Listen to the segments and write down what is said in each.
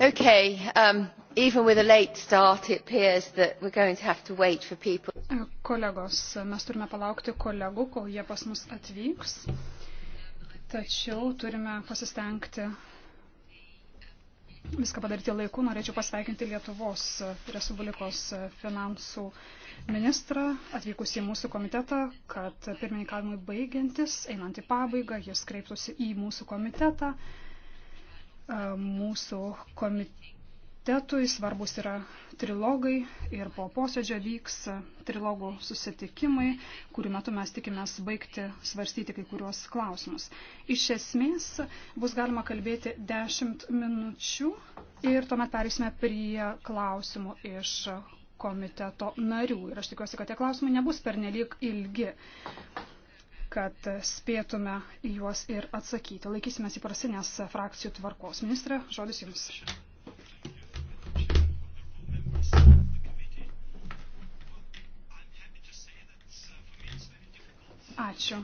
Okay, um, even with a late start, it appears that we're going to have to wait for people. Kolegos, mes turime palaukti kolegų, kol jie pas mus atvyks. Tačiau turime pasistengti viską padaryti laiku. Norėčiau pasveikinti Lietuvos Respublikos finansų ministrą, atvykus į mūsų komitetą, kad pirmininkavimui baigiantis, einant į pabaigą, jis kreiptųsi į mūsų komitetą Mūsų komitetui svarbus yra trilogai ir po posėdžio vyks trilogų susitikimai, kurių metu mes tikimės baigti svarstyti kai kuriuos klausimus. Iš esmės bus galima kalbėti 10 minučių ir tuomet perėsime prie klausimų iš komiteto narių. Ir aš tikiuosi, kad tie klausimai nebus pernelyg ilgi kad spėtume į juos ir atsakyti. Laikysime įprasinės frakcijų tvarkos. Ministrė, žodis Jums. Ačiū.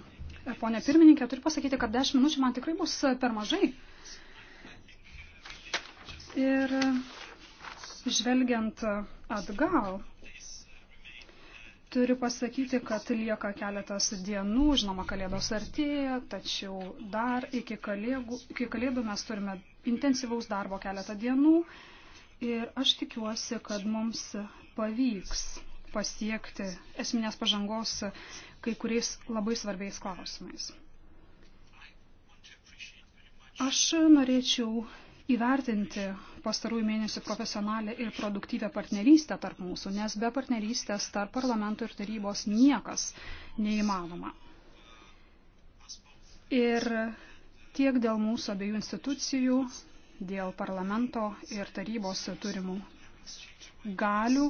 Pone pirmininkė, turiu pasakyti, kad 10 minučių man tikrai bus per mažai. Ir žvelgiant atgal, Turiu pasakyti, kad lieka keletas dienų, žinoma, kalėdos artėja, tačiau dar iki kalėdų, iki kalėdų mes turime intensyvaus darbo keletą dienų ir aš tikiuosi, kad mums pavyks pasiekti esminės pažangos kai kuriais labai svarbiais klausimais. Aš norėčiau įvertinti pastarųjų mėnesių profesionalę ir produktyvę partnerystę tarp mūsų, nes be partnerystės tarp parlamento ir tarybos niekas neįmanoma. Ir tiek dėl mūsų abiejų institucijų, dėl parlamento ir tarybos turimų galių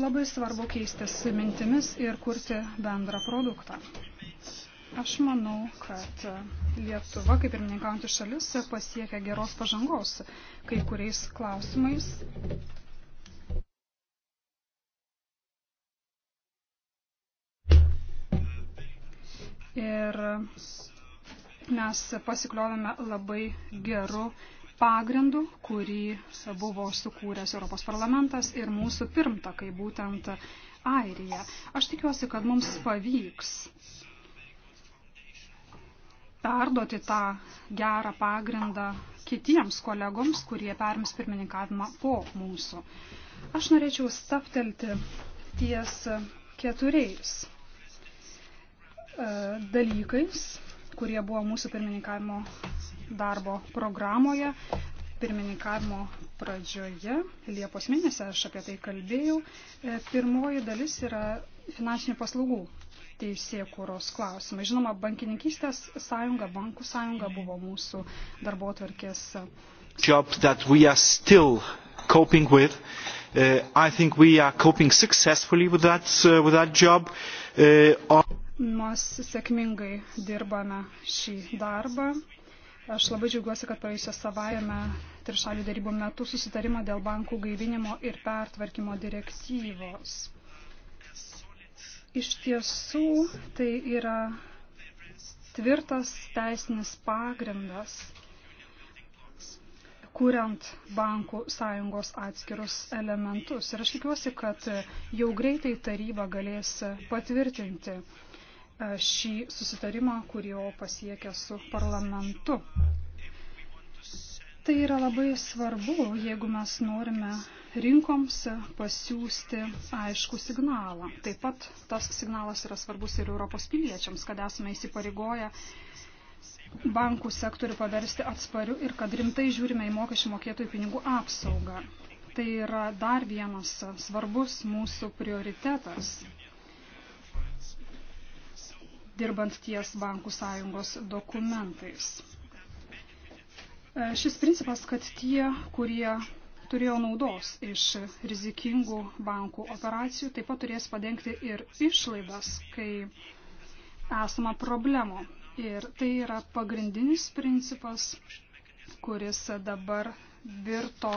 labai svarbu keistis mintimis ir kurti bendrą produktą. Aš manau, kad Lietuva, kaip ir minkaujantys šalis, pasiekia geros pažangos kai kuriais klausimais. Ir mes pasikliovėme labai geru pagrindu, kurį buvo sukūręs Europos parlamentas ir mūsų pirmtakai, būtent Airija. Aš tikiuosi, kad mums pavyks perduoti tą gerą pagrindą kitiems kolegoms, kurie perims pirmininkavimą po mūsų. Aš norėčiau staptelti ties keturiais e, dalykais, kurie buvo mūsų pirmininkavimo darbo programoje. Pirmininkavimo pradžioje, Liepos mėnesį aš apie tai kalbėjau. E, pirmoji dalis yra finansinių paslaugų teisėkūros klausimai. Žinoma, bankininkystės sąjunga, bankų sąjunga buvo mūsų darbo tvarkės. Uh, job that we are still coping with. Uh, I think we are coping successfully with that, uh, with that job. Uh, on... Mes sėkmingai dirbame šį darbą. Aš labai džiaugiuosi, kad praėjusią savaime trišalių darybų metu susitarimą dėl bankų gaivinimo ir pertvarkymo direktyvos Iš tiesų tai yra tvirtas teisinis pagrindas, kuriant bankų sąjungos atskirus elementus. Ir aš tikiuosi, kad jau greitai taryba galės patvirtinti e, šį susitarimą, kurio pasiekė su parlamentu. Tai yra labai svarbu, jeigu mes norime rinkoms pasiūsti aišku signalą. Taip pat tas signalas yra svarbus ir Europos piliečiams, kad esame įsipareigoję bankų sektorių paversti atspariu ir kad rimtai žiūrime į mokesčių mokėtojų pinigų apsaugą. Tai yra dar vienas svarbus mūsų prioritetas dirbant ties bankų sąjungos dokumentais. Šis principas, kad tie, kurie turėjo naudos iš rizikingų bankų operacijų, taip pat turės padengti ir išlaidas, kai esama problemų. Ir tai yra pagrindinis principas, kuris dabar virto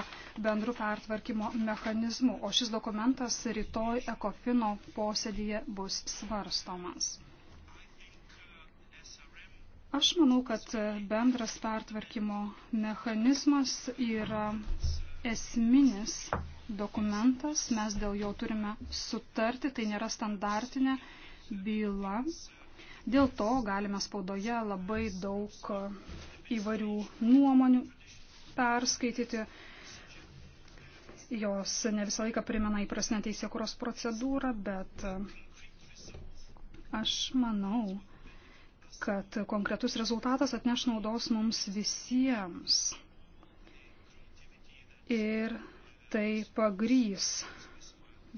bendrų pertvarkymo mechanizmu, o šis dokumentas rytoj Ekofino posėdėje bus svarstomas. Aš manau, kad bendras pertvarkymo mechanizmas yra esminis dokumentas, mes dėl jo turime sutarti, tai nėra standartinė byla. Dėl to galime spaudoje labai daug įvarių nuomonių perskaityti. Jos ne visą laiką primena įprasnę teisėkuros procedūrą, bet aš manau, kad konkretus rezultatas atneš naudos mums visiems. Ir tai pagrys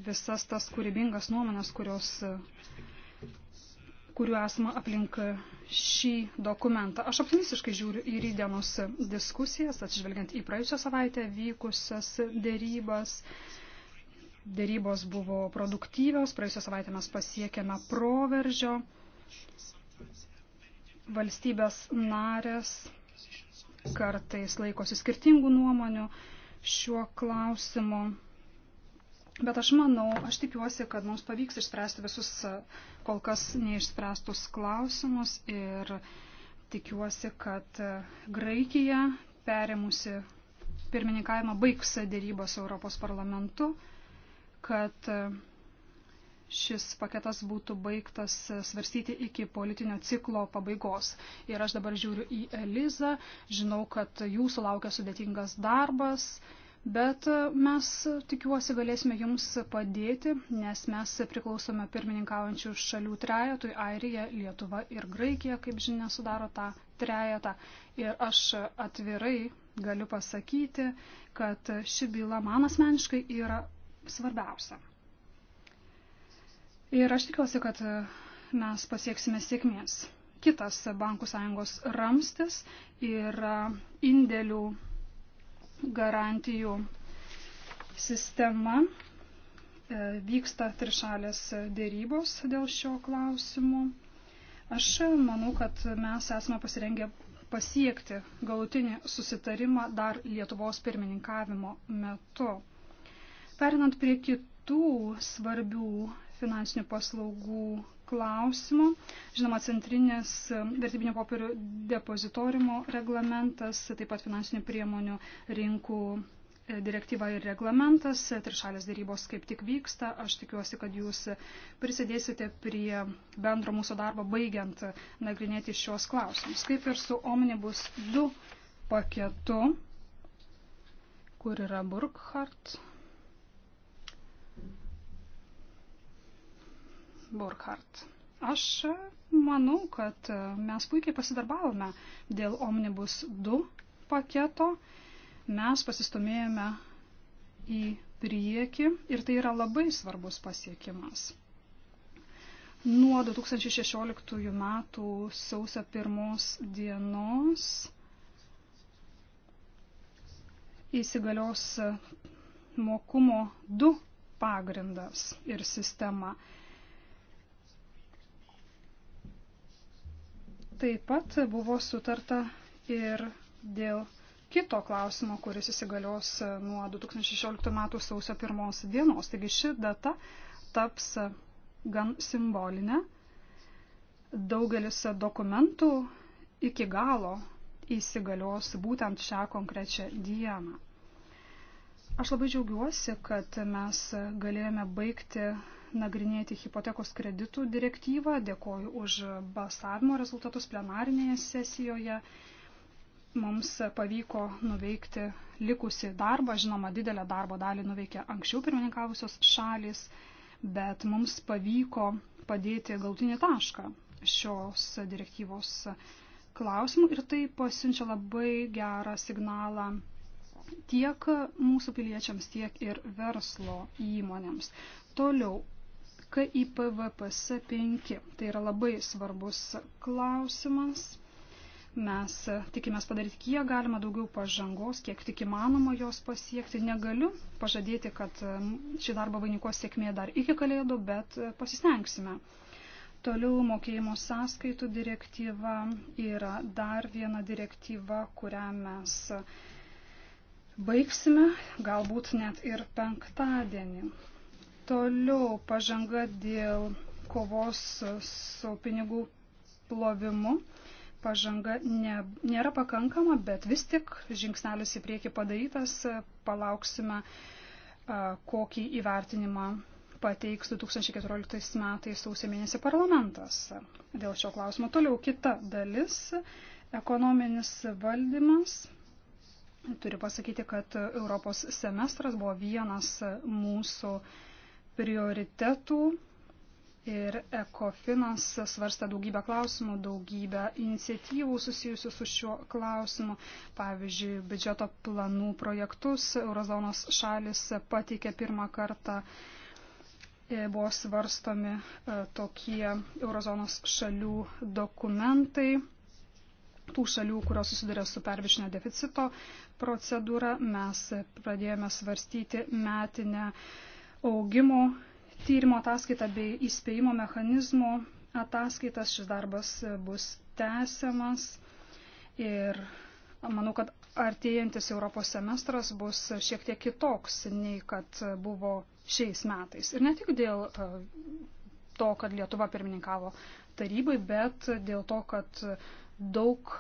visas tas kūrybingas nuomonės, kurios, kuriuo esame aplink šį dokumentą. Aš optimistiškai žiūriu į rydienos diskusijas, atsižvelgiant į praėjusią savaitę vykusias dėrybas. Dėrybos buvo produktyvios, praėjusią savaitę mes pasiekėme proveržio valstybės narės kartais laikosi skirtingų nuomonių šiuo klausimu. Bet aš manau, aš tikiuosi, kad mums pavyks išspręsti visus e, kol kas neišspręstus klausimus ir tikiuosi, kad e, Graikija, perėmusi pirmininkavimą, baigs dėrybą su Europos parlamentu, kad e, šis paketas būtų baigtas svarstyti iki politinio ciklo pabaigos. Ir aš dabar žiūriu į Elizą, žinau, kad jūsų laukia sudėtingas darbas, bet mes tikiuosi galėsime jums padėti, nes mes priklausome pirmininkaujančių šalių trejetui - Airija, Lietuva ir Graikija, kaip žinia, sudaro tą trejetą. Ir aš atvirai galiu pasakyti, kad ši byla man asmeniškai yra svarbiausia. Ir aš tikiuosi, kad e, mes pasieksime sėkmės. Kitas bankų sąjungos ramstis yra indėlių garantijų sistema. E, vyksta trišalės dėrybos dėl šio klausimu. Aš manau, kad mes esame pasirengę pasiekti galutinį susitarimą dar Lietuvos pirmininkavimo metu. Perinant prie kitų svarbių finansinių paslaugų klausimų. Žinoma, centrinės vertybinio popierių depozitorimo reglamentas, taip pat finansinių priemonių rinkų e, direktyva ir reglamentas, e, trišalės dėrybos kaip tik vyksta. Aš tikiuosi, kad jūs prisidėsite prie bendro mūsų darbo, baigiant nagrinėti šios klausimus. Kaip ir su Omnibus 2 paketu, kur yra Burkhardt Burkhardt. Aš manau, kad mes puikiai pasidarbavome dėl Omnibus 2 paketo. Mes pasistumėjome į priekį ir tai yra labai svarbus pasiekimas. Nuo 2016 metų sausio pirmos dienos įsigalios mokumo 2 pagrindas ir sistema. Taip pat buvo sutarta ir dėl kito klausimo, kuris įsigalios nuo 2016 m. sausio 1 dienos. Taigi ši data taps gan simbolinė. Daugelis dokumentų iki galo įsigalios būtent šią konkrečią dieną. Aš labai džiaugiuosi, kad mes galėjome baigti nagrinėti hipotekos kreditų direktyvą. Dėkoju už balsavimo rezultatus plenarinėje sesijoje. Mums pavyko nuveikti likusi darbą, žinoma, didelę darbo dalį nuveikė anksčiau pirmininkavusios šalis, bet mums pavyko padėti galtinį tašką šios direktyvos klausimų ir tai pasiunčia labai gerą signalą tiek mūsų piliečiams, tiek ir verslo įmonėms. Toliau KIPVPS 5. Tai yra labai svarbus klausimas. Mes tikimės padaryti kiek galima daugiau pažangos, kiek tik įmanoma jos pasiekti. Negaliu pažadėti, kad šį darbą vainikuos sėkmė dar iki kalėdų, bet pasistengsime. Toliau mokėjimo sąskaitų direktyva yra dar viena direktyva, kurią mes baigsime, galbūt net ir penktadienį. Toliau pažanga dėl kovos su pinigų plovimu. Pažanga ne, nėra pakankama, bet vis tik žingsnelis į priekį padarytas. Palauksime, kokį įvertinimą pateiks 2014 metais sausio mėnesį parlamentas. Dėl šio klausimo toliau kita dalis - ekonominis valdymas. Turiu pasakyti, kad Europos semestras buvo vienas mūsų prioritetų ir ekofinas svarsta daugybę klausimų, daugybę iniciatyvų susijusių su šiuo klausimu. Pavyzdžiui, biudžeto planų projektus Eurozonos šalis pateikė pirmą kartą e, buvo svarstomi e, tokie Eurozonos šalių dokumentai. Tų šalių, kurios susiduria su pervišinio deficito procedūra, mes pradėjome svarstyti metinę augimo tyrimo ataskaitą bei įspėjimo mechanizmo ataskaitas. Šis darbas bus tęsiamas ir manau, kad artėjantis Europos semestras bus šiek tiek kitoks nei kad buvo šiais metais. Ir ne tik dėl e, to, kad Lietuva pirmininkavo tarybai, bet dėl to, kad daug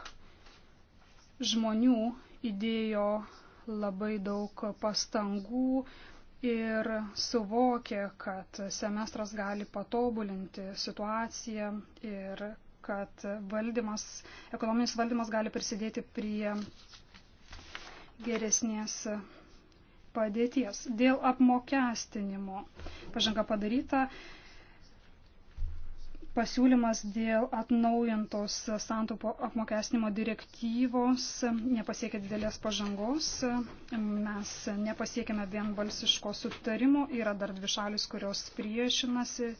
žmonių įdėjo labai daug pastangų, uh, ir suvokė, kad semestras gali patobulinti situaciją ir kad valdymas, ekonominis valdymas gali prisidėti prie geresnės padėties. Dėl apmokestinimo pažanga padaryta, pasiūlymas dėl atnaujintos santupo apmokestinimo direktyvos nepasiekė didelės pažangos. Mes nepasiekėme vienbalsiško sutarimo. Yra dar dvi šalis, kurios priešinasi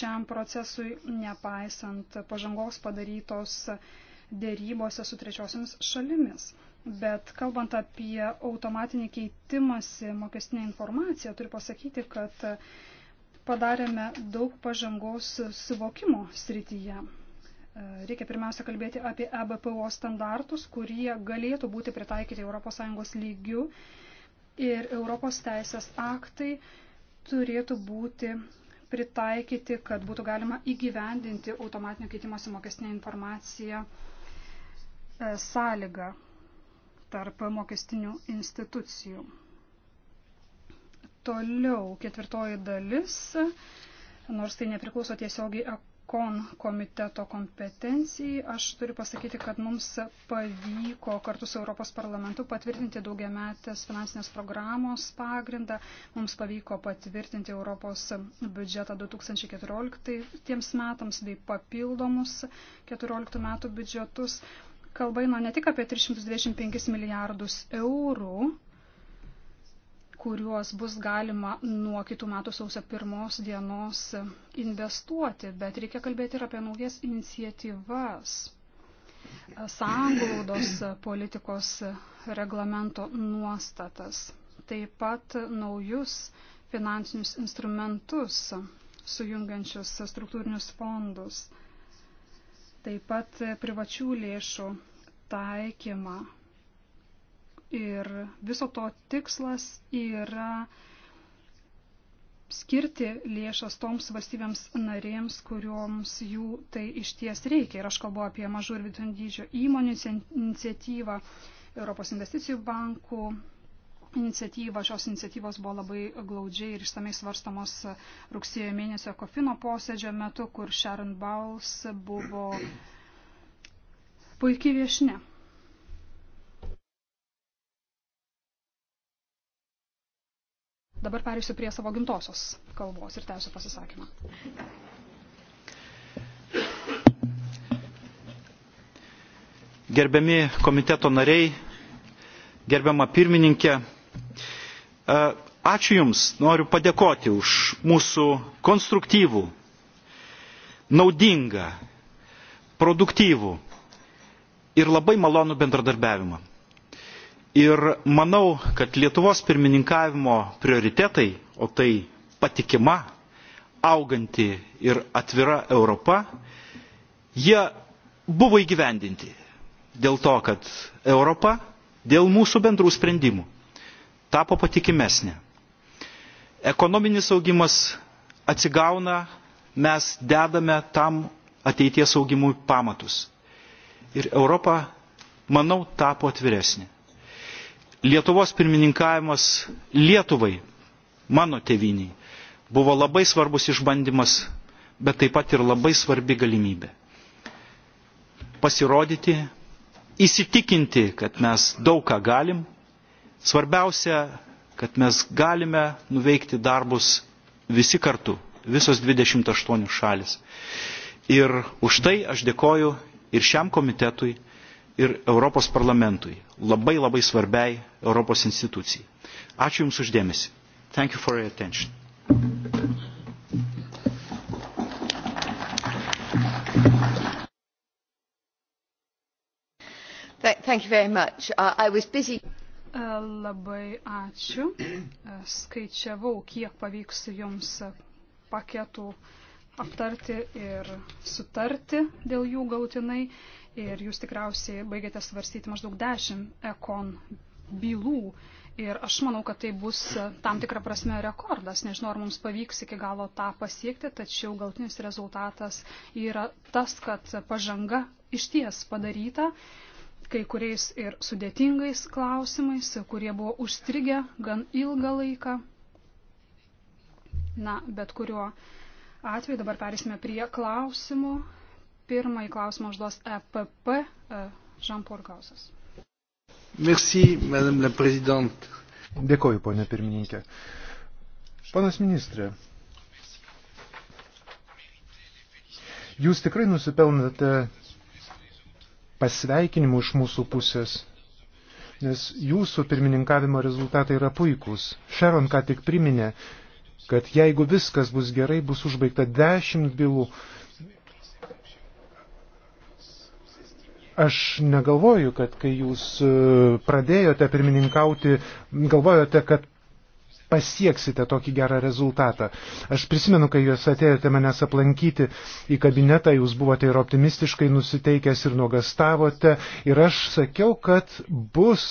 šiam procesui, nepaisant pažangos padarytos dėrybose su trečiosiamis šalimis. Bet kalbant apie automatinį keitimąsi mokestinę informaciją, turiu pasakyti, kad padarėme daug pažangos suvokimo srityje. E, reikia pirmiausia kalbėti apie EBPO standartus, kurie galėtų būti pritaikyti ES lygių ir Europos teisės aktai turėtų būti pritaikyti, kad būtų galima įgyvendinti automatinio keitimosi mokestinė informacija e, sąlygą tarp mokestinių institucijų. Toliau ketvirtoji dalis, nors tai nepriklauso tiesiogiai kon komiteto kompetencijai, aš turiu pasakyti, kad mums pavyko kartu su Europos parlamentu patvirtinti daugiametės finansinės programos pagrindą, mums pavyko patvirtinti Europos biudžetą 2014 metams bei papildomus 2014 metų biudžetus. Kalba eina ne tik apie 325 milijardus eurų, kuriuos bus galima nuo kitų metų sausio pirmos dienos investuoti, bet reikia kalbėti ir apie naujas iniciatyvas. Sąnglaudos politikos reglamento nuostatas, taip pat naujus finansinius instrumentus sujungiančius struktūrinius fondus, taip pat privačių lėšų taikymą Ir viso to tikslas yra skirti lėšas toms valstybėms narėms, kurioms jų tai iš ties reikia. Ir aš kalbu apie mažų ir vidutinio dydžio įmonių iniciatyvą, Europos investicijų bankų iniciatyvą. Šios iniciatyvos buvo labai glaudžiai ir išsamei svarstamos rugsėjo mėnesio kofino posėdžio metu, kur Sharon Bowles buvo puikiai viešne. Dabar perėsiu prie savo gimtosios kalbos ir tęsiu pasisakymą. Gerbiami komiteto nariai, gerbiama pirmininkė, e, ačiū Jums, noriu padėkoti už mūsų konstruktyvų, naudingą, produktyvų ir labai malonų bendradarbiavimą. Ir manau, kad Lietuvos pirmininkavimo prioritetai, o tai patikima, auganti ir atvira Europa, jie buvo įgyvendinti dėl to, kad Europa dėl mūsų bendrų sprendimų tapo patikimesnė. Ekonominis augimas atsigauna, mes dedame tam ateities augimui pamatus. Ir Europa, manau, tapo atviresnė. Lietuvos pirmininkavimas Lietuvai, mano teviniai, buvo labai svarbus išbandymas, bet taip pat ir labai svarbi galimybė. Pasirodyti, įsitikinti, kad mes daug ką galim, svarbiausia, kad mes galime nuveikti darbus visi kartu, visos 28 šalis. Ir už tai aš dėkoju ir šiam komitetui, ir Europos parlamentui, labai labai svarbiai Europos institucijai. Ačiū Jums uždėmesi. Thank you for your attention. Thank you very much. Uh, I was busy. Uh, labai ačiū. Uh, skaičiavau, kiek pavyks jums paketų aptarti ir sutarti dėl jų gautinai ir jūs tikriausiai baigėte svarstyti maždaug 10 ekon bylų. Ir aš manau, kad tai bus tam tikrą prasme rekordas. Nežinau, ar mums pavyks iki galo tą pasiekti, tačiau galtinis rezultatas yra tas, kad pažanga iš ties padaryta kai kuriais ir sudėtingais klausimais, kurie buvo užstrigę gan ilgą laiką. Na, bet kuriuo atveju dabar perėsime prie klausimų Pirmąjį klausimą užduos EPP Žampur e, Gausas. Merci, madame la présidente. Dėkoju, ponė pirmininkė. Panas ministrė, jūs tikrai nusipelnate pasveikinimų iš mūsų pusės, nes jūsų pirmininkavimo rezultatai yra puikūs. Sharon ką tik priminė, kad jeigu viskas bus gerai, bus užbaigta dešimt bylų, Aš negalvoju, kad kai jūs e, pradėjote pirmininkauti, galvojote, kad pasieksite tokį gerą rezultatą. Aš prisimenu, kai jūs atėjote manęs aplankyti į kabinetą, jūs buvote ir optimistiškai nusiteikęs ir nuogastavote. Ir aš sakiau, kad bus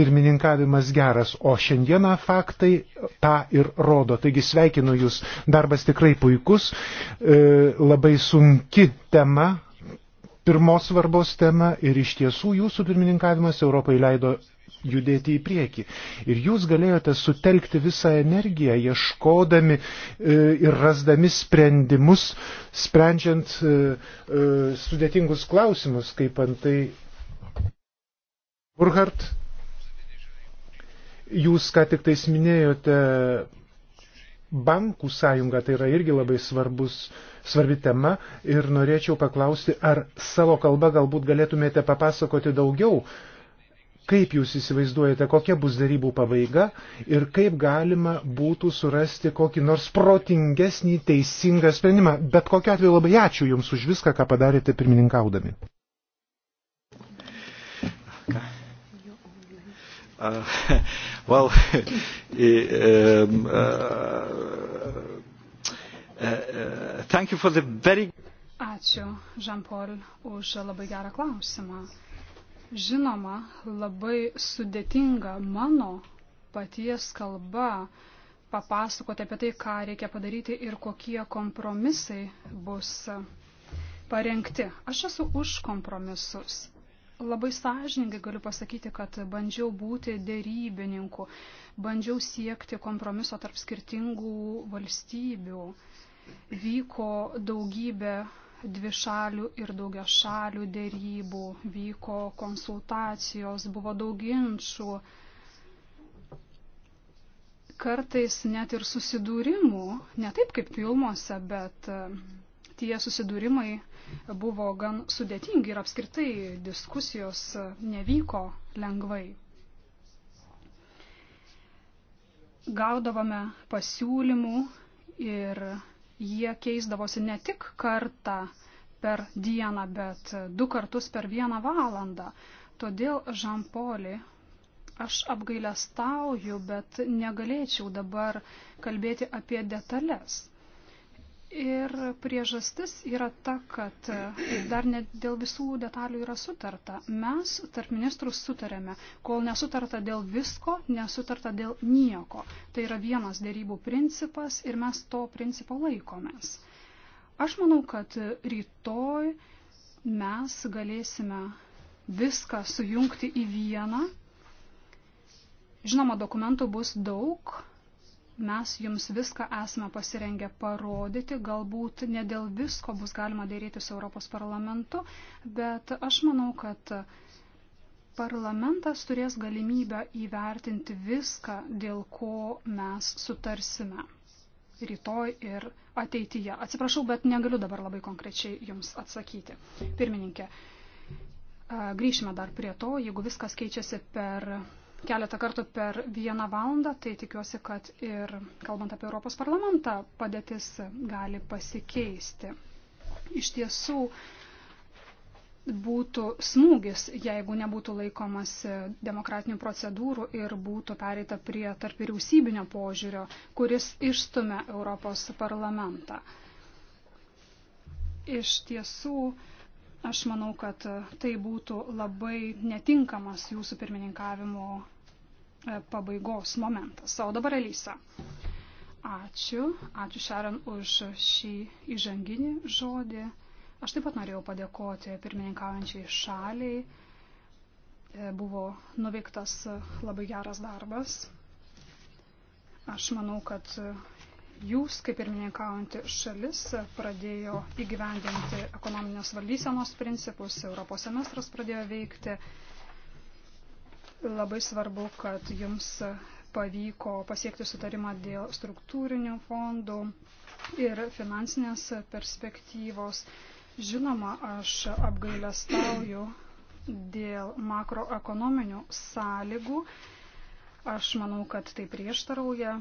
pirmininkavimas geras, o šiandieną faktai tą ir rodo. Taigi sveikinu jūs, darbas tikrai puikus, e, labai sunki tema pirmos svarbos temą ir iš tiesų jūsų pirmininkavimas Europai leido judėti į priekį. Ir jūs galėjote sutelkti visą energiją, ieškodami e, ir rasdami sprendimus, sprendžiant e, e, sudėtingus klausimus, kaip antai Burhardt. Jūs ką tik tais minėjote bankų sąjunga tai yra irgi labai svarbus, svarbi tema ir norėčiau paklausti, ar savo kalba galbūt galėtumėte papasakoti daugiau, kaip jūs įsivaizduojate, kokia bus darybų pabaiga ir kaip galima būtų surasti kokį nors protingesnį teisingą sprendimą. Bet kokiu atveju labai ačiū Jums už viską, ką padarėte pirmininkaudami. Ką? Uh, well, um, uh, uh, uh, thank you for the very. Ačiū, Žampol, už labai gerą klausimą. Žinoma, labai sudėtinga mano paties kalba papasakoti apie tai, ką reikia padaryti ir kokie kompromisai bus parengti. Aš esu už kompromisus Labai sąžiningai galiu pasakyti, kad bandžiau būti dėrybininku, bandžiau siekti kompromiso tarp skirtingų valstybių. Vyko daugybė dvišalių ir daugia šalių dėrybų, vyko konsultacijos, buvo daug ginčių, kartais net ir susidūrimų, ne taip kaip filmuose, bet tie susidūrimai buvo gan sudėtingi ir apskritai diskusijos nevyko lengvai. Gaudavome pasiūlymų ir jie keisdavosi ne tik kartą per dieną, bet du kartus per vieną valandą. Todėl, Žampolį, aš apgailestauju, bet negalėčiau dabar kalbėti apie detalės. Ir priežastis yra ta, kad dar net dėl visų detalių yra sutarta. Mes tarp ministrų sutarėme, kol nesutarta dėl visko, nesutarta dėl nieko. Tai yra vienas dėrybų principas ir mes to principo laikomės. Aš manau, kad rytoj mes galėsime viską sujungti į vieną. Žinoma, dokumentų bus daug, Mes jums viską esame pasirengę parodyti, galbūt ne dėl visko bus galima dėrėti su Europos parlamentu, bet aš manau, kad parlamentas turės galimybę įvertinti viską, dėl ko mes sutarsime rytoj ir ateityje. Atsiprašau, bet negaliu dabar labai konkrečiai jums atsakyti. Pirmininkė, grįšime dar prie to, jeigu viskas keičiasi per keletą kartų per vieną valandą, tai tikiuosi, kad ir kalbant apie Europos parlamentą padėtis gali pasikeisti. Iš tiesų, būtų smūgis, jeigu nebūtų laikomas demokratinių procedūrų ir būtų pereita prie tarp vyriausybinio požiūrio, kuris išstumia Europos parlamentą. Iš tiesų, Aš manau, kad e, tai būtų labai netinkamas jūsų pirmininkavimo e, pabaigos momentas. O dabar Elisa. Ačiū. Ačiū Šaran už šį įžanginį žodį. Aš taip pat norėjau padėkoti pirmininkaujančiai šaliai. E, buvo nuveiktas labai geras darbas. Aš manau, kad jūs, kaip pirmininkaujanti šalis, pradėjo įgyvendinti ekonominės valdysenos principus, Europos semestras pradėjo veikti. Labai svarbu, kad jums pavyko pasiekti sutarimą dėl struktūrinių fondų ir finansinės perspektyvos. Žinoma, aš apgailestauju dėl makroekonominių sąlygų. Aš manau, kad tai prieštarauja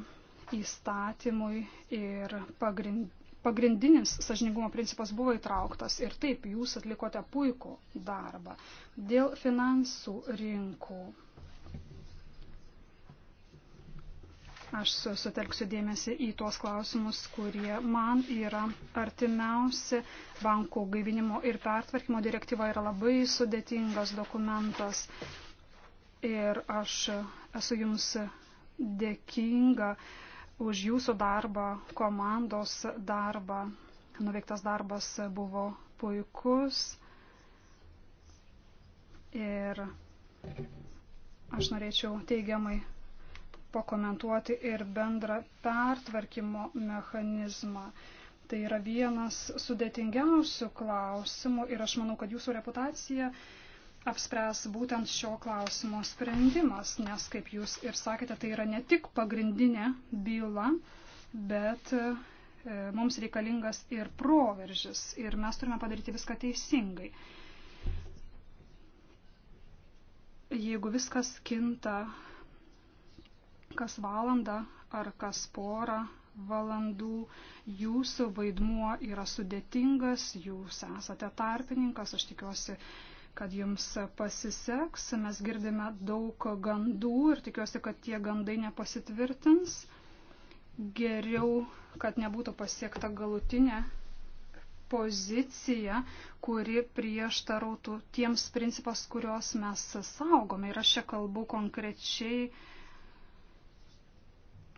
įstatymui ir pagrindinis sažiningumo principas buvo įtrauktas ir taip jūs atlikote puikų darbą dėl finansų rinkų. Aš sutelksiu dėmesį į tuos klausimus, kurie man yra artimiausi. Bankų gaivinimo ir pertvarkymo direktyva yra labai sudėtingas dokumentas. Ir aš esu jums dėkinga uh, už jūsų darbą, komandos darbą. Nuveiktas darbas buvo puikus. Ir aš norėčiau teigiamai pakomentuoti ir bendrą pertvarkymo mechanizmą. Tai yra vienas sudėtingiausių klausimų ir aš manau, kad jūsų reputacija uh, apspręs būtent šio klausimo sprendimas, nes, kaip jūs ir sakėte, tai yra ne tik pagrindinė byla, bet e, mums reikalingas ir proveržis ir mes turime padaryti viską teisingai. Jeigu viskas kinta kas valandą ar kas porą valandų, jūsų vaidmuo yra sudėtingas, jūs esate tarpininkas, aš tikiuosi, kad jums pasiseks. Mes girdime daug gandų ir tikiuosi, kad tie gandai nepasitvirtins. Geriau, kad nebūtų pasiekta galutinė pozicija, kuri prieštarautų tiems principas, kurios mes saugome. Ir aš čia kalbu konkrečiai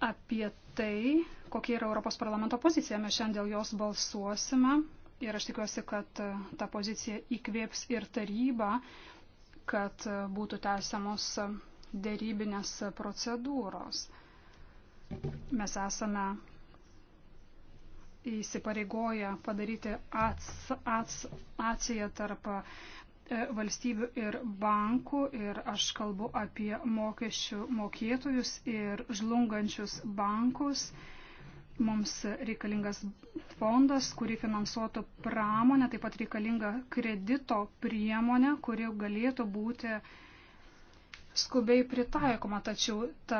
apie tai, kokia yra Europos parlamento pozicija. Mes šiandien dėl jos balsuosime. Ir aš tikiuosi, kad e, ta pozicija įkvėps ir tarybą, kad e, būtų tęsiamos e, dėrybinės procedūros. Mes esame įsipareigoję padaryti ats, ats, atsiją tarp valstybių ir bankų ir aš kalbu apie mokesčių mokėtojus ir žlungančius bankus. Mums reikalingas fondas, kurį finansuotų pramonę, taip pat reikalinga kredito priemonė, kuri galėtų būti skubiai pritaikoma, tačiau ta,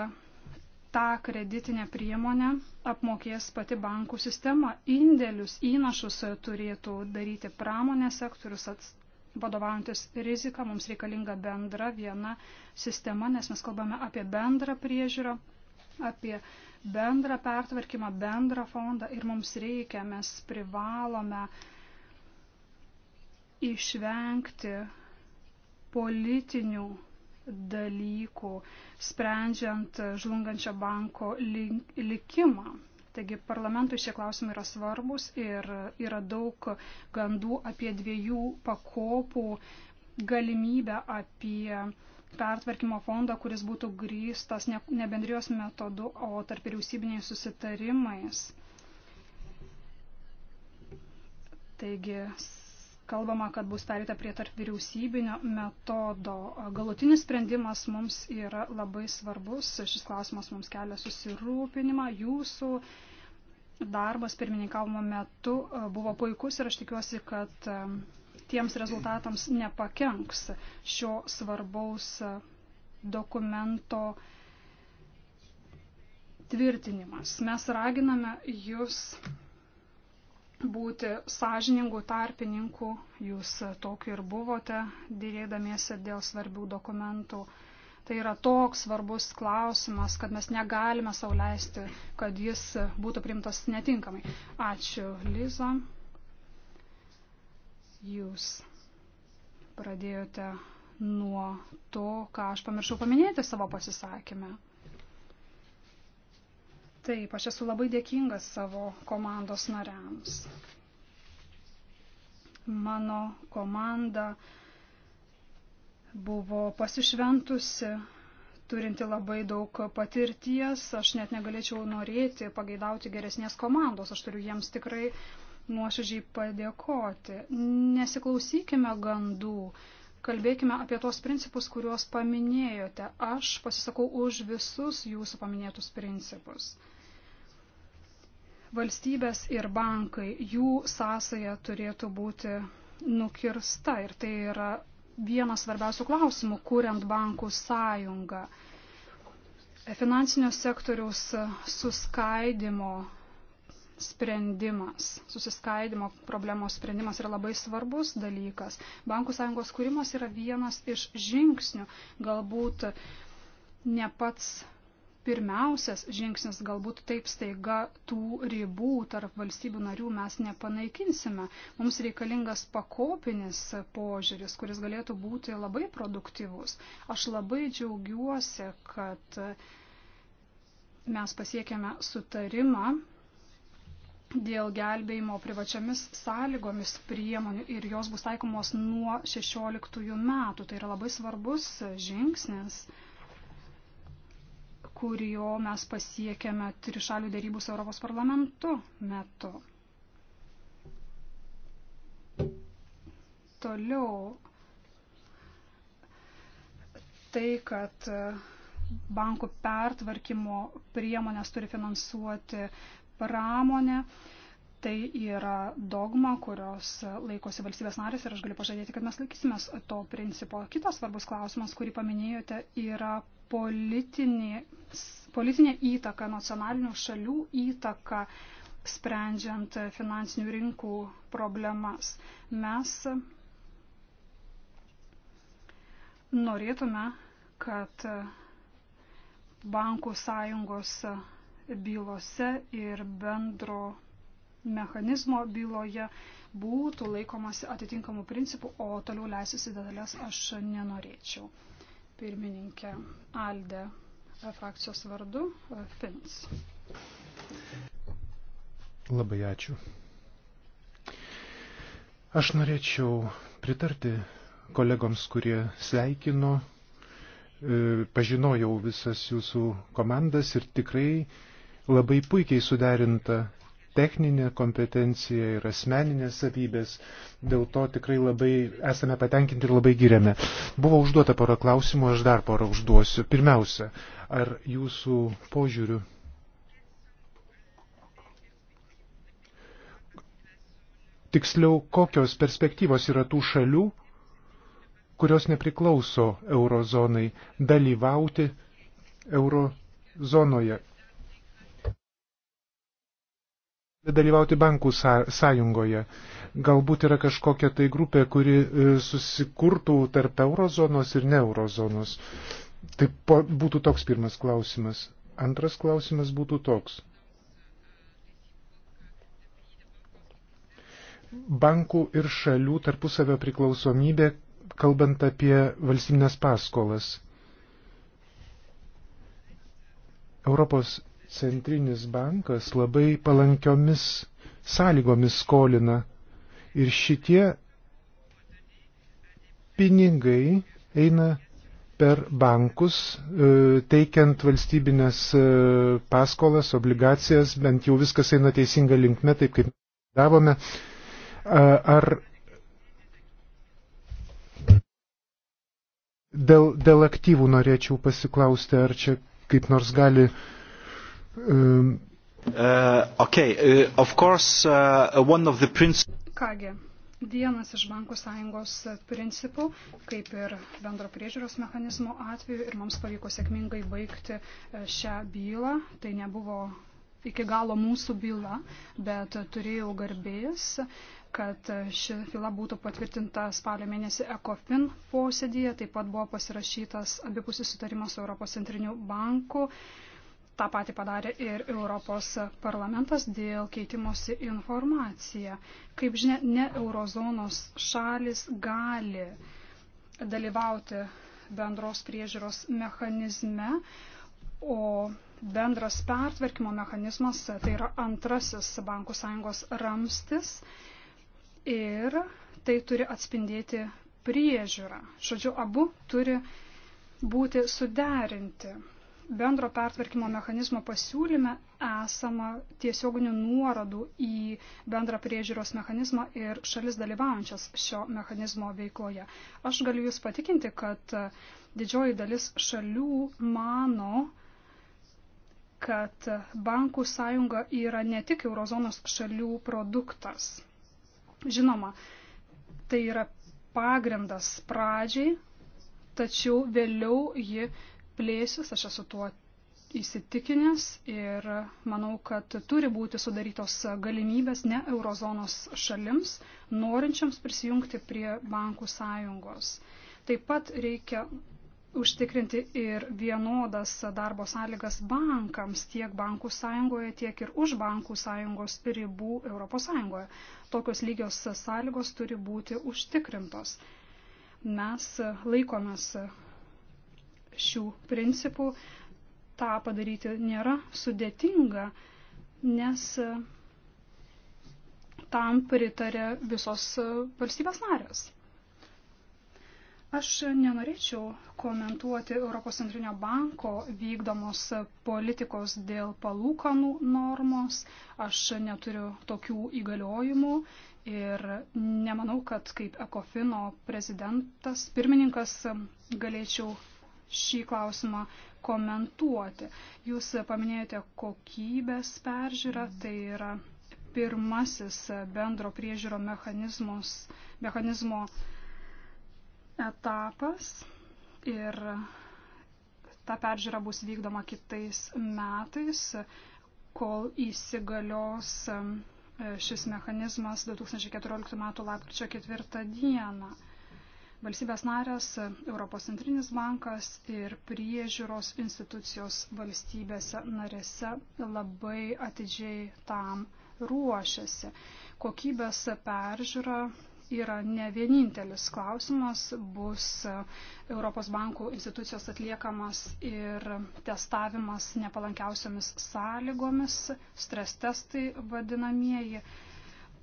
ta kreditinė priemonė apmokės pati bankų sistema. Indėlius, įnašus turėtų daryti pramonės sektorius, vadovaujantis rizika, mums reikalinga bendra viena sistema, nes mes kalbame apie bendrą priežiūrą, apie bendrą pertvarkymą, bendrą fondą ir mums reikia, mes privalome išvengti politinių dalykų, sprendžiant žlungančio banko likimą. Taigi parlamentui šie klausimai yra svarbus ir yra daug gandų apie dviejų pakopų galimybę, apie pertvarkymo fondą, kuris būtų grįstas ne, ne bendrijos metodu, o tarp vyriausybiniais susitarimais. Taigi, kalbama, kad bus perėta prie tarp vyriausybinio metodo. Galutinis sprendimas mums yra labai svarbus. Šis klausimas mums kelia susirūpinimą. Jūsų darbas pirmininkavimo metu buvo puikus ir aš tikiuosi, kad tiems rezultatams nepakenks šio svarbaus dokumento tvirtinimas. Mes raginame jūs būti sąžiningų tarpininkų, jūs tokiu ir buvote, dėrėdamiesi dėl svarbių dokumentų. Tai yra toks svarbus klausimas, kad mes negalime sauliaisti, kad jis būtų primtas netinkamai. Ačiū, Liza. Jūs pradėjote nuo to, ką aš pamiršau paminėti savo pasisakymę. Taip, aš esu labai dėkingas savo komandos nariams. Mano komanda buvo pasišventusi turinti labai daug patirties, aš net negalėčiau norėti, pageidauti geresnės komandos, aš turiu jiems tikrai nuoširdžiai padėkoti. Nesiklausykime gandų, kalbėkime apie tos principus, kuriuos paminėjote. Aš pasisakau už visus jūsų paminėtus principus. Valstybės ir bankai, jų sąsaja turėtų būti nukirsta ir tai yra vienas svarbiausių klausimų, kuriant bankų sąjungą finansinio sektoriaus suskaidimo sprendimas, susiskaidimo problemos sprendimas yra labai svarbus dalykas. Bankų sąjungos kūrimas yra vienas iš žingsnių, galbūt ne pats pirmiausias žingsnis, galbūt taip staiga tų ribų tarp valstybių narių mes nepanaikinsime. Mums reikalingas pakopinis požiūris, kuris galėtų būti labai produktyvus. Aš labai džiaugiuosi, kad mes pasiekėme sutarimą dėl gelbėjimo privačiamis sąlygomis priemonių ir jos bus taikomos nuo 16 metų. Tai yra labai svarbus žingsnis, kurio mes pasiekėme trišalių dėrybų su Europos parlamentu metu. Toliau tai, kad bankų pertvarkymo priemonės turi finansuoti pramonę. Tai yra dogma, kurios laikosi valstybės narės ir aš galiu pažadėti, kad mes laikysimės to principo. Kitas svarbus klausimas, kurį paminėjote, yra politinė, politinė įtaka, nacionalinių šalių įtaka sprendžiant finansinių rinkų problemas. Mes norėtume, kad bankų sąjungos bylose ir bendro mechanizmo byloje būtų laikomasi atitinkamų principų, o toliau leisis į detalės aš nenorėčiau. Pirmininkė Alde frakcijos vardu Fins. Labai ačiū. Aš norėčiau pritarti kolegoms, kurie sveikino, e, pažinojau visas jūsų komandas ir tikrai labai puikiai suderinta techninė kompetencija ir asmeninės savybės. Dėl to tikrai labai esame patenkinti ir labai giriame. Buvo užduota pora klausimų, aš dar porą užduosiu. Pirmiausia, ar jūsų požiūriu tiksliau kokios perspektyvos yra tų šalių, kurios nepriklauso eurozonai, dalyvauti eurozonoje. dalyvauti bankų sąjungoje. Galbūt yra kažkokia tai grupė, kuri e, susikurtų tarp eurozonos ir ne eurozonos. Tai po, būtų toks pirmas klausimas. Antras klausimas būtų toks. Bankų ir šalių tarpusavio priklausomybė, kalbant apie valstybinės paskolas. Europos centrinis bankas labai palankiomis sąlygomis skolina ir šitie pinigai eina per bankus, e, teikiant valstybinės e, paskolas, obligacijas, bent jau viskas eina teisinga linkme, taip kaip davome. Ar dėl, dėl aktyvų norėčiau pasiklausti, ar čia kaip nors gali uh, Um, uh, okay, uh, of course, uh, uh one of the Kągi, vienas iš bankų sąjungos principų, kaip ir bendro priežiūros mechanizmo atveju, ir mums pavyko sėkmingai baigti uh, šią bylą. Tai nebuvo iki galo mūsų byla, bet turėjau garbės, kad uh, ši byla būtų patvirtinta spalio mėnesį ECOFIN posėdėje. Taip pat buvo pasirašytas abipusis sutarimas su Europos centriniu banku. Uh, Ta pati padarė ir Europos parlamentas dėl keitimosi informacija. Kaip žinia, ne eurozonos šalis gali dalyvauti bendros priežiūros mechanizme, o bendras pertvarkymo mechanizmas tai yra antrasis bankų sąjungos ramstis ir tai turi atspindėti priežiūrą. Žodžiu, abu turi būti suderinti bendro pertvarkymo mechanizmo pasiūlyme esama tiesioginių nuorodų į bendrą priežiūros mechanizmą ir šalis dalyvaujančias šio mechanizmo veikloje. Aš galiu Jūs patikinti, kad didžioji dalis šalių mano, kad bankų sąjunga yra ne tik eurozonos šalių produktas. Žinoma, tai yra pagrindas pradžiai, tačiau vėliau ji plėsis, aš esu tuo įsitikinęs ir manau, kad turi būti sudarytos galimybės ne eurozonos šalims, norinčiams prisijungti prie bankų sąjungos. Taip pat reikia užtikrinti ir vienodas darbo sąlygas bankams tiek bankų sąjungoje, tiek ir už bankų sąjungos ribų Europos sąjungoje. Tokios lygios sąlygos turi būti užtikrintos. Mes laikomės šių principų. Ta padaryti nėra sudėtinga, nes tam pritarė visos valstybės narės. Aš nenorėčiau komentuoti Europos centrinio banko vykdomos politikos dėl palūkanų normos. Aš neturiu tokių įgaliojimų ir nemanau, kad kaip Ekofino prezidentas, pirmininkas galėčiau šį klausimą komentuoti. Jūs paminėjote kokybės peržiūrą, mhm. tai yra pirmasis bendro priežiūro mechanizmo etapas ir ta peržiūra bus vykdoma kitais metais, kol įsigalios e, šis mechanizmas 2014 m. lapkričio 4 dieną valstybės narės, Europos centrinis bankas ir priežiūros institucijos valstybėse narėse labai atidžiai tam ruošiasi. Kokybės peržiūra yra ne vienintelis klausimas, bus Europos bankų institucijos atliekamas ir testavimas nepalankiausiamis sąlygomis, stres testai vadinamieji.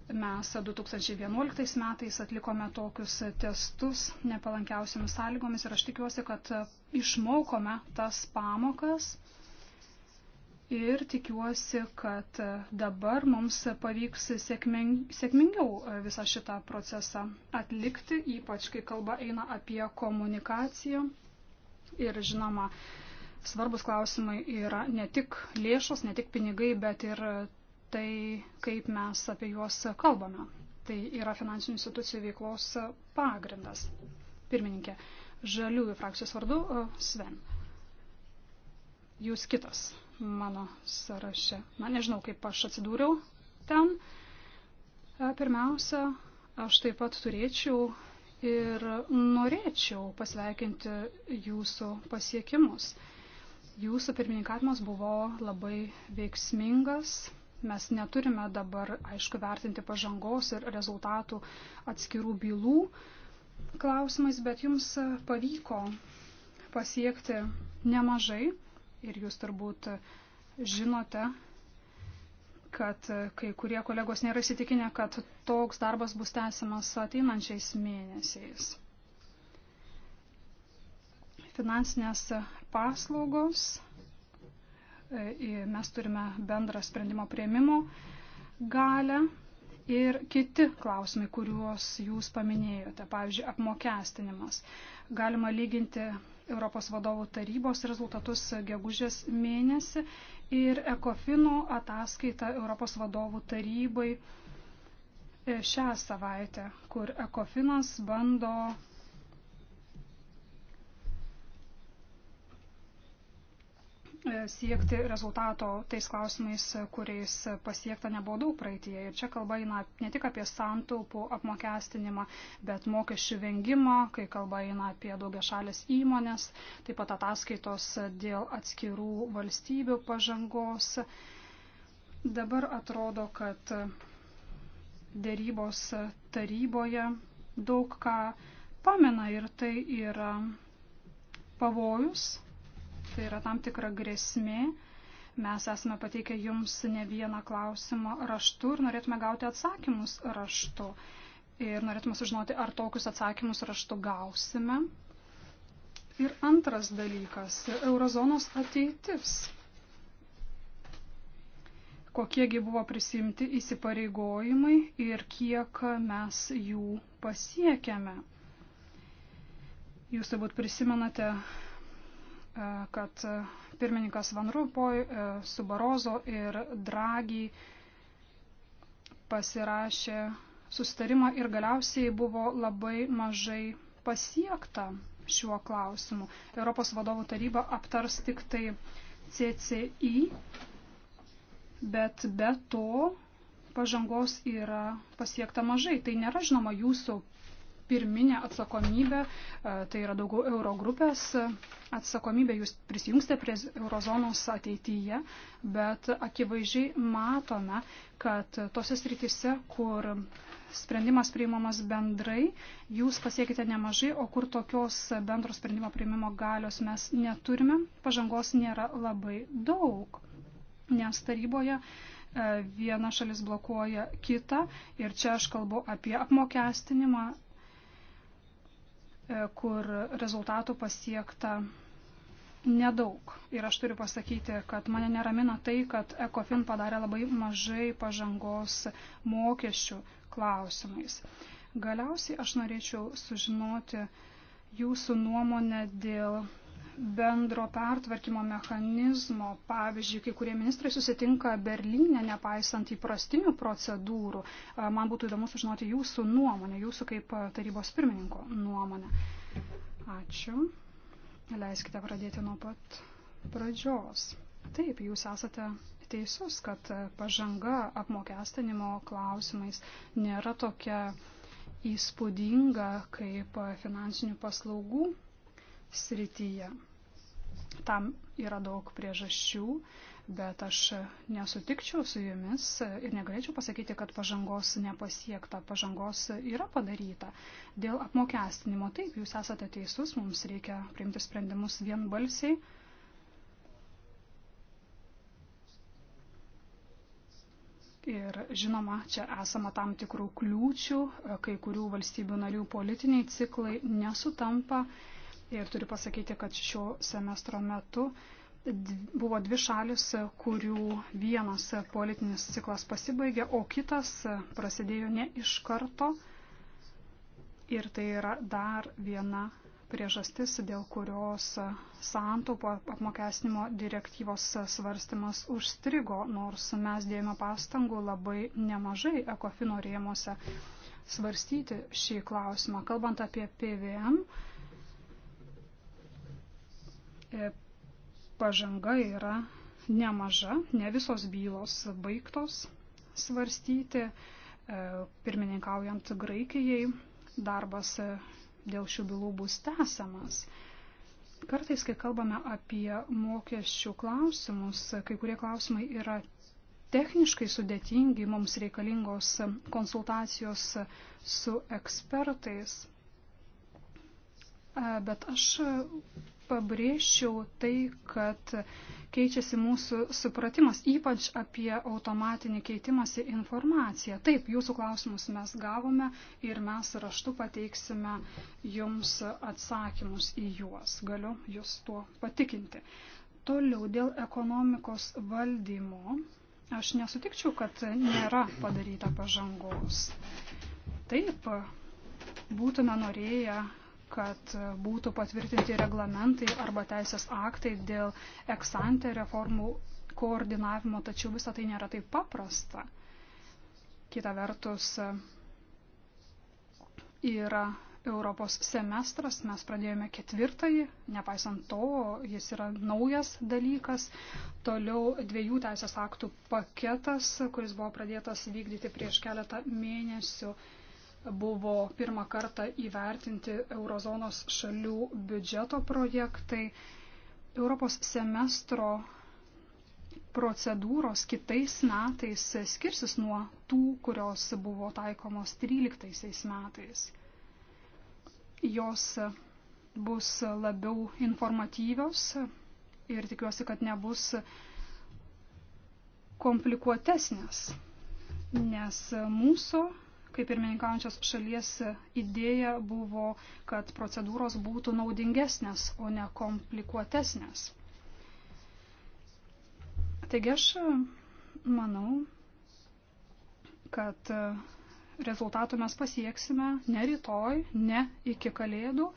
Mes 2011 metais atlikome tokius testus nepalankiausiamis sąlygomis ir aš tikiuosi, kad išmokome tas pamokas ir tikiuosi, kad dabar mums pavyks sėkming, sėkmingiau visą šitą procesą atlikti, ypač kai kalba eina apie komunikaciją. Ir žinoma, svarbus klausimai yra ne tik lėšos, ne tik pinigai, bet ir tai, kaip mes apie juos kalbame. Tai yra finansinių institucijų veiklos pagrindas. Pirmininkė, žaliųjų frakcijos vardu e, Sven. Jūs kitas mano sąraše. Na, nežinau, kaip aš atsidūriau ten. E, pirmiausia, aš taip pat turėčiau ir norėčiau pasveikinti jūsų pasiekimus. Jūsų pirmininkavimas buvo labai veiksmingas, Mes neturime dabar, aišku, vertinti pažangos ir rezultatų atskirų bylų klausimais, bet jums pavyko pasiekti nemažai ir jūs turbūt žinote, kad kai kurie kolegos nėra įsitikinę, kad toks darbas bus tęsiamas ateinančiais mėnesiais. Finansinės paslaugos E, mes turime bendrą sprendimo prieimimo galę ir kiti klausimai, kuriuos jūs paminėjote, pavyzdžiui, apmokestinimas. Galima lyginti Europos vadovų tarybos rezultatus gegužės mėnesį ir Ekofino ataskaitą Europos vadovų tarybai e, šią savaitę, kur Ekofinas bando E, siekti rezultato tais klausimais, kuriais pasiekta nebuvo daug praeitie. Ir čia kalba eina ne tik apie santaupų apmokestinimą, bet mokesčių vengimą, kai kalba eina apie daugia šalės įmonės, taip pat ataskaitos dėl atskirų valstybių pažangos. Dabar atrodo, kad dėrybos taryboje daug ką pamena ir tai yra pavojus tai yra tam tikra grėsmė. Mes esame pateikę jums ne vieną klausimą raštu ir norėtume gauti atsakymus raštu. Ir norėtume sužinoti, ar tokius atsakymus raštu gausime. Ir antras dalykas - eurozonos ateitis. Kokiegi buvo prisimti įsipareigojimai ir kiek mes jų pasiekėme. Jūs turbūt prisimenate E, kad pirmininkas Van Rumpoj e, su Barozo ir Dragi pasirašė sustarimą ir galiausiai buvo labai mažai pasiekta šiuo klausimu. Europos vadovų taryba aptars tik tai CCI, bet be to pažangos yra pasiekta mažai. Tai nėra žinoma jūsų pirminę atsakomybę, e, tai yra daugiau euro grupės atsakomybė, jūs prisijungsite prie eurozonos ateityje, bet akivaizdžiai matome, kad tose sritise, kur sprendimas priimamas bendrai, jūs pasiekite nemažai, o kur tokios bendro sprendimo priimimo galios mes neturime, pažangos nėra labai daug, nes taryboje e, viena šalis blokuoja kitą. Ir čia aš kalbu apie apmokestinimą, E, kur rezultatų pasiekta nedaug. Ir aš turiu pasakyti, kad mane neramina tai, kad ECOFIN padarė labai mažai pažangos mokesčių klausimais. Galiausiai aš norėčiau sužinoti jūsų nuomonę dėl bendro pertvarkymo mechanizmo. Pavyzdžiui, kai kurie ministrai susitinka Berlyne, nepaisant įprastinių procedūrų. Man būtų įdomu sužinoti jūsų nuomonę, jūsų kaip tarybos pirmininko nuomonę. Ačiū. Leiskite pradėti nuo pat pradžios. Taip, jūs esate teisus, kad pažanga apmokestinimo klausimais nėra tokia įspūdinga kaip finansinių paslaugų srityje. Tam yra daug priežasčių, bet aš nesutikčiau su jumis ir negalėčiau pasakyti, kad pažangos nepasiekta, pažangos yra padaryta. Dėl apmokestinimo, taip, jūs esate teisus, mums reikia priimti sprendimus vienbalsiai. Ir žinoma, čia esama tam tikrų kliūčių, kai kurių valstybių narių politiniai ciklai nesutampa Ir turiu pasakyti, kad šio semestro metu buvo dvi šalis, kurių vienas politinis ciklas pasibaigė, o kitas prasidėjo ne iš karto. Ir tai yra dar viena priežastis, dėl kurios santaupo apmokesnimo direktyvos svarstymas užstrigo, nors mes dėjome pastangų labai nemažai ekofino rėmose svarstyti šį klausimą. Kalbant apie PVM, E, pažanga yra nemaža, ne visos bylos baigtos svarstyti, e, pirmininkaujant Graikijai darbas e, dėl šių bylų bus tęsiamas. Kartais, kai kalbame apie mokesčių klausimus, kai kurie klausimai yra techniškai sudėtingi, mums reikalingos konsultacijos su ekspertais. Bet aš pabrėžčiau tai, kad keičiasi mūsų supratimas, ypač apie automatinį keitimąsi informaciją. Taip, jūsų klausimus mes gavome ir mes raštu pateiksime jums atsakymus į juos. Galiu jūs tuo patikinti. Toliau dėl ekonomikos valdymo. Aš nesutikčiau, kad nėra padaryta pažangos. Taip, būtume norėję kad būtų patvirtinti reglamentai arba teisės aktai dėl eksante reformų koordinavimo, tačiau visą tai nėra taip paprasta. Kita vertus yra Europos semestras, mes pradėjome ketvirtąjį, nepaisant to, jis yra naujas dalykas. Toliau dviejų teisės aktų paketas, kuris buvo pradėtas vykdyti prieš keletą mėnesių buvo pirmą kartą įvertinti eurozonos šalių biudžeto projektai. Europos semestro procedūros kitais metais skirsis nuo tų, kurios buvo taikomos 13 metais. Jos bus labiau informatyvios ir tikiuosi, kad nebus komplikuotesnės, nes mūsų kaip pirmininkaujančios šalies idėja buvo, kad procedūros būtų naudingesnės, o ne komplikuotesnės. Taigi aš e, manau, kad e, rezultatų mes pasieksime ne rytoj, ne iki kalėdų,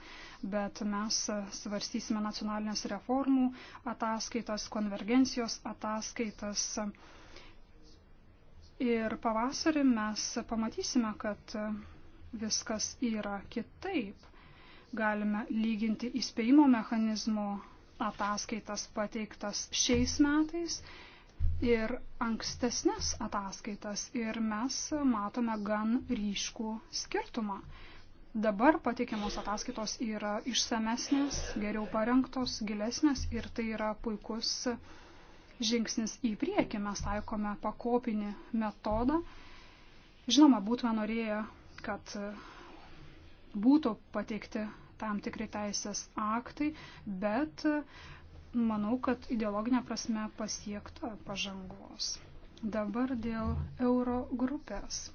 bet mes e, svarstysime nacionalinės reformų ataskaitas, konvergencijos ataskaitas, ataskaitas Ir pavasarį mes pamatysime, kad viskas yra kitaip. Galime lyginti įspėjimo mechanizmo ataskaitas pateiktas šiais metais ir ankstesnės ataskaitas ir mes matome gan ryškų skirtumą. Dabar pateikiamos ataskaitos yra išsamesnės, geriau parengtos, gilesnės ir tai yra puikus uh, žingsnis į priekį. Mes taikome pakopinį metodą. Žinoma, būtume norėję, kad būtų pateikti tam tikri teisės aktai, bet manau, kad ideologinė prasme pasiekta pažangos. Dabar dėl euro grupės.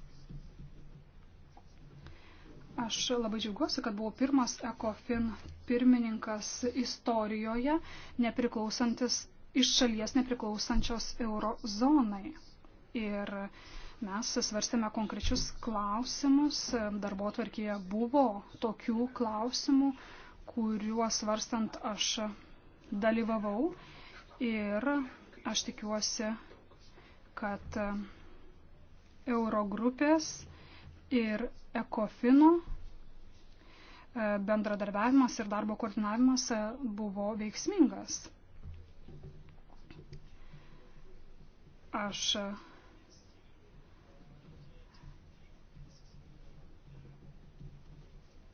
Aš labai džiaugiuosi, kad buvau pirmas ECOFIN pirmininkas istorijoje, nepriklausantis iš šalies nepriklausančios eurozonai. Ir mes svarstėme konkrečius klausimus, darbo tvarkėje buvo tokių klausimų, kuriuos svarstant aš dalyvavau ir aš tikiuosi, kad Eurogrupės ir Ekofino e, bendradarbiavimas ir darbo koordinavimas e, buvo veiksmingas. Aš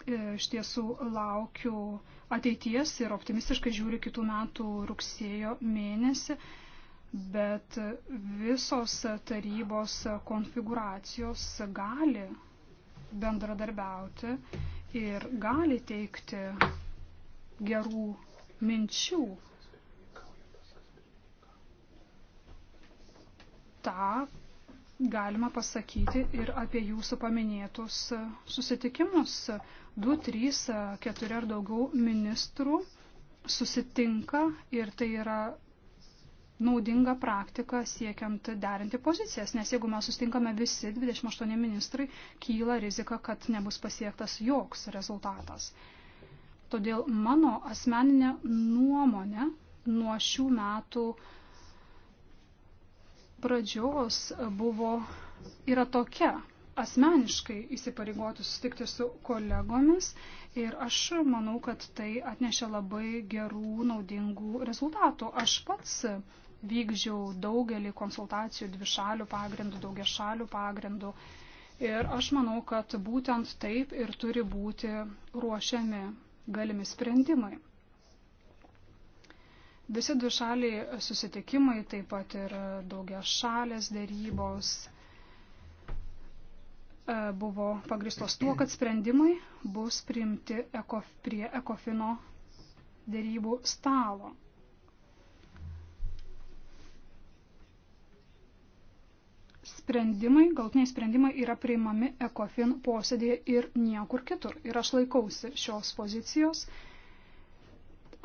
e, iš tiesų laukiu ateities ir optimistiškai žiūriu kitų metų rugsėjo mėnesį, bet visos tarybos konfiguracijos gali bendradarbiauti ir gali teikti gerų minčių tą galima pasakyti ir apie jūsų paminėtus susitikimus. 2, 3, 4 ar daugiau ministrų susitinka ir tai yra naudinga praktika siekiant derinti pozicijas, nes jeigu mes sustinkame visi 28 ministrai, kyla rizika, kad nebus pasiektas joks rezultatas. Todėl mano asmeninė nuomonė nuo šių metų uh, pradžios buvo, yra tokia asmeniškai įsipareigoti susitikti su kolegomis ir aš manau, kad tai atnešė labai gerų, naudingų rezultatų. Aš pats vykdžiau daugelį konsultacijų dvišalių pagrindų, daugiašalių pagrindų ir aš manau, kad būtent taip ir turi būti ruošiami galimi sprendimai. Visi du šaliai susitikimai, taip pat ir daugia šalės dėrybos e, buvo pagristos tuo, kad sprendimai bus priimti ekof, prie ekofino dėrybų stalo. Sprendimai, galtiniai sprendimai yra priimami ekofin posėdėje ir niekur kitur. Ir aš laikausi šios pozicijos.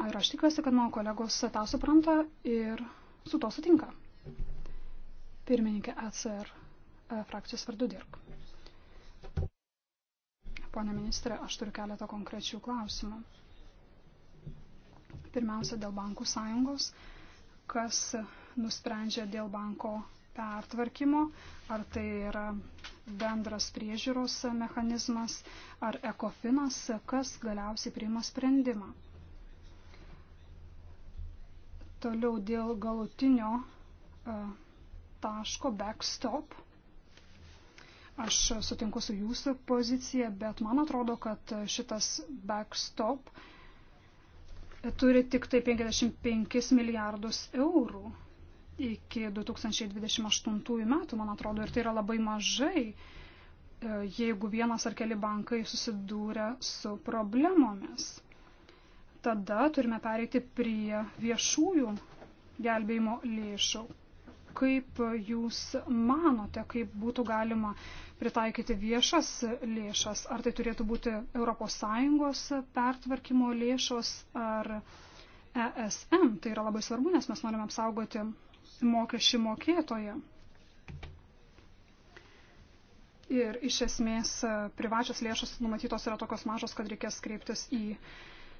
Ir aš tikiuosi, kad mano kolegos tą supranta ir su to sutinka. Pirmininkė ECR e, frakcijos vardu dirb. Pone ministrė, aš turiu keletą konkrečių klausimų. Pirmiausia, dėl bankų sąjungos. Kas nusprendžia dėl banko pertvarkymo, ar tai yra bendras priežiūros mechanizmas, ar ekofinas, kas galiausiai priima sprendimą. Toliau dėl galutinio e, taško backstop. Aš sutinku su jūsų pozicija, bet man atrodo, kad šitas backstop turi tik tai 55 milijardus eurų iki 2028 metų, man atrodo, ir tai yra labai mažai, e, jeigu vienas ar keli bankai susidūrė su problemomis tada turime pereiti prie viešųjų gelbėjimo lėšų. Kaip jūs manote, kaip būtų galima pritaikyti viešas lėšas? Ar tai turėtų būti ES pertvarkymo lėšos ar ESM? Tai yra labai svarbu, nes mes norime apsaugoti mokesčių mokėtoje. Ir iš esmės privačios lėšos numatytos yra tokios mažos, kad reikės kreiptis į uh,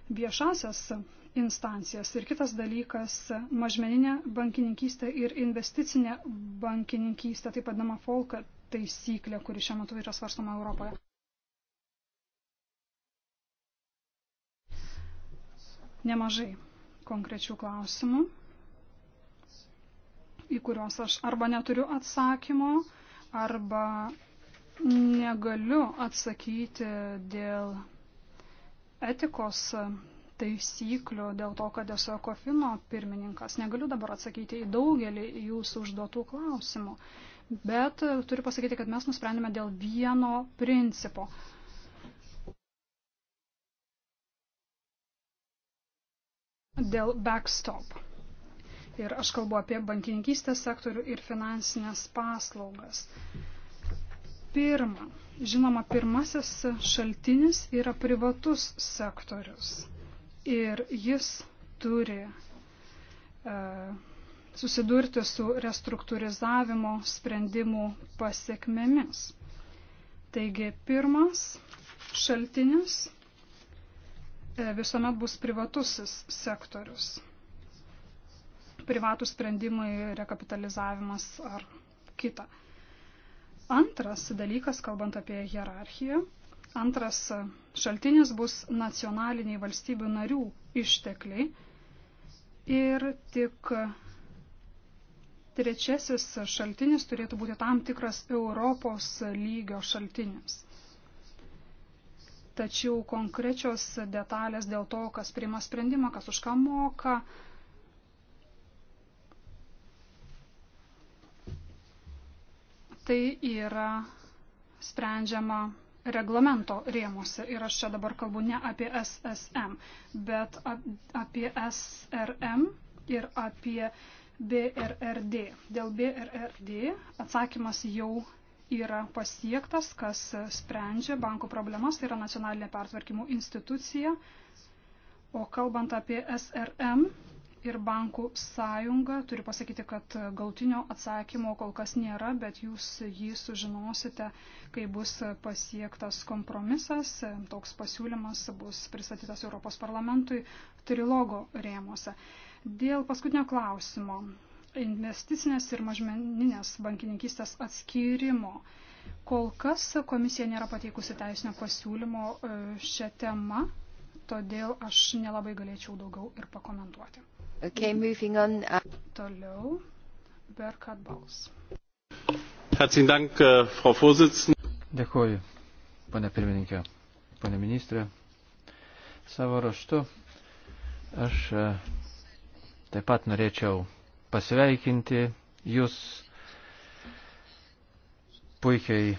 viešasias instancijas. Ir kitas dalykas - mažmeninė bankininkystė ir investicinė bankininkystė, taip vadinama folka taisyklė, kuri šiuo metu yra svarstoma Europoje. Nemažai konkrečių klausimų, į kuriuos aš arba neturiu atsakymo, arba negaliu atsakyti dėl etikos taisyklių dėl to, kad esu ekofino pirmininkas. Negaliu dabar atsakyti į daugelį jūsų užduotų klausimų, bet turiu pasakyti, kad mes nusprendėme dėl vieno principo. Dėl backstop. Ir aš kalbu apie bankininkystės sektorių ir finansinės paslaugas. Uh, pirma, žinoma, pirmasis šaltinis yra privatus sektorius ir jis turi e, susidurti su restruktūrizavimo sprendimų pasiekmėmis. Taigi pirmas šaltinis e, visuomet bus privatusis sektorius. Privatų sprendimai, rekapitalizavimas ar kita. Antras dalykas, kalbant apie hierarchiją, antras šaltinis bus nacionaliniai valstybių narių ištekliai ir tik trečiasis šaltinis turėtų būti tam tikras Europos lygio šaltinis. Tačiau konkrečios detalės dėl to, kas priima sprendimą, kas už ką moka, tai yra sprendžiama reglamento rėmuose. Ir aš čia dabar kalbu ne apie SSM, bet apie SRM ir apie BRRD. Dėl BRRD atsakymas jau yra pasiektas, kas sprendžia bankų problemas, tai yra nacionalinė pertvarkymų institucija. O kalbant apie SRM, ir bankų sąjunga. Turiu pasakyti, kad galtinio atsakymo kol kas nėra, bet jūs jį sužinosite, kai bus pasiektas kompromisas. Toks pasiūlymas bus pristatytas Europos parlamentui trilogo rėmose. Dėl paskutinio klausimo. Investicinės ir mažmeninės bankininkystės atskyrimo. Kol kas komisija nėra pateikusi teisinio pasiūlymo e, šią temą todėl aš nelabai galėčiau daugiau ir pakomentuoti. Okay, moving on. Uh, Toliau, Berkat Baus. Herzlichen Dank, äh, Frau Vorsitzende. Dėkuoju, pane pirmininkė, pane ministrė. Savo raštu aš e, taip pat norėčiau pasveikinti jūs puikiai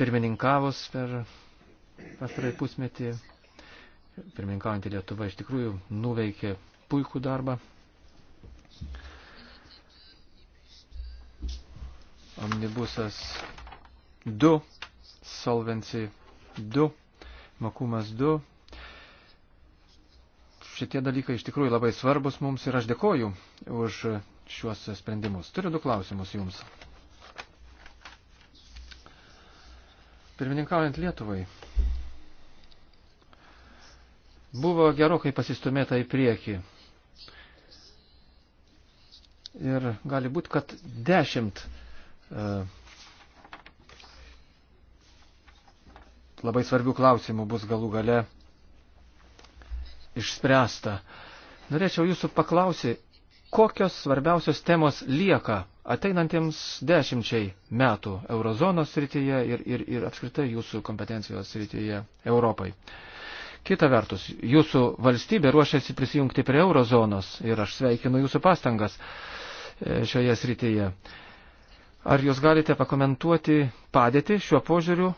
pirmininkavus per pastarąjį pusmetį. Pirmininkaujantį Lietuvą iš tikrųjų nuveikė puikų darbą. Omnibusas 2, Solvency 2, Makumas 2. Šitie dalykai iš tikrųjų labai svarbus mums ir aš dėkoju už šiuos sprendimus. Turiu du klausimus jums. Pirmininkaujant Lietuvai, buvo gerokai pasistumėta į priekį ir gali būti, kad dešimt e, labai svarbių klausimų bus galų gale išspręsta. Norėčiau jūsų paklausyti, kokios svarbiausios temos lieka ateinantiems dešimčiai metų eurozonos srityje ir, ir, ir apskritai jūsų kompetencijos srityje Europai. Kita vertus, jūsų valstybė ruošiasi prisijungti prie eurozonos ir aš sveikinu jūsų pastangas šioje srityje. Ar jūs galite pakomentuoti padėtį šiuo požiūriu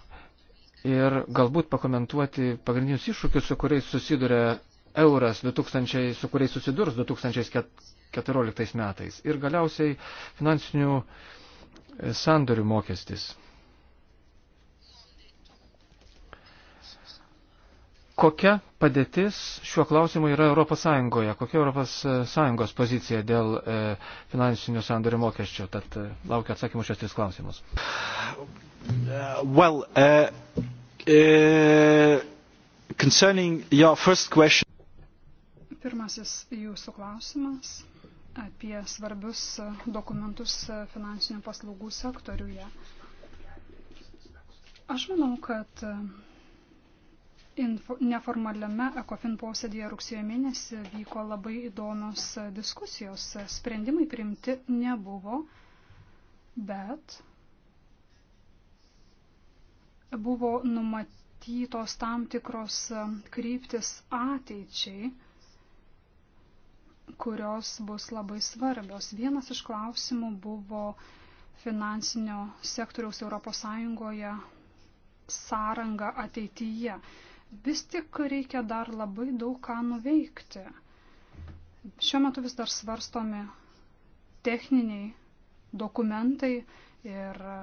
ir galbūt pakomentuoti pagrindinius iššūkius, su kuriais susiduria euras, 2000, su kuriais susidurs 2014 metais. Ir galiausiai finansinių sandorių mokestis. Kokia padėtis šiuo klausimu yra ES? Kokia ES e, pozicija dėl e, finansinių sandorių mokesčio? Tad e, laukia atsakymų šios tris klausimus. Well, uh, uh, concerning your first question. Pirmasis jūsų klausimas apie svarbius dokumentus finansinių paslaugų sektoriuje. Aš manau, kad Info, neformaliame ECOFIN posėdėje rugsėjo mėnesį vyko labai įdomios diskusijos. Sprendimai priimti nebuvo, bet buvo numatytos tam tikros kryptis ateičiai, kurios bus labai svarbios. Vienas iš klausimų buvo finansinio sektoriaus ES sąranga ateityje vis tik reikia dar labai daug ką nuveikti. Šiuo metu vis dar svarstomi techniniai dokumentai ir e,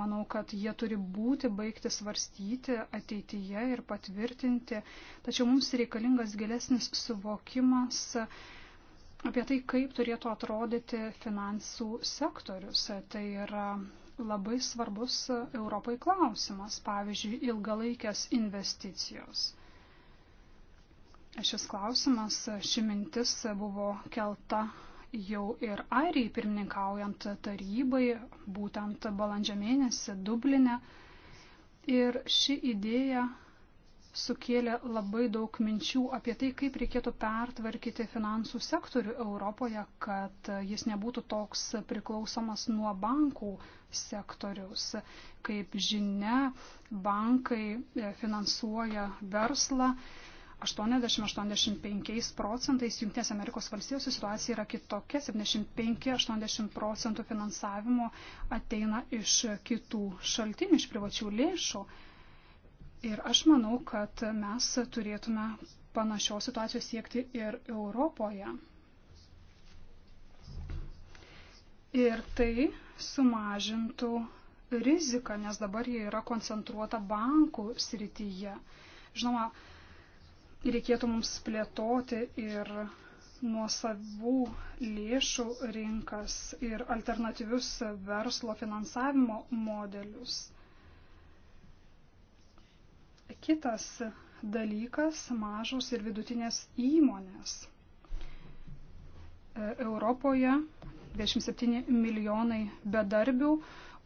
manau, kad jie turi būti baigti svarstyti ateityje ir patvirtinti. Tačiau mums reikalingas gilesnis suvokimas apie tai, kaip turėtų atrodyti finansų sektorius. Tai yra labai svarbus Europai klausimas, pavyzdžiui, ilgalaikės investicijos. Šis klausimas, ši mintis buvo kelta jau ir Airijai pirmininkaujant tarybai, būtent balandžio mėnesį Dublinė. Ir ši idėja sukėlė labai daug minčių apie tai, kaip reikėtų pertvarkyti finansų sektorių Europoje, kad jis nebūtų toks priklausomas nuo bankų sektoriaus. Kaip žinia, bankai e, finansuoja verslą. 80-85 procentais Junktinės Amerikos valstijos situacija yra kitokia, 75-80 procentų finansavimo ateina iš kitų šaltinių, iš privačių lėšų. Ir aš manau, kad mes turėtume panašios situacijos siekti ir Europoje. Ir tai sumažintų riziką, nes dabar jie yra koncentruota bankų srityje. Žinoma, reikėtų mums plėtoti ir nuosavų lėšų rinkas ir alternatyvius verslo finansavimo modelius. Kitas dalykas - mažos ir vidutinės įmonės. E, Europoje 27 milijonai bedarbių,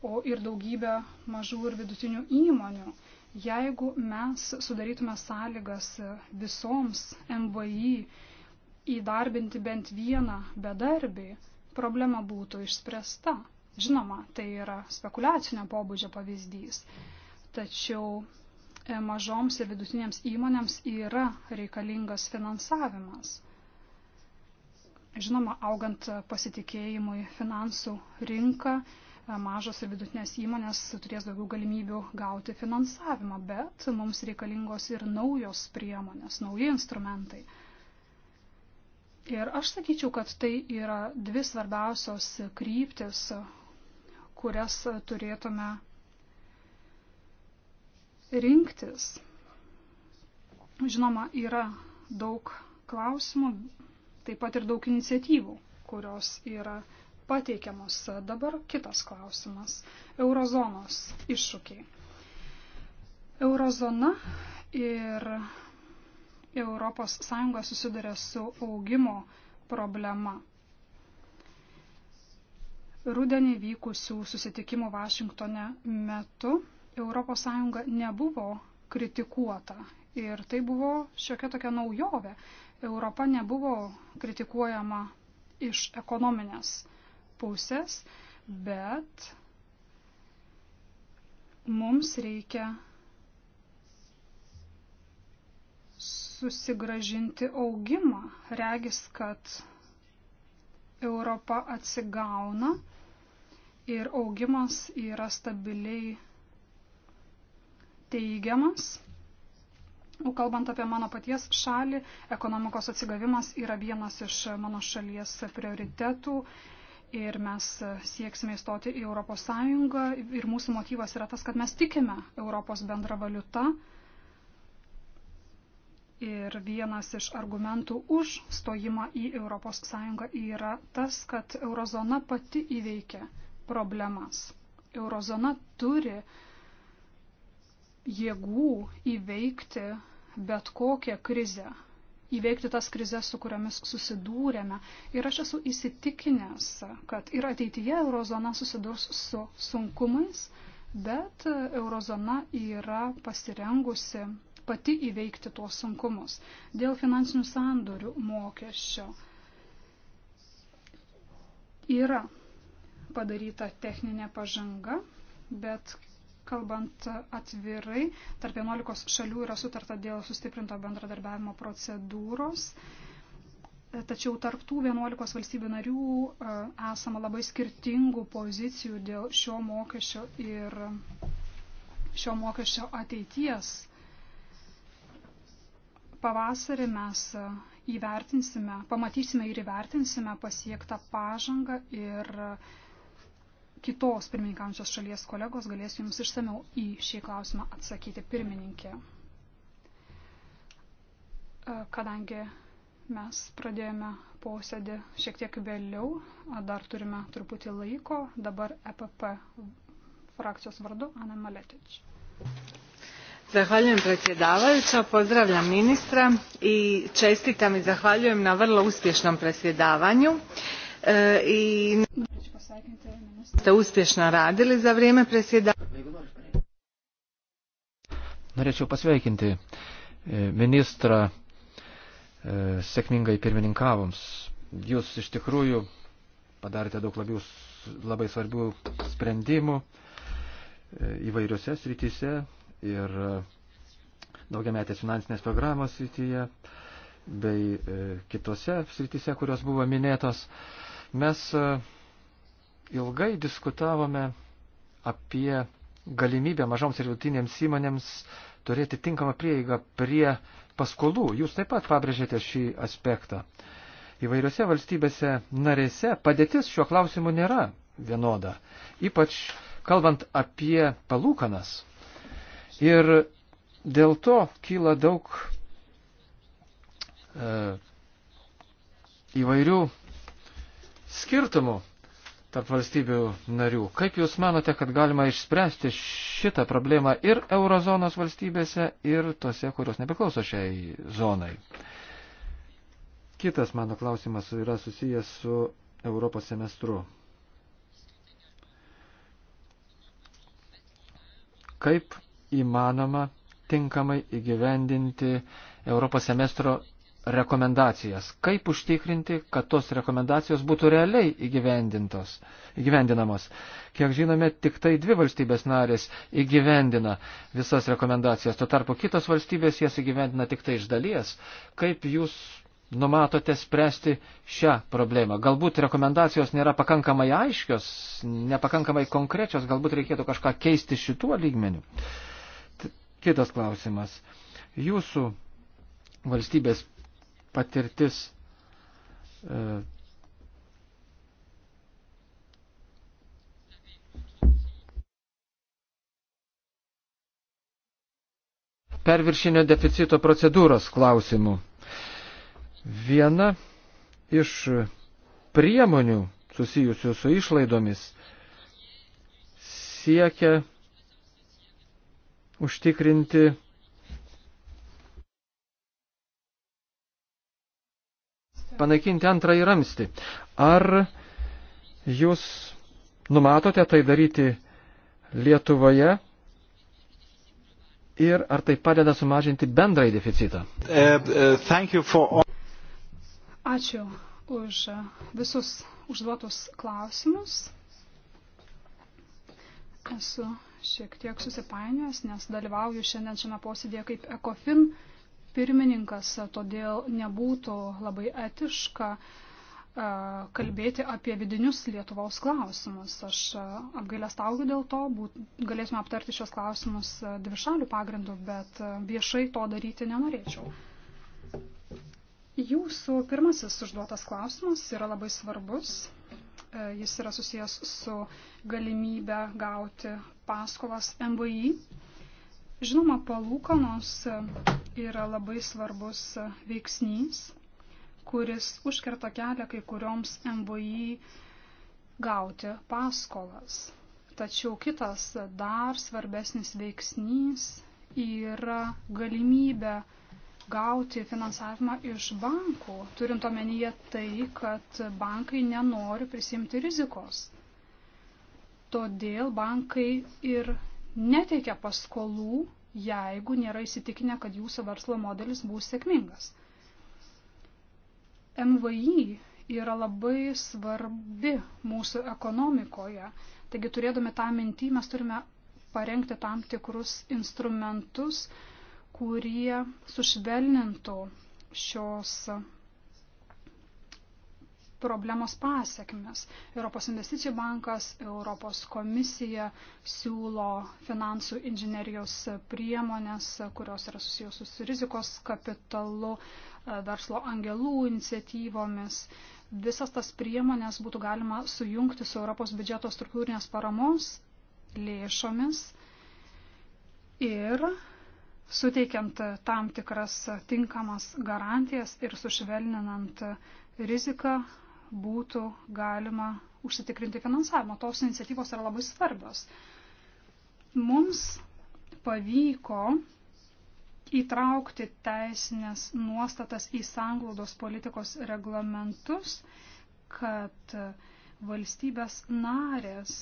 o ir daugybė mažų ir vidutinių įmonių. Jeigu mes sudarytume sąlygas visoms MVI įdarbinti bent vieną bedarbį, problema būtų išspręsta. Žinoma, tai yra spekuliacinio pobūdžio pavyzdys. Tačiau E, mažoms ir vidutinėms įmonėms yra reikalingas finansavimas. Žinoma, augant pasitikėjimui finansų rinką, e, mažos ir vidutinės įmonės turės daugiau galimybių gauti finansavimą, bet mums reikalingos ir naujos priemonės, nauji instrumentai. Ir aš sakyčiau, kad tai yra dvi svarbiausios kryptis, kurias turėtume rinktis. Žinoma, yra daug klausimų, taip pat ir daug iniciatyvų, kurios yra pateikiamos. Dabar kitas klausimas - eurozonos iššūkiai. Eurozona ir ES susiduria su augimo problema. Rudenį vykusių susitikimų Vašingtone metu ES nebuvo kritikuota. Ir tai buvo šiokia tokia naujovė. Europa nebuvo kritikuojama iš ekonominės pusės, bet mums reikia susigražinti augimą. Regis, kad Europa atsigauna ir augimas yra stabiliai teigiamas. O kalbant apie mano paties šalį, ekonomikos atsigavimas yra vienas iš mano šalies prioritetų ir mes sieksime įstoti į Europos Sąjungą ir mūsų motyvas yra tas, kad mes tikime Europos bendra valiuta. Ir vienas iš argumentų už stojimą į Europos Sąjungą yra tas, kad eurozona pati įveikia problemas. Eurozona turi uh, jėgų įveikti bet kokią krizę, įveikti tas krizės, su kuriamis susidūrėme. Ir aš esu įsitikinęs, kad ir ateityje eurozona susidurs su sunkumais, bet eurozona yra pasirengusi pati įveikti tuos sunkumus dėl finansinių sandorių mokesčio. Yra padaryta techninė pažanga, bet Kalbant atvirai, tarp 11 šalių yra sutarta dėl sustiprinto bendradarbiavimo procedūros. Tačiau tarptų 11 valstybių narių e, esama labai skirtingų pozicijų dėl šio mokesčio ir šio mokesčio ateities. Pavasarį mes įvertinsime, pamatysime ir įvertinsime pasiektą pažangą ir uh, kitos pirmininkaujančios šalies kolegos galės jums išsameu į šį klausimą atsakyti pirmininkė. E, kadangi mes pradėjome posėdį šiek tiek vėliau, dar turime truputį laiko, dabar EPP frakcijos vardu Ana Maletič. Zahvaljujem predsjedavajuća, pozdravljam ministra i čestitam i zahvaljujem na vrlo uspješnom predsjedavanju. E, i pasveikinti ministrą. Ste uspješno radili za vrijeme presjedavanja. Norėčiau pasveikinti e, ministrą e, sėkmingai pirmininkavoms. Jūs iš tikrųjų padarėte daug labiau, labai svarbių sprendimų e, įvairiose srityse ir daugiametės finansinės programos srityje bei kitose srityse, kurios buvo minėtos. Mes ilgai diskutavome apie galimybę mažoms ir vidutinėms įmonėms turėti tinkamą prieigą prie paskolų. Jūs taip pat pabrėžėte šį aspektą. Įvairiose valstybėse narėse padėtis šiuo klausimu nėra vienoda, ypač kalbant apie palūkanas. Ir dėl to kyla daug e, įvairių skirtumų tarp valstybių narių. Kaip Jūs manote, kad galima išspręsti šitą problemą ir eurozonos valstybėse, ir tose, kurios nepriklauso šiai zonai? Kitas mano klausimas yra susijęs su Europos semestru. Kaip įmanoma tinkamai įgyvendinti Europos semestro rekomendacijas. Kaip užtikrinti, kad tos rekomendacijos būtų realiai įgyvendinamos. Kiek žinome, tik tai dvi valstybės narės įgyvendina visas rekomendacijas, tuo tarpu kitos valstybės jas įgyvendina tik tai iš dalies. Kaip jūs numatote spręsti šią problemą? Galbūt rekomendacijos nėra pakankamai aiškios, nepakankamai konkrečios, galbūt reikėtų kažką keisti šituo lygmeniu. Kitas klausimas. Jūsų valstybės patirtis. E, perviršinio deficito procedūros klausimų. Viena iš priemonių susijusių su išlaidomis siekia užtikrinti panaikinti antrąjį ramstį. Ar jūs numatote tai daryti Lietuvoje ir ar tai padeda sumažinti bendrąjį deficitą? Uh, uh, Ačiū už uh, visus užduotus klausimus. Esu šiek tiek susipainiojęs, nes dalyvauju šiandien šiame posėdėje kaip ECOFIN pirmininkas, todėl nebūtų labai etiška e, kalbėti apie vidinius Lietuvos klausimus. Aš e, apgailestauju dėl to, būt, galėsime aptarti šios klausimus e, dvišalių pagrindų, bet viešai to daryti nenorėčiau. Jūsų pirmasis užduotas klausimas yra labai svarbus. Jis yra susijęs su galimybė gauti paskolas MVI. Žinoma, palūkanos yra labai svarbus veiksnys, kuris užkerta kelią kai kurioms MVI gauti paskolas. Tačiau kitas dar svarbesnis veiksnys yra galimybė gauti finansavimą iš bankų, turint omenyje tai, kad bankai nenori prisimti rizikos. Todėl bankai ir neteikia paskolų jeigu nėra įsitikinę, kad jūsų verslo modelis bus sėkmingas. MVI yra labai svarbi mūsų ekonomikoje. Taigi turėdami tą mintį, mes turime parengti tam tikrus instrumentus, kurie sušvelnintų šios problemos pasiekmes. Europos investicijų bankas, Europos komisija siūlo finansų inžinerijos priemonės, kurios yra susijusios su rizikos kapitalu, e, verslo angelų iniciatyvomis. Visas tas priemonės būtų galima sujungti su Europos biudžeto struktūrinės paramos lėšomis ir suteikiant tam tikras tinkamas garantijas ir sušvelninant riziką būtų galima užsitikrinti finansavimą. Tos iniciatyvos yra labai svarbios. Mums pavyko įtraukti teisinės nuostatas į sanglaudos politikos reglamentus, kad valstybės narės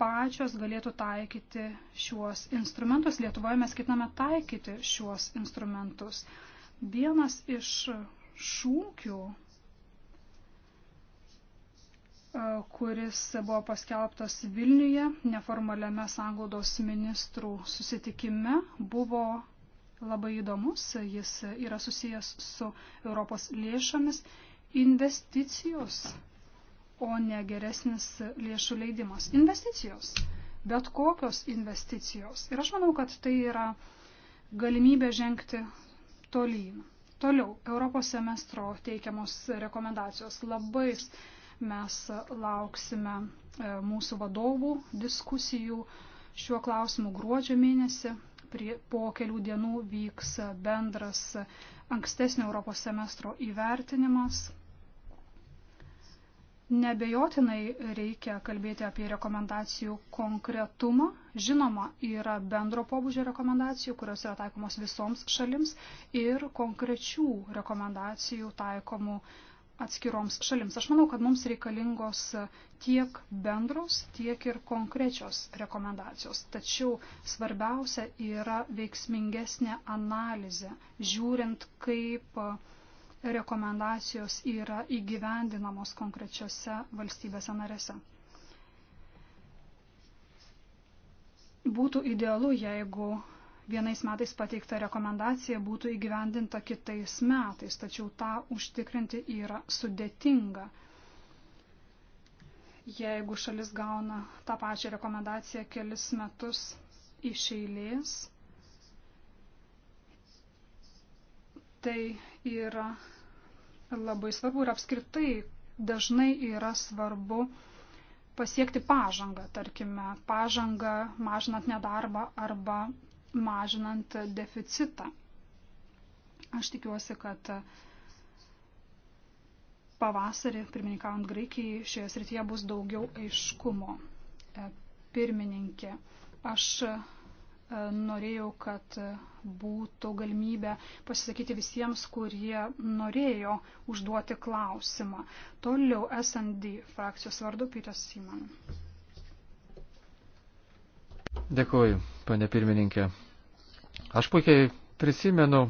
pačios galėtų taikyti šiuos instrumentus. Lietuvoje mes ketiname taikyti šiuos instrumentus. Vienas iš šūkių kuris buvo paskelbtas Vilniuje neformaliame sanglaudos ministrų susitikime, buvo labai įdomus. Jis yra susijęs su Europos lėšomis investicijos, o ne geresnis lėšų leidimas. Investicijos, bet kokios investicijos. Ir aš manau, kad tai yra galimybė žengti tolyn. Toliau, Europos semestro teikiamos rekomendacijos labai Mes lauksime e, mūsų vadovų diskusijų šiuo klausimu gruodžio mėnesį. Prie, po kelių dienų vyks bendras ankstesnio Europos semestro įvertinimas. Nebejotinai reikia kalbėti apie rekomendacijų konkretumą. Žinoma, yra bendro pobūdžio rekomendacijų, kurios yra taikomos visoms šalims ir konkrečių rekomendacijų taikomų uh, atskiroms šalims. Aš manau, kad mums reikalingos tiek bendros, tiek ir konkrečios rekomendacijos. Tačiau svarbiausia yra veiksmingesnė analizė, žiūrint, kaip rekomendacijos yra įgyvendinamos konkrečiose valstybėse narėse. Būtų idealu, jeigu vienais metais pateikta rekomendacija būtų įgyvendinta kitais metais, tačiau tą užtikrinti yra sudėtinga. Jeigu šalis gauna tą pačią rekomendaciją kelis metus iš eilės, tai yra labai svarbu ir apskritai dažnai yra svarbu pasiekti pažangą, tarkime, pažangą mažinant nedarbą arba mažinant deficitą. Aš tikiuosi, kad pavasarį, pirmininkaujant Graikijai, šioje srityje bus daugiau aiškumo. E, pirmininkė, aš e, norėjau, kad būtų galimybė pasisakyti visiems, kurie norėjo užduoti klausimą. Toliau SND frakcijos vardu Pytas Simon. Dėkuoju, ponė pirmininkė. Aš puikiai prisimenu,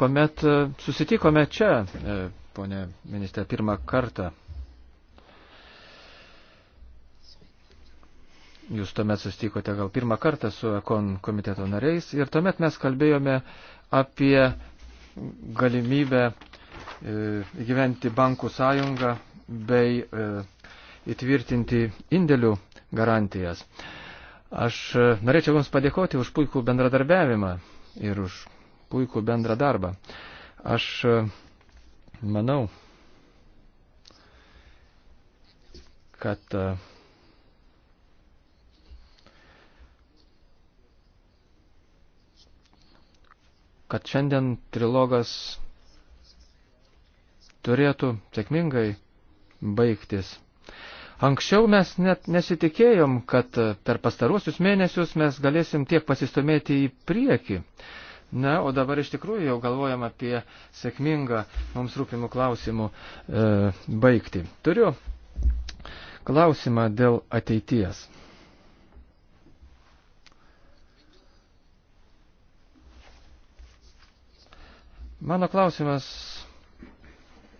kuomet e, susitikome čia, e, ponė ministrė, pirmą kartą. Jūs tuomet susitikote gal pirmą kartą su Ekon komiteto nariais ir tuomet mes kalbėjome apie galimybę e, įgyventi bankų sąjungą bei įtvirtinti indėlių garantijas. E, Aš e, norėčiau Jums padėkoti už puikų bendradarbiavimą ir už puikų bendrą darbą. Aš e, manau, kad e, kad šiandien trilogas turėtų sėkmingai baigtis. Anksčiau mes net nesitikėjom, kad per pastaruosius mėnesius mes galėsim tiek pasistumėti į priekį. Na, o dabar iš tikrųjų jau galvojam apie sėkmingą mums rūpimų klausimų e, baigti. Turiu klausimą dėl ateities. Mano klausimas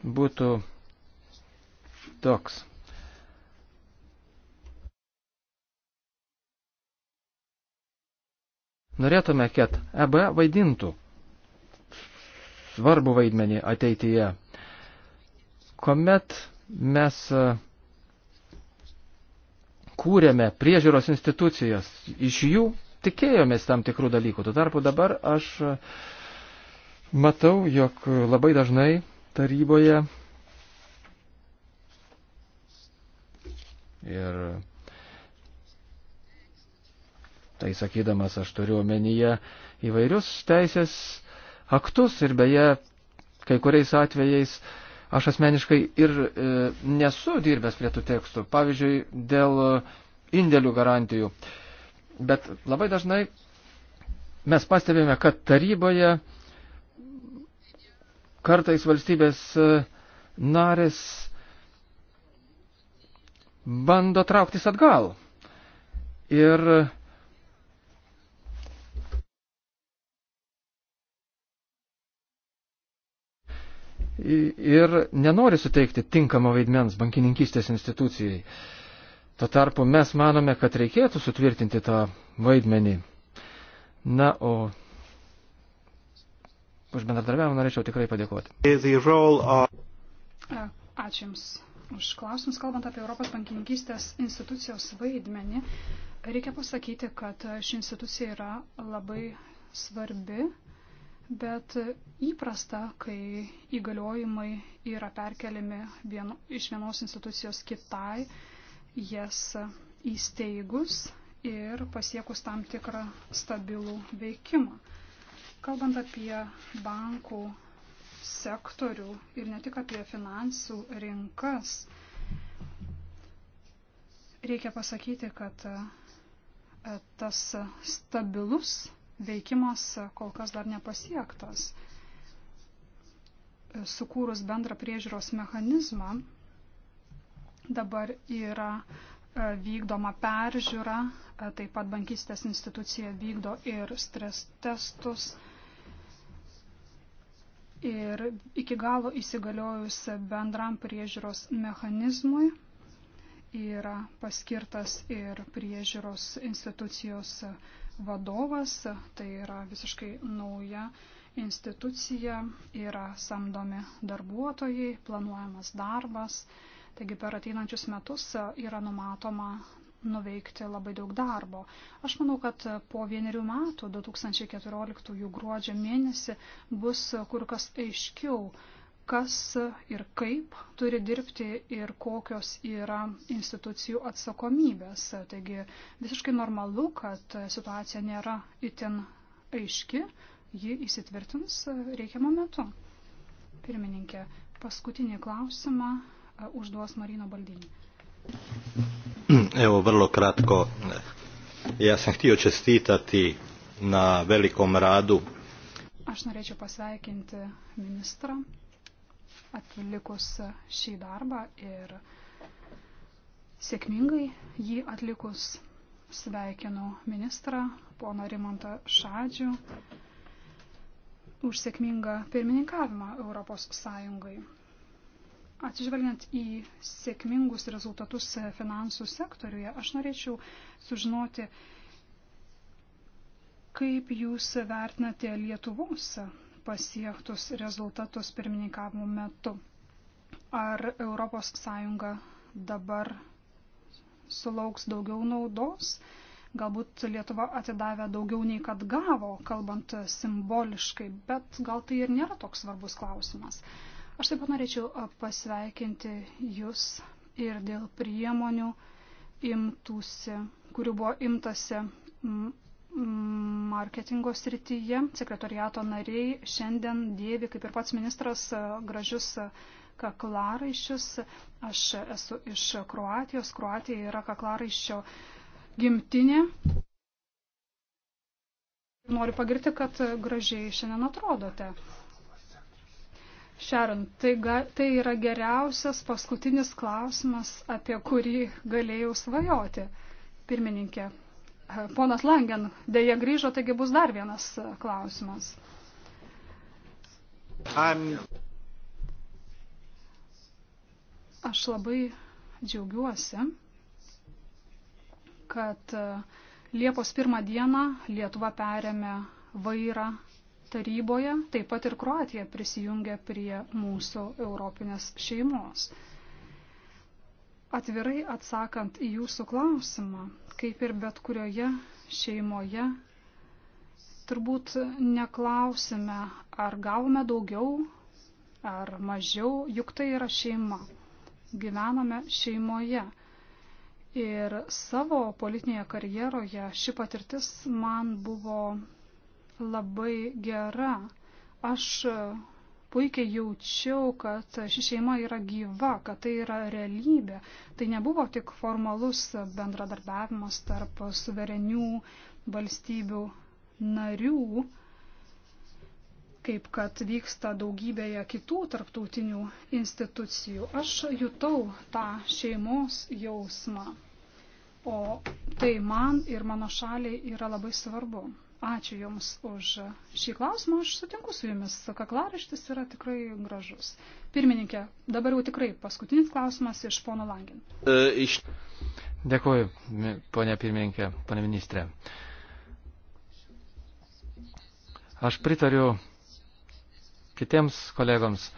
būtų toks. Norėtume, kad EB vaidintų svarbu vaidmenį ateityje. Komet mes e, kūrėme priežiūros institucijas, iš jų tikėjomės tam tikrų dalykų. Tuo tarpu dabar aš e, matau, jog labai dažnai taryboje ir Tai sakydamas aš turiu omenyje įvairius teisės aktus ir beje, kai kuriais atvejais aš asmeniškai ir e, nesu dirbęs prie tų tekstų, pavyzdžiui, dėl indėlių garantijų. Bet labai dažnai mes pastebėjome, kad taryboje kartais valstybės e, narės bando trauktis atgal. Ir ir nenori suteikti tinkamo vaidmens bankininkystės institucijai. Tuo tarpu mes manome, kad reikėtų sutvirtinti tą vaidmenį. Na, o už bendradarbiavimą norėčiau tikrai padėkoti. Ačiū Jums už klausimus. Kalbant apie Europos bankininkystės institucijos vaidmenį, reikia pasakyti, kad ši institucija yra labai svarbi Bet įprasta, kai įgaliojimai yra perkeliami vieno, iš vienos institucijos kitai, jas įsteigus ir pasiekus tam tikrą stabilų veikimą. Kalbant apie bankų sektorių ir ne tik apie finansų rinkas, reikia pasakyti, kad tas stabilus veikimas kol kas dar nepasiektas. Sukūrus bendrą priežiūros mechanizmą, dabar yra e, vykdoma peržiūra, e, taip pat bankystės institucija vykdo ir stres testus. Ir iki galo įsigaliojus bendram priežiūros mechanizmui yra paskirtas ir priežiūros institucijos uh, vadovas, tai yra visiškai nauja institucija, yra samdomi darbuotojai, planuojamas darbas, taigi per ateinančius metus yra numatoma nuveikti labai daug darbo. Aš manau, kad po vienerių metų, 2014 gruodžio mėnesį, bus kur kas aiškiau, kas ir kaip turi dirbti ir kokios yra institucijų atsakomybės. Taigi visiškai normalu, kad situacija nėra itin aiški, ji įsitvirtins reikiamą metu. Pirmininkė, paskutinį klausimą e, užduos Marino Baldinį. Evo, vrlo kratko. Ja sam htio čestitati na velikom radu. Aš norėčiau pasveikinti ministrą atlikus šį darbą ir sėkmingai jį atlikus sveikinu ministrą, pono Rimantą Šadžių, už sėkmingą pirmininkavimą Europos Sąjungai. Atsižvelgiant į sėkmingus rezultatus finansų sektoriuje, aš norėčiau sužinoti, kaip jūs vertinate Lietuvos pasiektus rezultatus pirmininkavimo metu. Ar ES dabar sulauks daugiau naudos? Galbūt Lietuva atidavė daugiau nei kad gavo, kalbant simboliškai, bet gal tai ir nėra toks svarbus klausimas. Aš taip pat norėčiau pasveikinti Jūs ir dėl priemonių imtųsi, kurių buvo imtasi marketingo srityje. Sekretoriato nariai šiandien dėvi, kaip ir pats ministras, gražius e, kaklaraiščius. Aš esu iš Kroatijos. Kroatija yra kaklaraiščio gimtinė. Noriu pagirti, kad gražiai šiandien atrodote. Šeron, tai, ga, tai yra geriausias paskutinis klausimas, apie kurį galėjau svajoti. Pirmininkė, Ponas Langen dėja grįžo, taigi bus dar vienas e, klausimas. I'm... Aš labai džiaugiuosi, kad e, Liepos pirmą dieną Lietuva perėmė vairą taryboje, taip pat ir Kroatija prisijungia prie mūsų europinės šeimos. Atvirai atsakant į jūsų klausimą, kaip ir bet kurioje šeimoje, turbūt neklausime, ar gavome daugiau, ar mažiau, juk tai yra šeima. Gyvename šeimoje. Ir savo politinėje karjeroje ši patirtis man buvo labai gera. Aš puikiai jaučiau, kad ši šeima yra gyva, kad tai yra realybė. Tai nebuvo tik formalus bendradarbiavimas tarp suverenių valstybių narių, kaip kad vyksta daugybėje kitų tarptautinių institucijų. Aš jutau tą šeimos jausmą. O tai man ir mano šaliai yra labai svarbu. Ačiū Jums už šį klausimą. Aš sutinku su Jumis. Kaklaraštis yra tikrai gražus. Pirmininkė, dabar jau tikrai paskutinis klausimas iš pono Langin. E, iš... Dėkuoju, ponia pirmininkė, ponia ministrė. Aš pritariu kitiems kolegoms,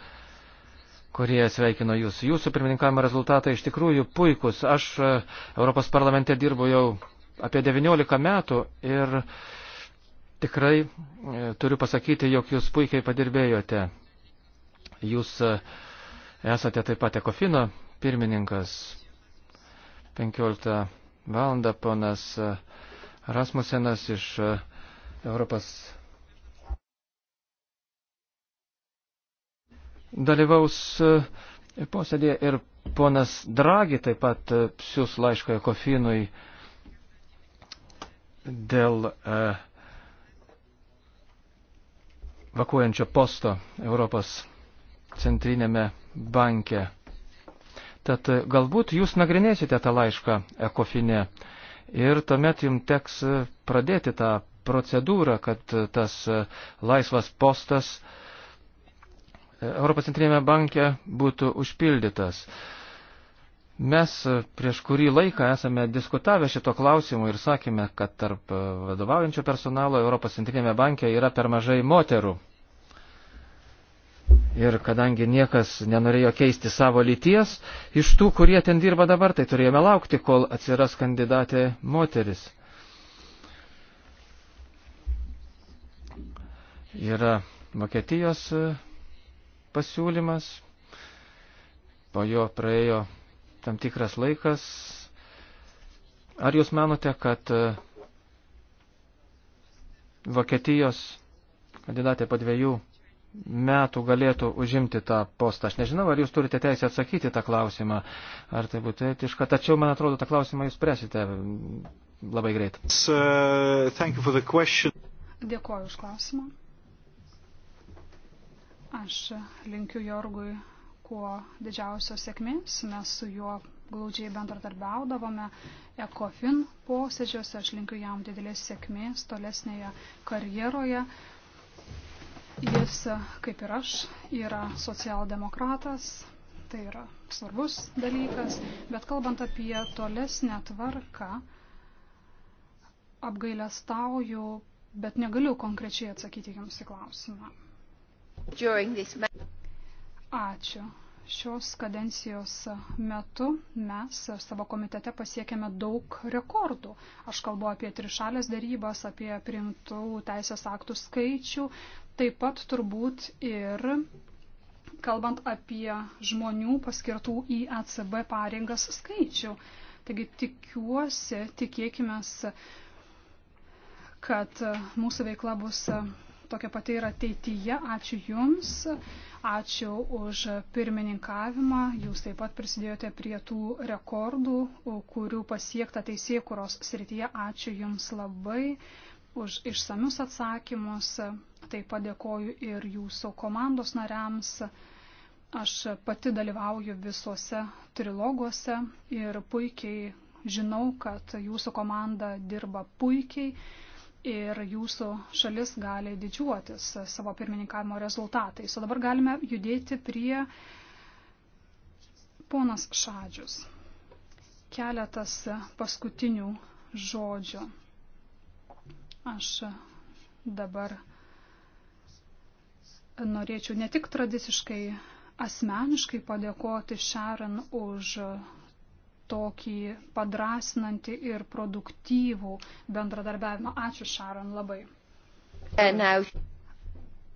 kurie sveikino jūs. Jūsų pirmininkavimo rezultatai iš tikrųjų puikus. Aš e, Europos parlamente dirbu jau apie 19 metų ir tikrai e, turiu pasakyti, jog jūs puikiai padirbėjote. Jūs e, esate taip pat Ekofino pirmininkas. 15 val. ponas e, Rasmusenas iš e, Europos dalyvaus posėdėje ir ponas Dragi taip pat siūs laišką Ekofinui dėl uh, vakuojančio posto Europos centrinėme banke. Tad galbūt jūs nagrinėsite tą laišką ekofinė ir tuomet jums teks pradėti tą procedūrą, kad tas laisvas postas Europos centrinėme banke būtų užpildytas. Mes prieš kurį laiką esame diskutavę šito klausimu ir sakėme, kad tarp vadovaujančio personalo Europos centrinėme banke yra per mažai moterų. Ir kadangi niekas nenorėjo keisti savo lyties, iš tų, kurie ten dirba dabar, tai turėjome laukti, kol atsiras kandidatė moteris. Yra Vokietijos e, pasiūlymas, po jo praėjo tam tikras laikas. Ar jūs manote, kad e, Vokietijos kandidatė po dviejų metų galėtų užimti tą postą. Aš nežinau, ar jūs turite teisę atsakyti tą klausimą, ar tai būtų etiška, tačiau, man atrodo, tą klausimą jūs presite labai greit. Uh, Dėkuoju už klausimą. Aš linkiu Jorgui kuo didžiausios sėkmės, mes su juo glaudžiai bendradarbiaudavome ECOFIN posėdžiuose, aš linkiu jam didelės sėkmės tolesnėje karjeroje. Jis, kaip ir aš, yra socialdemokratas, tai yra svarbus dalykas, bet kalbant apie tolesnę tvarką, apgailestauju, bet negaliu konkrečiai atsakyti jums į klausimą. Ačiū. Šios kadencijos metu mes savo komitete pasiekėme daug rekordų. Aš kalbu apie trišalės darybas, apie primtų teisės aktų skaičių, Taip pat turbūt ir kalbant apie žmonių paskirtų į ECB pareigas skaičių. Taigi tikiuosi, tikėkime, kad mūsų veikla bus tokia pati ir ateityje. Ačiū Jums, ačiū už pirmininkavimą. Jūs taip pat prisidėjote prie tų rekordų, kurių pasiekta teisėkuros srityje. Ačiū Jums labai už išsamius atsakymus. Taip pat dėkoju ir jūsų komandos nariams. Aš pati dalyvauju visose triloguose ir puikiai žinau, kad jūsų komanda dirba puikiai ir jūsų šalis gali didžiuotis savo pirmininkavimo rezultatais. O dabar galime judėti prie ponas Šadžius. Keletas paskutinių žodžių. Aš dabar norėčiau ne tik tradiciškai asmeniškai padėkoti Šaran už tokį padrasinantį ir produktyvų bendradarbiavimą. Ačiū Šaran labai.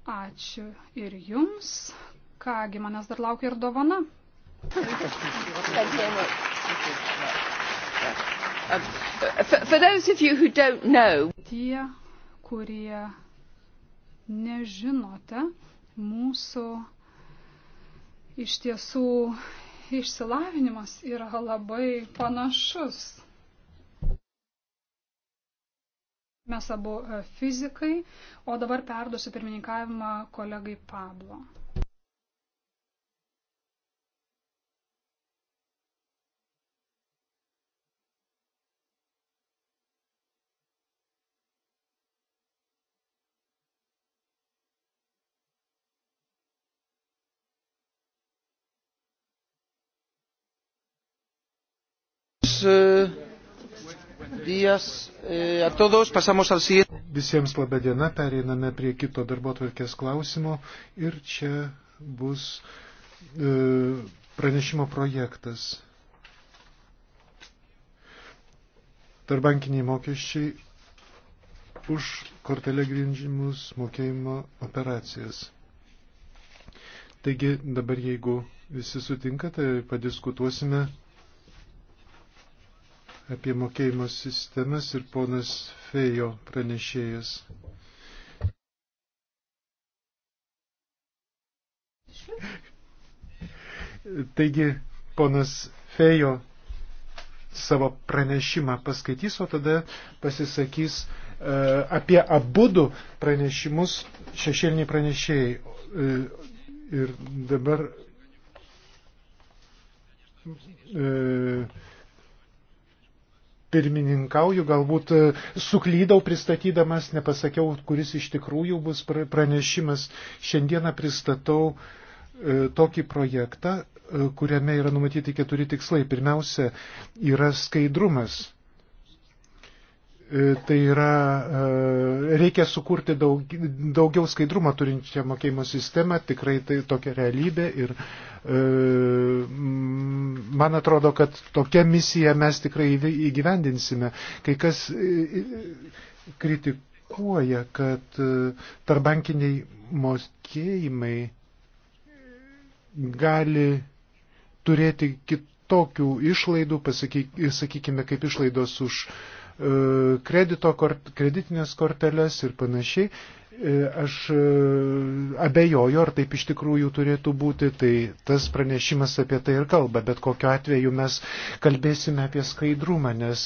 Ačiū ir jums. Kągi, manęs dar laukia ir dovana. Um, Tie, kurie nežinote mūsų iš tiesų išsilavinimas yra labai panašus. Mes abu e, fizikai, o dabar perduosiu pirmininkavimą kolegai Pablo. Eh, Visiems laba diena, pereiname prie kito darbotvarkės klausimo ir čia bus e, pranešimo projektas. Tarbankiniai mokesčiai už kortelę grindžimus mokėjimo operacijas. Taigi dabar jeigu visi sutinkate, padiskutuosime apie mokėjimo sistemas ir ponas Fejo pranešėjas. Taigi, ponas Fejo savo pranešimą paskaitys, o tada pasisakys e, apie abudų pranešimus šešėliniai pranešėjai. E, ir dabar e, pirmininkauju, galbūt e, suklydau pristatydamas, nepasakiau, kuris iš tikrųjų bus pranešimas. Šiandieną pristatau e, tokį projektą, e, kuriame yra numatyti keturi tikslai. Pirmiausia, yra skaidrumas E, tai yra, e, reikia sukurti daug, daugiau skaidrumą turinčią mokėjimo sistemą, tikrai tai tokia realybė ir e, man atrodo, kad tokią misiją mes tikrai įgyvendinsime. Kai kas kritikuoja, kad tarbankiniai mokėjimai gali turėti kitokių išlaidų, pasakykime, kaip išlaidos už uh, E, kredito, kort, kreditinės korteles ir panašiai. E, aš e, abejoju, ar taip iš tikrųjų turėtų būti, tai tas pranešimas apie tai ir kalba, bet kokiu atveju mes kalbėsime apie skaidrumą, nes,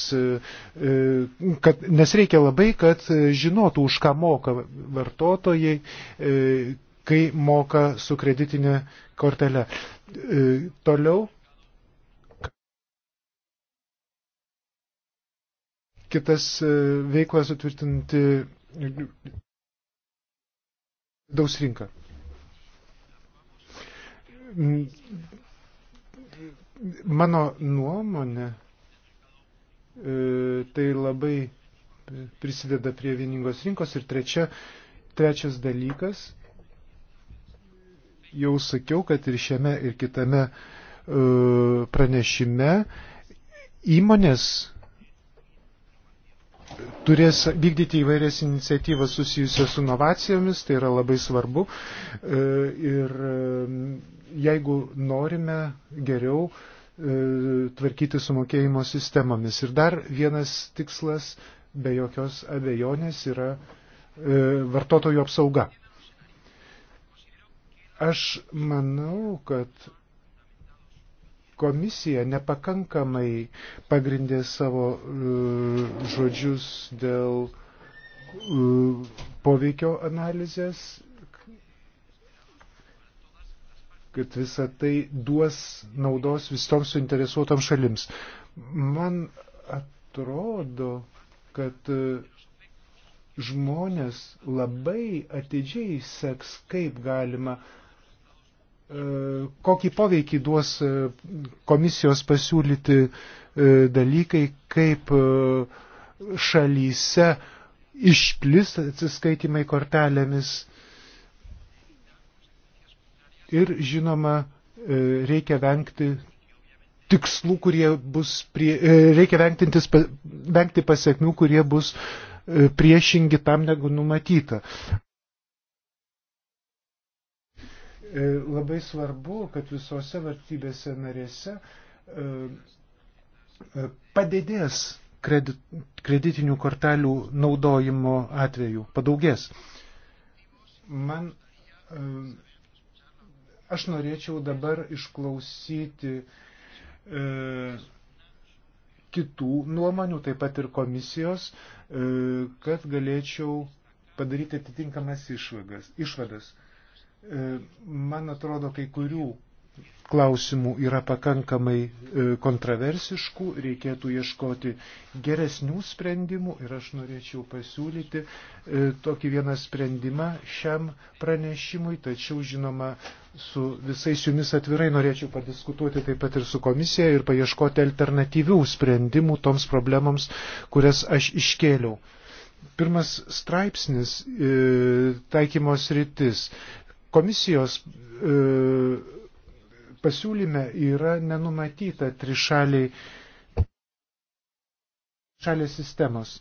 kad, nes reikia labai, kad žinotų, už ką moka vartotojai, kai moka su kreditinė kortelė. Toliau kitas e, veiklą sutvirtinti daus rinką. Mano nuomonė, e, tai labai prisideda prie vieningos rinkos. Ir trečia, trečias dalykas, jau sakiau, kad ir šiame, ir kitame e, pranešime įmonės turės vykdyti įvairias iniciatyvas susijusias su inovacijomis, tai yra labai svarbu. E, ir e, jeigu norime geriau e, tvarkyti su mokėjimo sistemomis. Ir dar vienas tikslas, be jokios abejonės, yra vartotojų apsauga. Aš manau, kad komisija nepakankamai pagrindė savo uh, žodžius dėl uh, poveikio analizės, kad visa tai duos naudos visoms suinteresuotoms šalims. Man atrodo, kad uh, žmonės labai atidžiai seks, kaip galima uh, E, kokį poveikį duos e, komisijos pasiūlyti e, dalykai, kaip šalyse išplis atsiskaitimai kortelėmis. Ir žinoma, reikia vengti tikslų, kurie bus, prie, reikia vengtintis, vengti pasiekmių, kurie bus priešingi tam, negu numatyta. E, labai svarbu, kad visose valstybėse narėse e, e, padidės kredit, kreditinių kortelių naudojimo atveju, padaugės. Man, aš norėčiau dabar išklausyti kitų nuomonių, taip pat ir komisijos, kad galėčiau padaryti atitinkamas išvagas, išvadas. E, man atrodo, kai kurių klausimų yra pakankamai e, kontroversiškų, reikėtų ieškoti geresnių sprendimų ir aš norėčiau pasiūlyti e, tokį vieną sprendimą šiam pranešimui, tačiau žinoma, su visais jumis atvirai norėčiau padiskutuoti taip pat ir su komisija ir paieškoti alternatyvių sprendimų toms problemams, kurias aš iškėliau. Pirmas straipsnis e, - taikymos rytis. Komisijos e, pasiūlyme yra nenumatyta trišaliai šalės sistemos.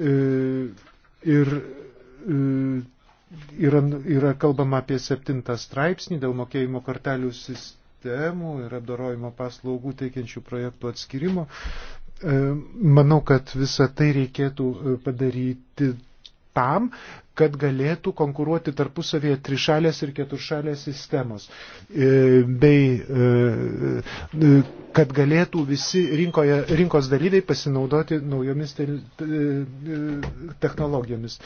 E, ir e, yra, yra kalbama apie septintą straipsnį dėl mokėjimo kortelių sistemų ir apdorojimo paslaugų teikiančių projektų atskirimo. Manau, kad visą tai reikėtų padaryti tam, kad galėtų konkuruoti tarpusavėje trišalės ir keturšalės sistemos, e, bei e, kad galėtų visi rinkoje, rinkos dalyviai pasinaudoti naujomis e, technologijomis.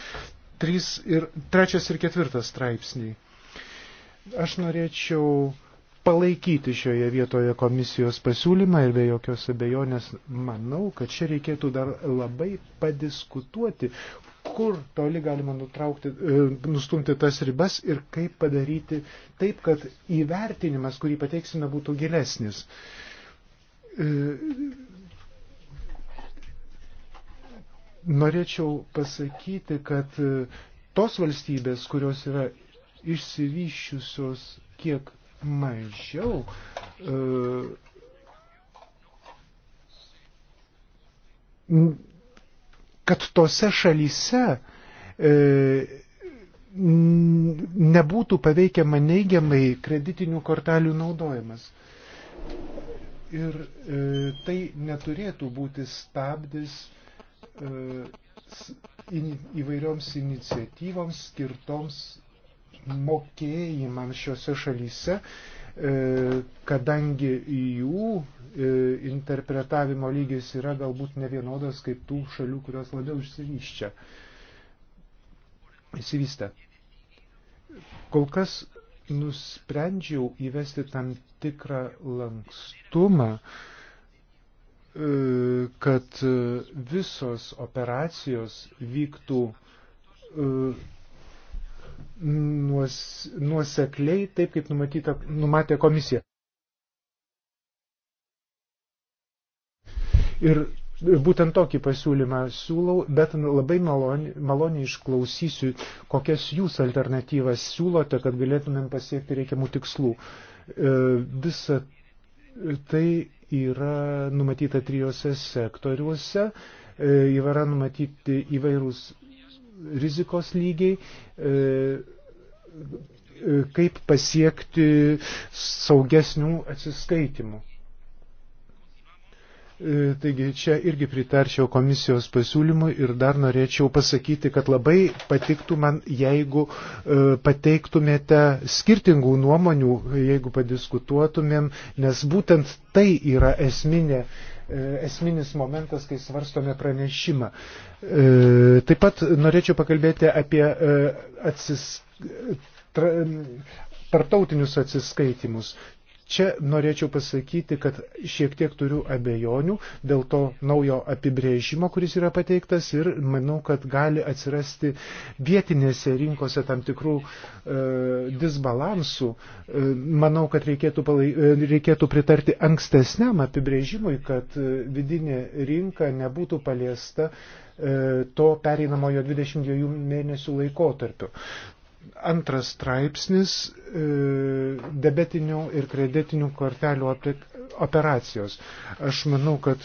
Trys ir, trečias ir ketvirtas straipsniai. Aš norėčiau palaikyti šioje vietoje komisijos pasiūlymą ir be jokios abejonės manau, kad čia reikėtų dar labai padiskutuoti, kur toli galima nutraukti, e, nustumti tas ribas ir kaip padaryti taip, kad įvertinimas, kurį pateiksime, būtų gilesnis. E, norėčiau pasakyti, kad e, tos valstybės, kurios yra išsivyščiusios kiek mažiau, e, kad tose šalyse e, nebūtų paveikiama neigiamai kreditinių kortelių naudojimas. Ir e, tai neturėtų būti stabdis e, in, įvairioms iniciatyvoms skirtoms mokėjimams šiuose šalyse, e, E, kadangi jų e, interpretavimo lygis yra galbūt nevienodas kaip tų šalių, kurios labiau išsivyščia. Įsivystę. Kol kas nusprendžiau įvesti tam tikrą lankstumą, e, kad visos operacijos vyktų nuos, nuosekliai, taip kaip numatyta, numatė komisija. Ir būtent tokį pasiūlymą siūlau, bet labai maloniai maloni išklausysiu, kokias jūs alternatyvas siūlote, kad galėtumėm pasiekti reikiamų tikslų. E, visa tai yra numatyta trijose sektoriuose, e, yra numatyti įvairūs rizikos lygiai, e, e, kaip pasiekti saugesnių atsiskaitimų. E, taigi čia irgi pritarčiau komisijos pasiūlymui ir dar norėčiau pasakyti, kad labai patiktų man, jeigu pateiktumėte skirtingų nuomonių, jeigu padiskutuotumėm, nes būtent tai yra esminė E, esminis momentas, kai svarstome pranešimą. E, taip pat norėčiau pakalbėti apie e, atsis... tra... tartautinius atsiskaitimus. Čia norėčiau pasakyti, kad šiek tiek turiu abejonių dėl to naujo apibrėžimo, kuris yra pateiktas ir manau, kad gali atsirasti vietinėse rinkose tam tikrų e, disbalansų. E, manau, kad reikėtų, palai, e, reikėtų pritarti ankstesniam apibrėžimui, kad e, vidinė rinka nebūtų paliesta e, to pereinamojo 22 mėnesių laikotarpio. Antras straipsnis e, - debetinių ir kreditinių kortelių operacijos. Aš manau, kad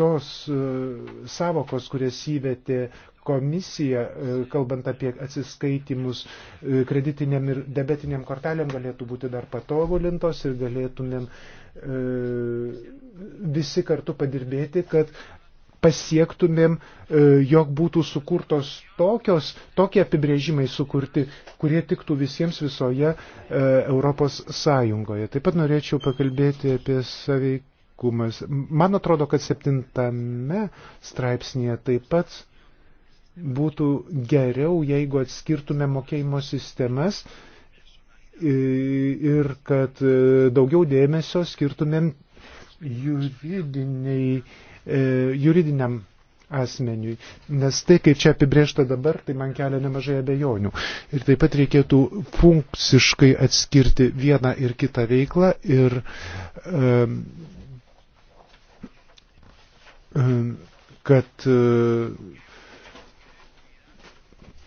tos e, savokos, kurias įvetė komisija, e, kalbant apie atsiskaitimus kreditiniam ir debetiniam kortelėm, galėtų būti dar patobulintos ir galėtumėm visi kartu padirbėti, kad pasiektumėm, e, jog būtų sukurtos tokios, tokie apibrėžimai sukurti, kurie tiktų visiems visoje e, Europos Sąjungoje. Taip pat norėčiau pakalbėti apie saveikumas. Man atrodo, kad septintame straipsnėje taip pat būtų geriau, jeigu atskirtume mokėjimo sistemas ir kad e, daugiau dėmesio skirtumėm juridiniai E, juridiniam asmeniui. Nes tai, kaip čia apibriešta dabar, tai man kelia nemažai abejonių. Ir taip pat reikėtų funkciškai atskirti vieną ir kitą veiklą ir um, um, kad um,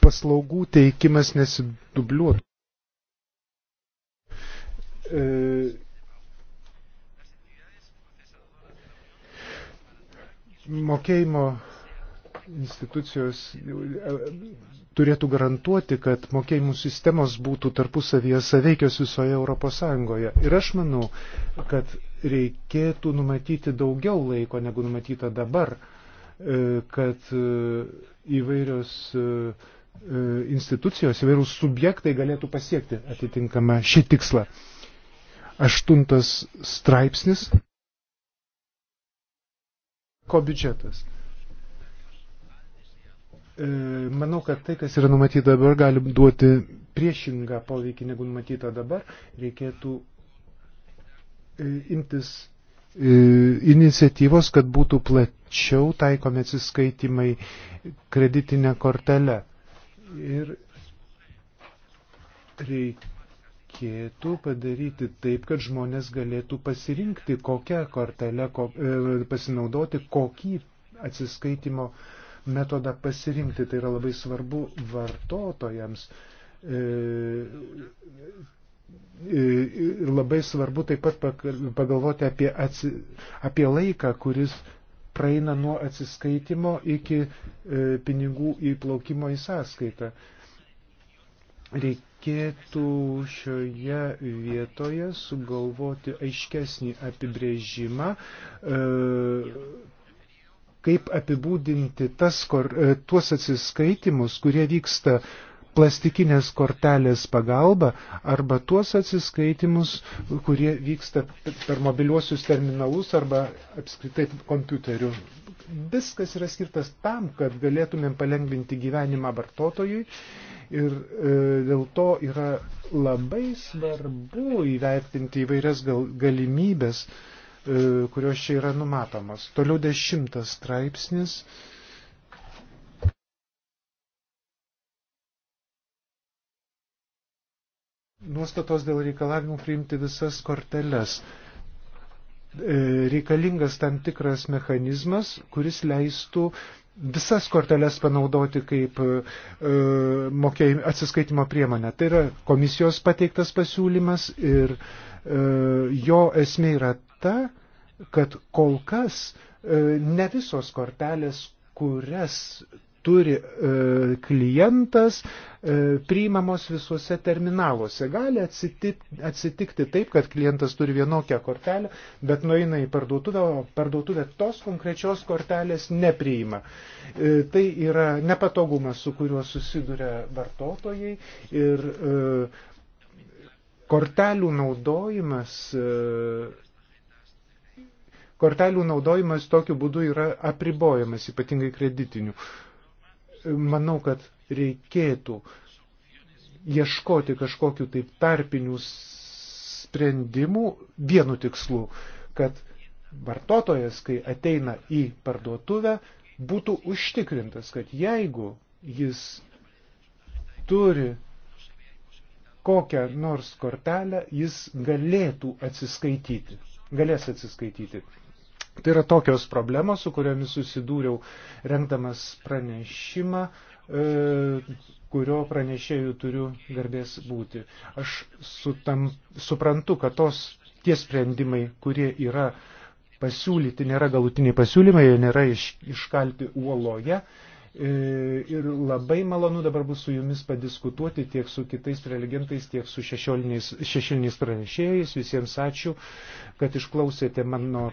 paslaugų teikimas nesidubliuotų. Um, mokėjimo institucijos turėtų garantuoti, kad mokėjimų sistemos būtų tarpusavyje saveikios visoje Europos Sąjungoje. Ir aš manau, kad reikėtų numatyti daugiau laiko, negu numatyta dabar, e, kad e, įvairios e, institucijos, įvairūs subjektai galėtų pasiekti atitinkamą šį tikslą. Aštuntas straipsnis ko biudžetas. E, manau, kad tai, kas yra numatyta dabar, gali duoti priešingą poveikį negu numatyta dabar. Reikėtų e, imtis e, iniciatyvos, kad būtų plačiau taikomi atsiskaitimai kreditinę kortelę. Ir reikia reikėtų padaryti taip, kad žmonės galėtų pasirinkti, kokią kortelę ko, e, pasinaudoti, kokį atsiskaitimo metodą pasirinkti. Tai yra labai svarbu vartotojams. E, e Ir labai svarbu taip pat pagalvoti apie, atsi, apie laiką, kuris praeina nuo atsiskaitimo iki e, pinigų įplaukimo į sąskaitą. Reik, reikėtų šioje vietoje sugalvoti aiškesnį apibrėžimą, e, kaip apibūdinti tas, e, tuos atsiskaitimus, kurie vyksta plastikinės kortelės pagalba arba tuos atsiskaitimus, kurie vyksta per mobiliuosius terminalus arba apskritai kompiuteriu viskas yra skirtas tam, kad galėtumėm palengvinti gyvenimą vartotojui ir e, dėl to yra labai svarbu įvertinti įvairias gal, galimybės, e, kurios čia yra numatomos. Toliau dešimtas straipsnis. Nuostatos dėl reikalavimų priimti visas korteles. E, E, reikalingas tam tikras mechanizmas, kuris leistų visas korteles panaudoti kaip e, mokėjim, atsiskaitimo priemonę. Tai yra komisijos pateiktas pasiūlymas ir e, jo esmė yra ta, kad kol kas e, ne visos kortelės, kurias turi e, klientas, e, priimamos visuose terminaluose. Gali atsitikti, atsitikti taip, kad klientas turi vienokią kortelę, bet nueina į parduotuvę, o parduotuvė tos konkrečios kortelės nepriima. E, tai yra nepatogumas, su kuriuo susiduria vartotojai ir e, kortelių naudojimas. E, kortelių naudojimas tokiu būdu yra apribojamas, ypatingai kreditinių manau, kad reikėtų ieškoti kažkokių tai tarpinių sprendimų vienu tikslu, kad vartotojas, kai ateina į parduotuvę, būtų užtikrintas, kad jeigu jis turi kokią nors kortelę, jis galėtų atsiskaityti, galės atsiskaityti. Tai yra tokios problemos, su kuriomis susidūriau renkdamas pranešimą, e, kurio pranešėjų turiu garbės būti. Aš sutam, suprantu, kad tos tie sprendimai, kurie yra pasiūlyti, nėra galutiniai pasiūlymai, jie nėra iš, iškalti uoloje, E, ir labai malonu dabar bus su jumis padiskutuoti tiek su kitais prelegentais, tiek su šešėliniais pranešėjais. Visiems ačiū, kad išklausėte mano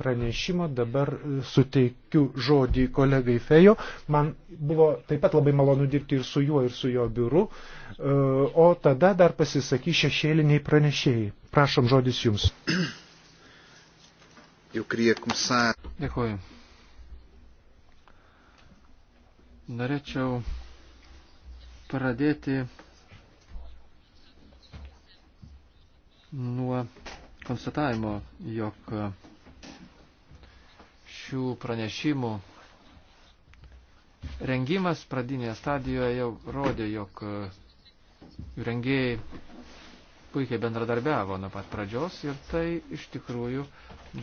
pranešimo. Dabar e, suteikiu žodį kolegai Fejo. Man buvo taip pat labai malonu dirbti ir su juo, ir su jo biuru. E, o tada dar pasisakys šešėliniai pranešėjai. Prašom žodis jums. Eu queria começar. Dėkuoju. Norėčiau pradėti nuo konstatavimo, jog šių pranešimų rengimas pradinėje stadijoje jau rodė, jog rengėjai puikiai bendradarbiavo nuo pat pradžios ir tai iš tikrųjų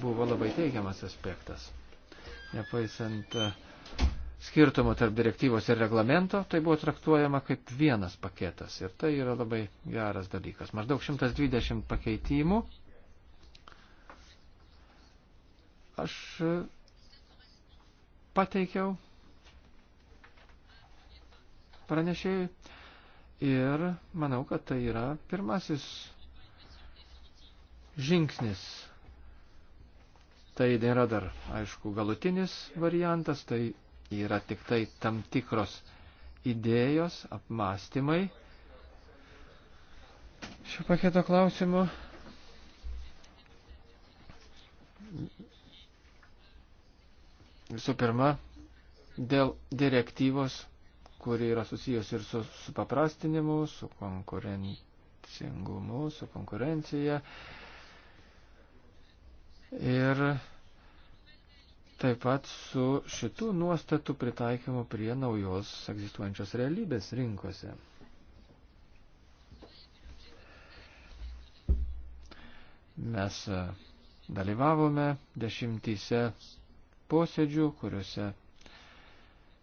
buvo labai teigiamas aspektas. Nepaisant uh, skirtumų tarp direktyvos ir reglamento, tai buvo traktuojama kaip vienas paketas. Ir tai yra labai geras dalykas. Maždaug 120 pakeitimų. Aš e, pateikiau pranešėjui ir manau, kad tai yra pirmasis žingsnis Tai nėra dar, aišku, galutinis variantas, tai yra tik tai tam tikros idėjos, apmąstymai šio paketo klausimų. Visų pirma, dėl direktyvos, kuri yra susijęs ir su supaprastinimu, su konkurencingumu, su konkurencija. Ir taip pat su šitų nuostatų pritaikymu prie naujos egzistuojančios realybės rinkose. Mes e, dalyvavome dešimtyse posėdžių, kuriuose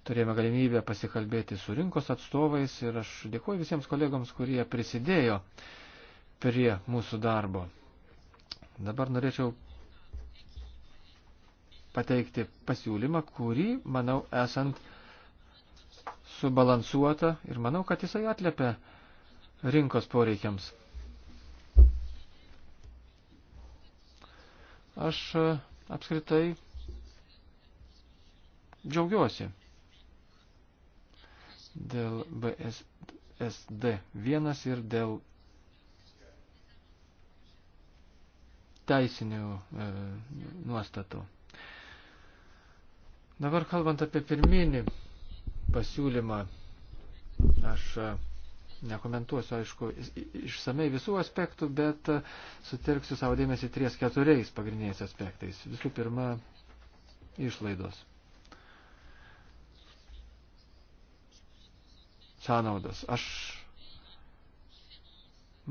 turėjome galimybę pasikalbėti su rinkos atstovais ir aš dėkuoju visiems kolegoms, kurie prisidėjo prie mūsų darbo. Dabar norėčiau pateikti pasiūlymą, kurį, manau, esant subalansuota ir manau, kad jisai atliepia rinkos poreikiams. Aš e, apskritai džiaugiuosi dėl BSD1 ir dėl teisinių e, nuostatų. Dabar kalbant apie pirminį pasiūlymą, aš e, nekomentuosiu, aišku, išsamei visų aspektų, bet e, sutelksiu savo dėmesį ties keturiais pagrindiniais aspektais. Visų pirma, išlaidos. Sąnaudos. Aš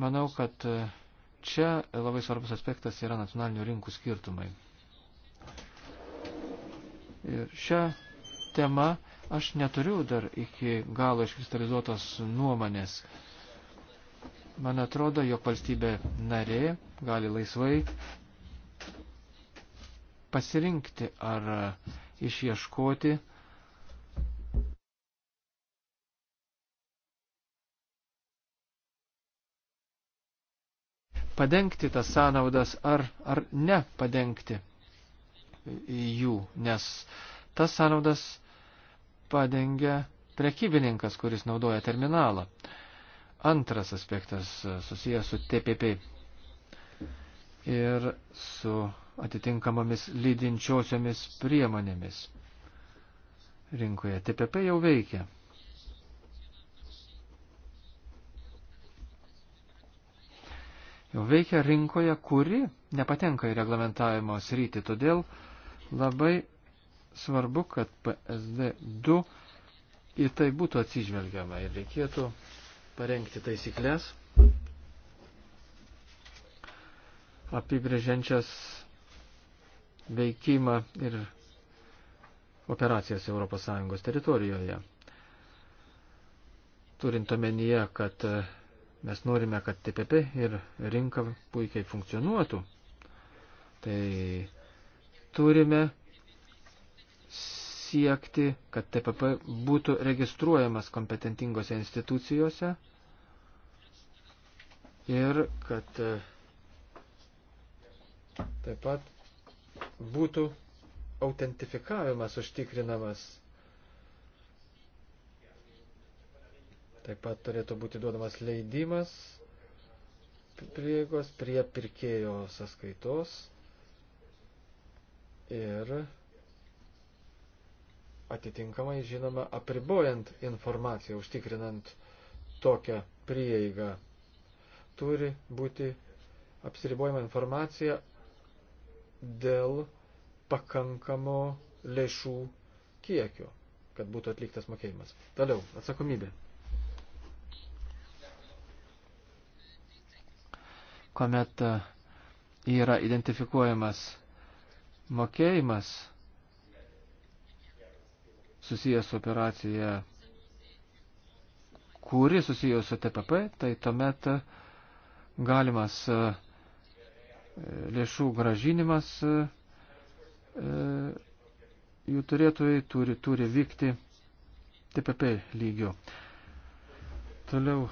manau, kad e, čia labai svarbus aspektas yra nacionalinių rinkų skirtumai. Ir šią temą aš neturiu dar iki galo iškristalizuotos nuomonės. Man atrodo, jo valstybė narė gali laisvai pasirinkti ar išieškoti padengti tas sąnaudas ar, ar nepadengti jų, nes tas sąnaudas padengia prekybininkas, kuris naudoja terminalą. Antras aspektas susijęs su TPP ir su atitinkamomis lydinčiosiomis priemonėmis rinkoje. TPP jau veikia. Jau veikia rinkoje, kuri nepatenka į reglamentavimo sritį, todėl uh, Labai svarbu, kad PSD2 į tai būtų atsižvelgiama ir reikėtų parengti taisyklės apibrėžiančias veikimą ir operacijas ES teritorijoje. Turint omenyje, kad e, mes norime, kad TPP ir rinka puikiai funkcionuotų, tai turime siekti, kad TPP būtų registruojamas kompetentingose institucijose ir kad e, taip pat būtų autentifikavimas užtikrinamas. Taip pat turėtų būti duodamas leidimas prieigos prie pirkėjo sąskaitos ir atitinkamai, žinoma, apribojant informaciją, užtikrinant tokią prieigą, turi būti apsiribojama informacija dėl pakankamo lėšų kiekio, kad būtų atliktas mokėjimas. Toliau, atsakomybė. Komet yra identifikuojamas mokėjimas susijęs su operacija, kuri susijęs su TPP, tai tuomet e, galimas e, lėšų gražinimas e, jų turėtojai turi, turi vykti TPP lygiu. Toliau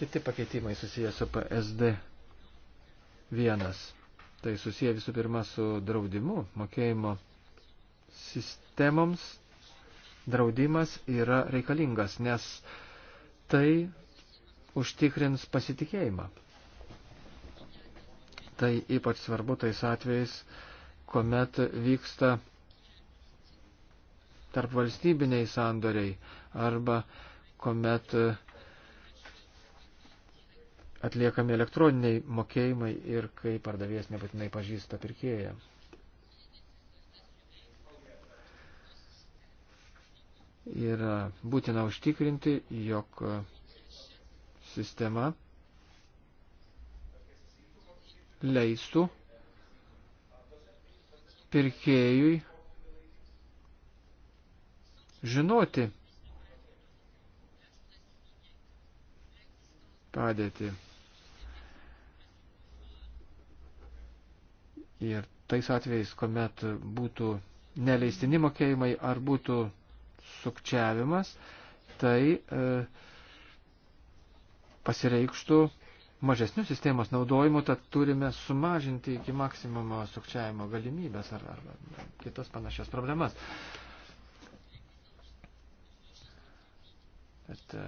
kiti pakeitimai susijęs su PSD vienas. Tai susiję visų pirma su draudimu mokėjimo sistemoms. Draudimas yra reikalingas, nes tai užtikrins pasitikėjimą. Tai ypač svarbu tais atvejais, kuomet vyksta tarp valstybiniai sandoriai arba kuomet uh, atliekami elektroniniai mokėjimai ir kai pardavėjas nebūtinai pažįsta pirkėją. Ir būtina užtikrinti, jog sistema leistų pirkėjui žinoti padėtį. Ir tais atvejais, kuomet būtų neleistini mokėjimai ar būtų sukčiavimas, tai e, pasireikštų mažesnių sistemos naudojimų, tad turime sumažinti iki maksimumo sukčiavimo galimybės ar, ar, ar kitas panašias problemas. Bet e,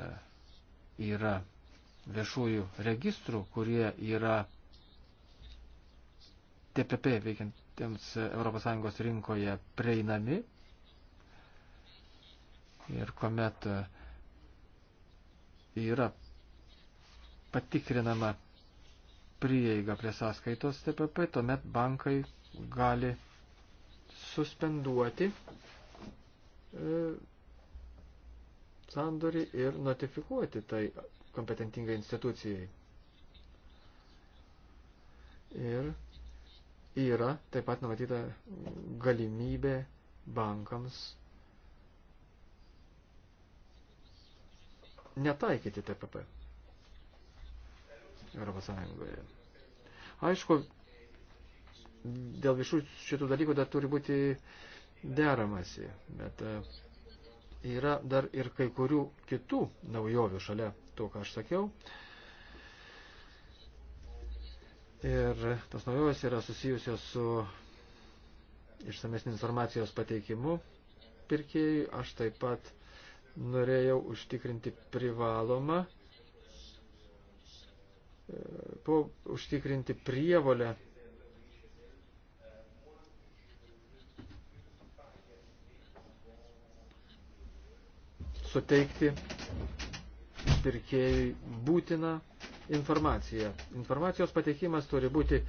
yra viešųjų registrų, kurie yra TPP veikiantiems ES rinkoje prieinami ir kuomet yra patikrinama prieiga prie sąskaitos TPP, tuomet bankai gali suspenduoti e, sandorį ir notifikuoti tai kompetentingai institucijai. Ir yra taip pat numatyta galimybė bankams netaikyti TPP Europos Sąjungoje. Aišku, dėl visų šitų dalykų dar turi būti deramasi, bet e, yra dar ir kai kurių kitų naujovių šalia to, ką aš sakiau. Ir tos naujovės yra susijusios su išsamesnį informacijos pateikimu pirkėjui. Aš taip pat norėjau užtikrinti privalomą, e, po, užtikrinti prievolę suteikti pirkėjui būtiną informacija. Informacijos pateikimas turi būti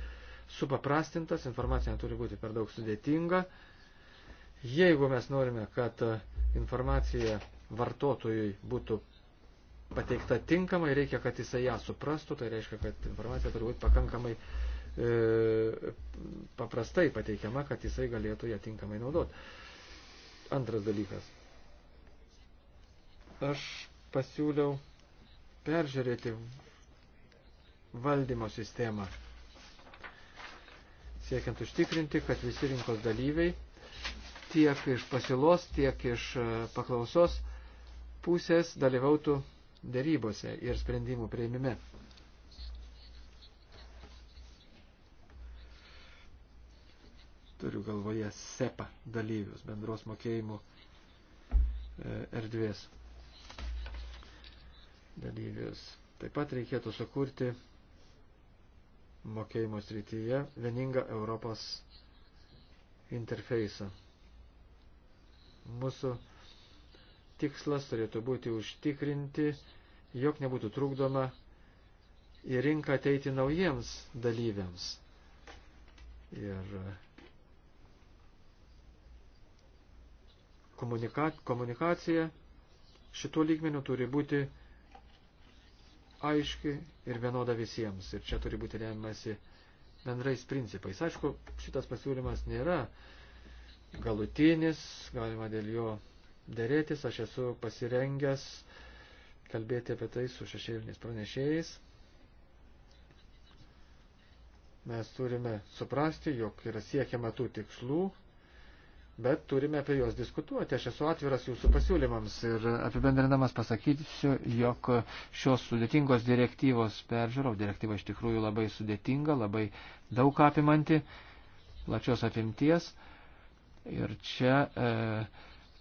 supaprastintas, informacija neturi būti per daug sudėtinga. Jeigu mes norime, kad e, informacija vartotojui būtų pateikta tinkamai, reikia, kad jisai ją suprastų, tai reiškia, kad informacija turi būti pakankamai e, paprastai pateikiama, kad jisai galėtų ją tinkamai naudoti. Antras dalykas. Aš pasiūliau peržiūrėti valdymo sistemą, siekiant užtikrinti, kad visi rinkos dalyviai tiek iš pasilos, tiek iš e, paklausos pusės dalyvautų dėrybose ir sprendimų prieimime. Turiu galvoje SEPA dalyvius, bendros mokėjimų e, erdvės dalyvius. Taip pat reikėtų sukurti mokėjimo srityje vieningą Europos interfejsą. Mūsų tikslas turėtų būti užtikrinti, jog nebūtų trukdoma į rinką ateiti naujiems dalyviams. Ir komunika, komunikacija šitų lygmenių turi būti aiški ir vienoda visiems. Ir čia turi būti remiamasi bendrais principais. Aišku, šitas pasiūlymas nėra galutinis, galima dėl jo dėrėtis. Aš esu pasirengęs kalbėti apie tai su šešėliniais pranešėjais. Mes turime suprasti, jog yra siekiama tų tikslų, bet turime apie juos diskutuoti. Aš esu atviras jūsų pasiūlymams ir apibendrinamas pasakysiu, jog šios sudėtingos direktyvos peržiūrau, direktyva iš tikrųjų labai sudėtinga, labai daug apimanti, plačios apimties ir čia e,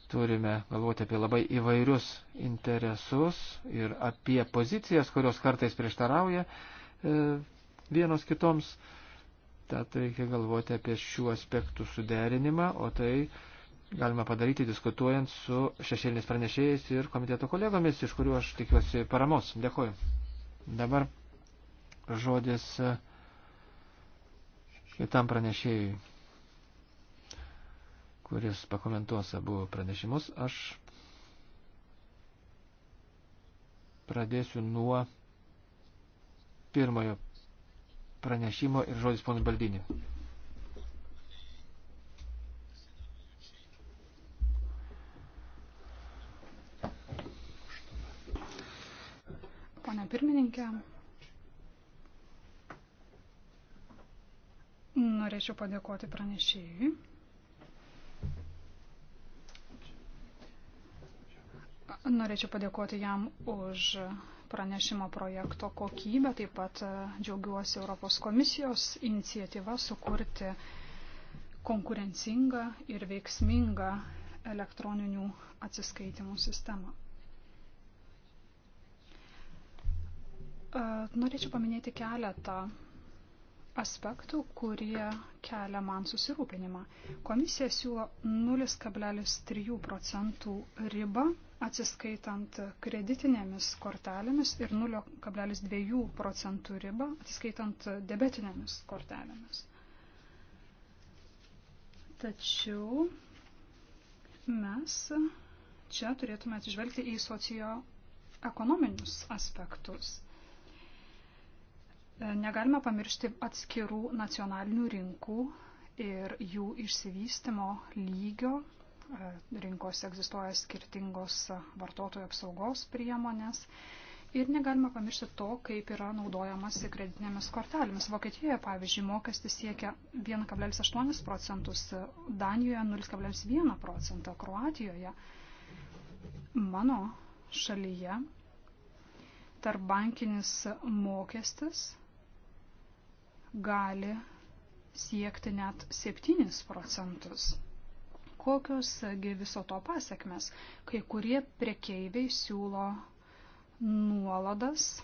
turime galvoti apie labai įvairius interesus ir apie pozicijas, kurios kartais prieštarauja e, vienos kitoms. E, Tad reikia galvoti apie šių aspektų suderinimą, o tai galima padaryti diskutuojant su šešėliniais pranešėjais ir komiteto kolegomis, iš kurių aš tikiuosi paramos. Dėkuoju. Dabar žodis e, kitam pranešėjui, kuris pakomentuos abu pranešimus. Aš pradėsiu nuo pirmojo pranešimo ir žodis ponui Baldinė. Pone pirmininkė, norėčiau padėkoti pranešėjui. Norėčiau padėkoti jam už pranešimo projekto kokybę, taip pat e, džiaugiuosi Europos komisijos iniciatyva sukurti konkurencingą ir veiksmingą elektroninių atsiskaitimų sistemą. E, norėčiau paminėti keletą aspektų, kurie kelia man susirūpinimą. Komisija siūlo 0,3 procentų ribą atsiskaitant kreditinėmis kortelėmis ir 0,2 procentų ribą atsiskaitant debetinėmis kortelėmis. Tačiau mes čia turėtume atsižvelgti į socioekonominius aspektus. Negalime pamiršti atskirų nacionalinių rinkų ir jų išsivystimo lygio E, rinkose egzistuoja skirtingos vartotojų apsaugos priemonės. Ir negalima pamiršti to, kaip yra naudojamas kreditinėmis kortelėmis. Vokietijoje, pavyzdžiui, mokestis siekia 1,8 procentus, Danijoje 0,1 procentą, Kroatijoje. Mano šalyje tarp bankinis mokestis gali siekti net 7 procentus kokiosgi viso to pasiekmes. Kai kurie priekeiviai siūlo nuoladas e,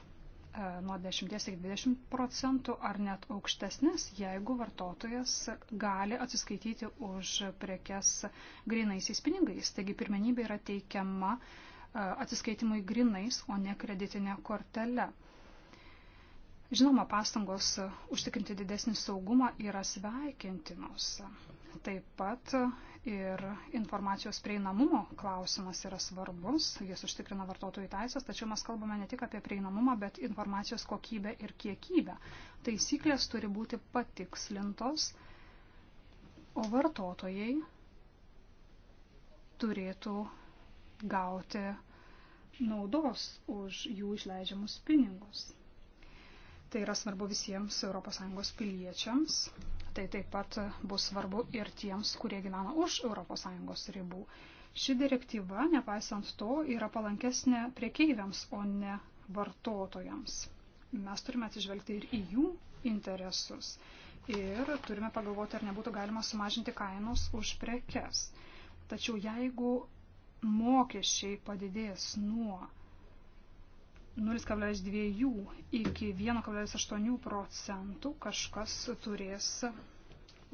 nuo 10 iki 20 procentų ar net aukštesnės, jeigu vartotojas gali atsiskaityti už prekes grinaisiais pinigais. Taigi pirmenybė yra teikiama e, atsiskaitimui grinais, o ne kreditinė kortelė. Žinoma, pastangos e, užtikrinti didesnį saugumą yra sveikintinos. Taip pat ir informacijos prieinamumo klausimas yra svarbus, jis užtikrina vartotojų teisės, tačiau mes kalbame ne tik apie prieinamumą, bet informacijos kokybę ir kiekybę. Taisyklės turi būti patikslintos, o vartotojai turėtų gauti naudos už jų išleidžiamus pinigus. Tai yra svarbu visiems ES piliečiams. Tai taip pat bus svarbu ir tiems, kurie gyvena už ES ribų. Ši direktyva, nepaisant to, yra palankesnė priekeiviams, o ne vartotojams. Mes turime atsižvelgti ir į jų interesus. Ir turime pagalvoti, ar nebūtų galima sumažinti kainos už prekes. Tačiau jeigu mokesčiai padidės nuo 0,2 iki 1,8 procentų kažkas turės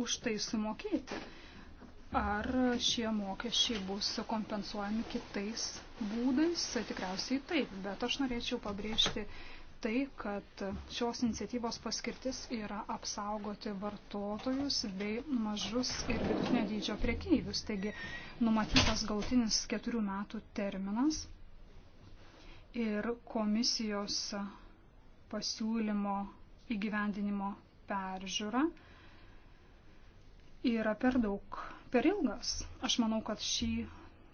už tai sumokėti. Ar šie mokesčiai bus kompensuojami kitais būdais? Tikriausiai taip, bet aš norėčiau pabrėžti tai, kad šios iniciatyvos paskirtis yra apsaugoti vartotojus bei mažus ir vidutinio dydžio priekyvius. Taigi numatytas gautinis keturių metų terminas ir komisijos pasiūlymo įgyvendinimo peržiūra yra per daug, per ilgas. Aš manau, kad šį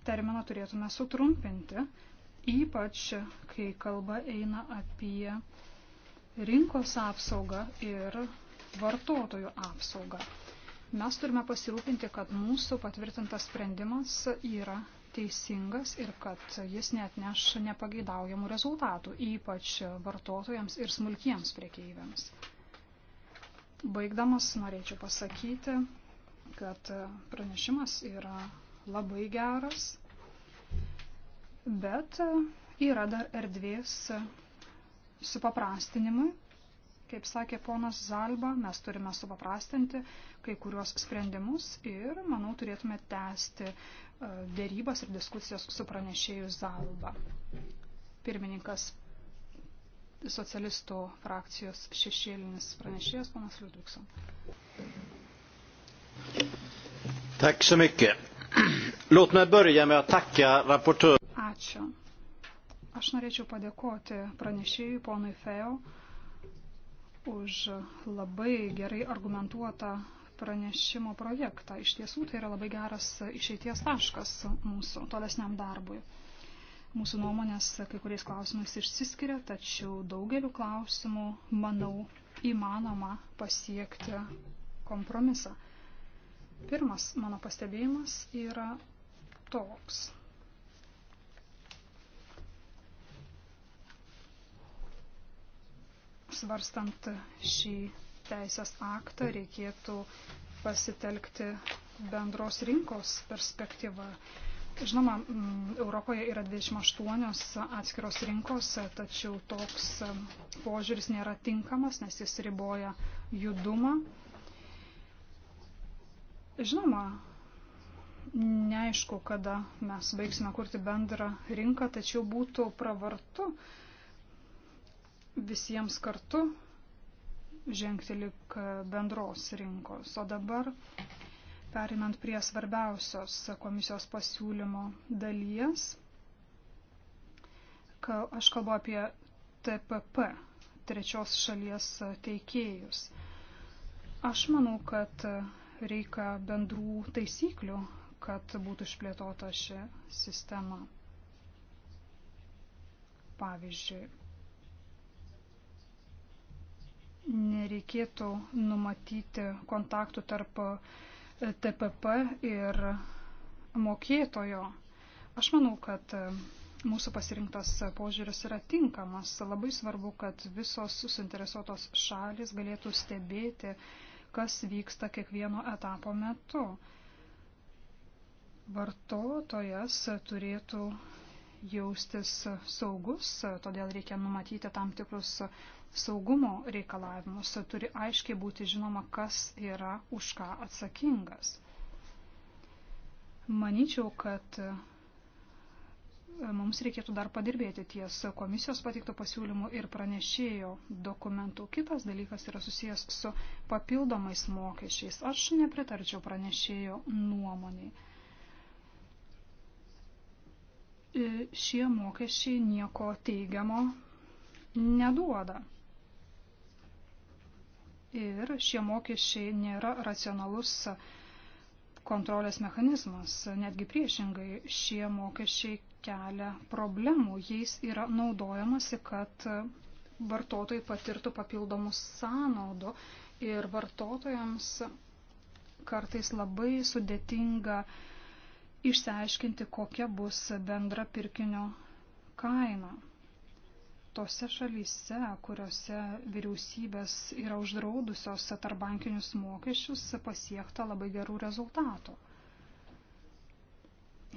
terminą turėtume sutrumpinti, ypač kai kalba eina apie rinkos apsaugą ir vartotojų apsaugą. Mes turime pasirūpinti, kad mūsų patvirtintas sprendimas yra teisingas ir kad jis net neš nepageidaujamų rezultatų, ypač vartotojams ir smulkiems priekeiviams. Baigdamas norėčiau pasakyti, kad pranešimas yra labai geras, bet yra dar erdvės supaprastinimui. Kaip sakė ponas Zalba, mes turime supaprastinti kai kuriuos sprendimus ir, manau, turėtume tęsti dėrybas ir diskusijas su pranešėju Zalba. Pirmininkas socialistų frakcijos šešėlinis pranešėjas, panas Liudvikson. Tack så mycket. Låt mig börja med att tacka rapportören. Ačiū. Aš norėčiau padėkoti pranešėjui ponui Fejo už labai gerai argumentuotą pranešimo projektą. Iš tiesų tai yra labai geras išeities taškas mūsų tolesniam darbui. Mūsų nuomonės kai kuriais klausimais išsiskiria, tačiau daugeliu klausimų, manau, įmanoma pasiekti kompromisą. Pirmas mano pastebėjimas yra toks. Svarstant šį teisės aktą reikėtų pasitelkti bendros rinkos perspektyvą. Žinoma, mm, Europoje yra 28 atskiros rinkos, tačiau toks mm, požiūris nėra tinkamas, nes jis riboja judumą. Žinoma, neaišku, kada mes baigsime kurti bendrą rinką, tačiau būtų pravartu visiems kartu žengti lik bendros rinkos. O dabar, perinant prie svarbiausios komisijos pasiūlymo dalies, aš kalbu apie TPP, trečios šalies teikėjus. Aš manau, kad reikia bendrų taisyklių, kad būtų išplėtota ši sistema. Pavyzdžiui, nereikėtų numatyti kontaktų tarp e, TPP ir mokėtojo. Aš manau, kad e, mūsų pasirinktas požiūris yra tinkamas. Labai svarbu, kad visos susinteresuotos šalis galėtų stebėti, kas vyksta kiekvieno etapo metu. Vartotojas turėtų jaustis saugus, todėl reikia numatyti tam tikrus saugumo reikalavimus, turi aiškiai būti žinoma, kas yra už ką atsakingas. Manyčiau, kad e, mums reikėtų dar padirbėti ties komisijos pateikto pasiūlymu ir pranešėjo dokumentų. Kitas dalykas yra susijęs su papildomais mokesčiais. Aš nepritarčiau pranešėjo nuomoniai. E, šie mokesčiai nieko teigiamo neduoda ir šie mokesčiai nėra racionalus kontrolės mechanizmas. Netgi priešingai, šie mokesčiai kelia problemų, jais yra naudojamasi, kad vartotojai patirtų papildomų sąnaudų ir vartotojams kartais labai sudėtinga išsiaiškinti, kokia bus bendra pirkinio kaina tose šalyse, kuriuose vyriausybės yra uždraudusios tarbankinius mokesčius, pasiekta labai gerų rezultatų.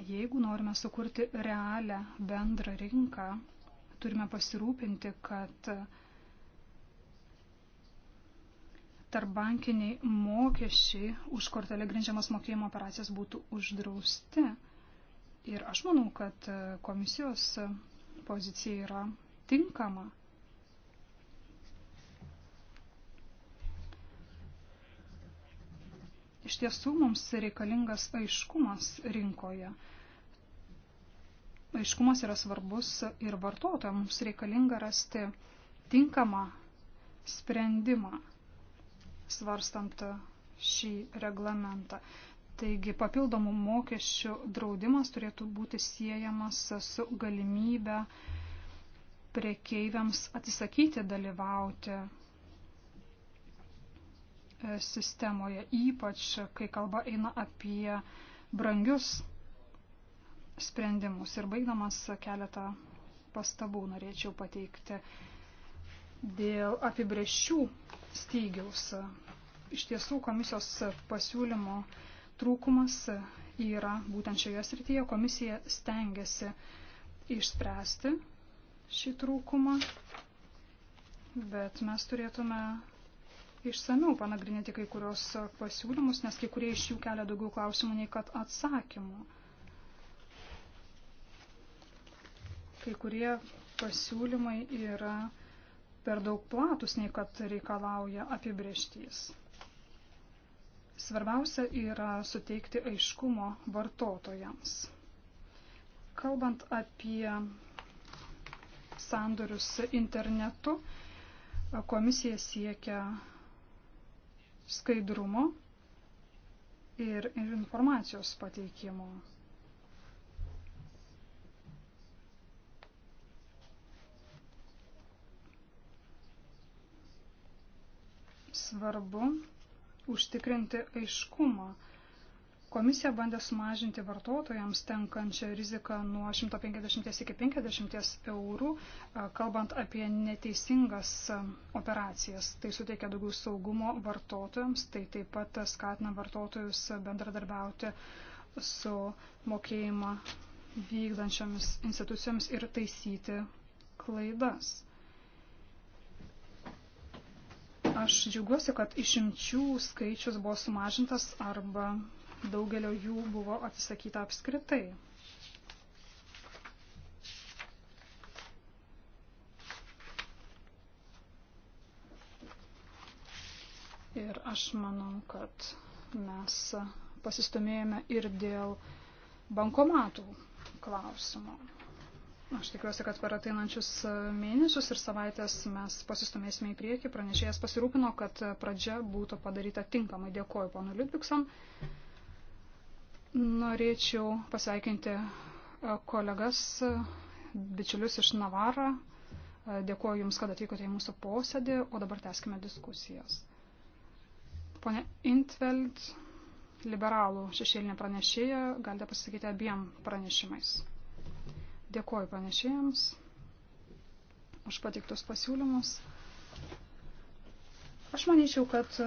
Jeigu norime sukurti realią bendrą rinką, turime pasirūpinti, kad tarbankiniai mokesčiai už kortelę grindžiamas mokėjimo operacijas būtų uždrausti. Ir aš manau, kad komisijos pozicija yra tinkama. Iš tiesų mums reikalingas aiškumas rinkoje. Aiškumas yra svarbus ir vartotojams. Mums reikalinga rasti tinkamą sprendimą, svarstant šį reglamentą. Taigi papildomų mokesčių draudimas turėtų būti siejamas su galimybė uh, prekeiviams atsisakyti dalyvauti e, sistemoje, ypač kai kalba eina apie brangius sprendimus. Ir baigdamas keletą pastabų norėčiau pateikti dėl apibrėžčių stygiaus. Iš tiesų komisijos pasiūlymo trūkumas yra būtent šioje srityje. Komisija stengiasi išspręsti šį trūkumą, bet mes turėtume išsamiau panagrinėti kai kurios pasiūlymus, nes kai kurie iš jų kelia daugiau klausimų nei kad atsakymų. Kai kurie pasiūlymai yra per daug platus, nei kad reikalauja apibrieštys. Svarbiausia yra suteikti aiškumo vartotojams. Kalbant apie sandorius internetu. Komisija siekia skaidrumo ir informacijos pateikimo. Svarbu užtikrinti aiškumą Komisija bandė sumažinti vartotojams tenkančią riziką nuo 150 iki 50 eurų, kalbant apie neteisingas operacijas. Tai suteikia daugiau saugumo vartotojams, tai taip pat skatina vartotojus bendradarbiauti su mokėjimą vykdančiomis institucijoms ir taisyti klaidas. Aš džiaugiuosi, kad išimčių skaičius buvo sumažintas arba daugelio jų buvo atsisakyta apskritai. Ir aš manau, kad mes pasistumėjome ir dėl bankomatų klausimo. Aš tikiuosi, kad per ateinančius mėnesius ir savaitės mes pasistumėsime į priekį. Pranešėjas pasirūpino, kad pradžia būtų padaryta tinkamai. Dėkoju panu Liudviksam. Norėčiau pasveikinti e, kolegas, e, bičiulius iš Navarą. E, dėkuoju Jums, kad atvykote į mūsų posėdį, o dabar teskime diskusijas. Pone Intveld, liberalų šešėlinė pranešėja, galite pasakyti abiem pranešimais. Dėkuoju pranešėjams už patiktus pasiūlymus. Aš manyčiau, kad e,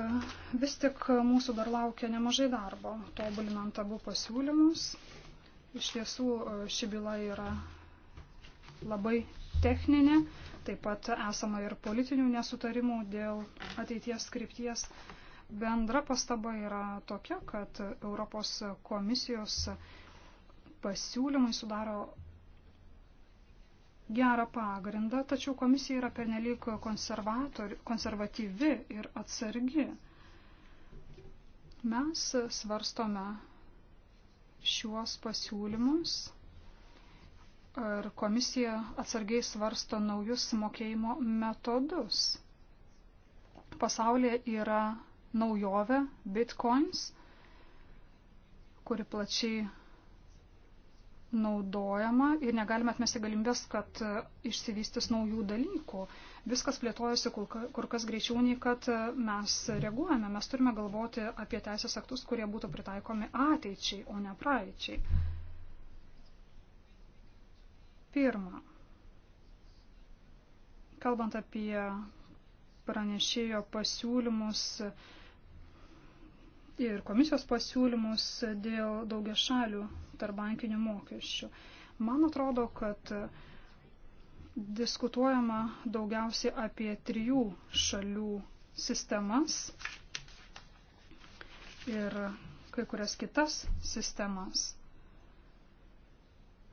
vis tik mūsų dar laukia nemažai darbo, tobulinant abu pasiūlymus. Iš tiesų e, ši byla yra labai techninė, taip pat esama ir politinių nesutarimų dėl ateities skripties. Bendra pastaba yra tokia, kad Europos komisijos pasiūlymai sudaro gerą pagrindą, tačiau komisija yra pernelyg konservatyvi ir atsargi. Mes svarstome šiuos pasiūlymus ir komisija atsargiai svarsto naujus mokėjimo metodus. Pasaulėje yra naujovė bitcoins, kuri plačiai naudojama ir negalime atmesti galimybės, kad e, išsivystys naujų dalykų. Viskas plėtojasi kur kas greičiau nei kad e, mes reaguojame. Mes turime galvoti apie teisės aktus, kurie būtų pritaikomi ateičiai, o ne praeičiai. Pirma, kalbant apie pranešėjo pasiūlymus, ir komisijos pasiūlymus dėl daugia šalių tarbankinių mokesčių. Man atrodo, kad diskutuojama daugiausiai apie trijų šalių sistemas ir kai kurias kitas sistemas.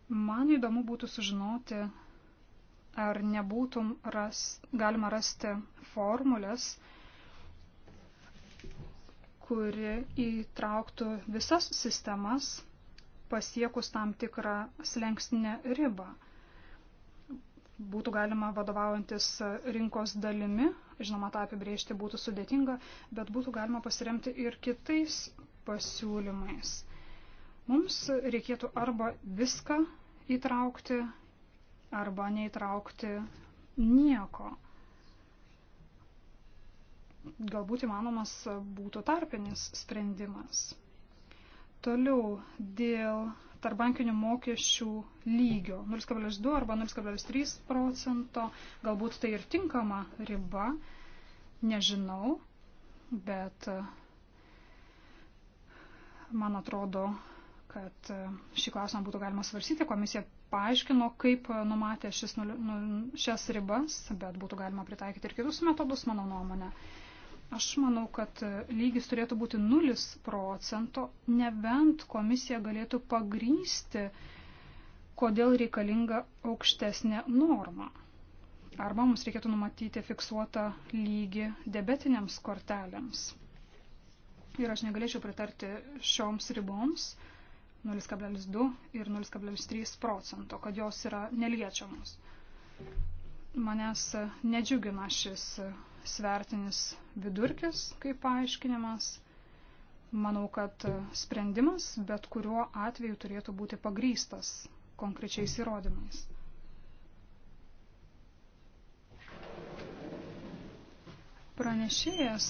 Man įdomu būtų sužinoti, ar nebūtum ras, galima rasti formulės, kuri įtrauktų visas sistemas pasiekus tam tikrą slengstinę ribą. Būtų galima vadovaujantis rinkos dalimi, žinoma, tą apibriežti būtų sudėtinga, bet būtų galima pasiremti ir kitais pasiūlymais. Mums reikėtų arba viską įtraukti, arba neįtraukti nieko galbūt įmanomas būtų tarpinis sprendimas. Toliau dėl tarbankinių mokesčių lygio 0,2 arba 0,3 procento, galbūt tai ir tinkama riba, nežinau, bet man atrodo, kad šį klausimą būtų galima svarsyti. Komisija paaiškino, kaip numatė šis, nu, šias ribas, bet būtų galima pritaikyti ir kitus metodus, mano nuomonė. Aš manau, kad lygis turėtų būti 0 procento, nebent komisija galėtų pagrysti, kodėl reikalinga aukštesnė norma. Arba mums reikėtų numatyti fiksuotą lygį debetiniams kortelėms. Ir aš negalėčiau pritarti šioms riboms 0,2 ir 0,3 procento, kad jos yra neliečiamos. Manęs nedžiugina šis svertinis vidurkis kaip paaiškinimas. Manau, kad sprendimas bet kuriuo atveju turėtų būti pagrystas konkrečiais įrodymais. Pranešėjas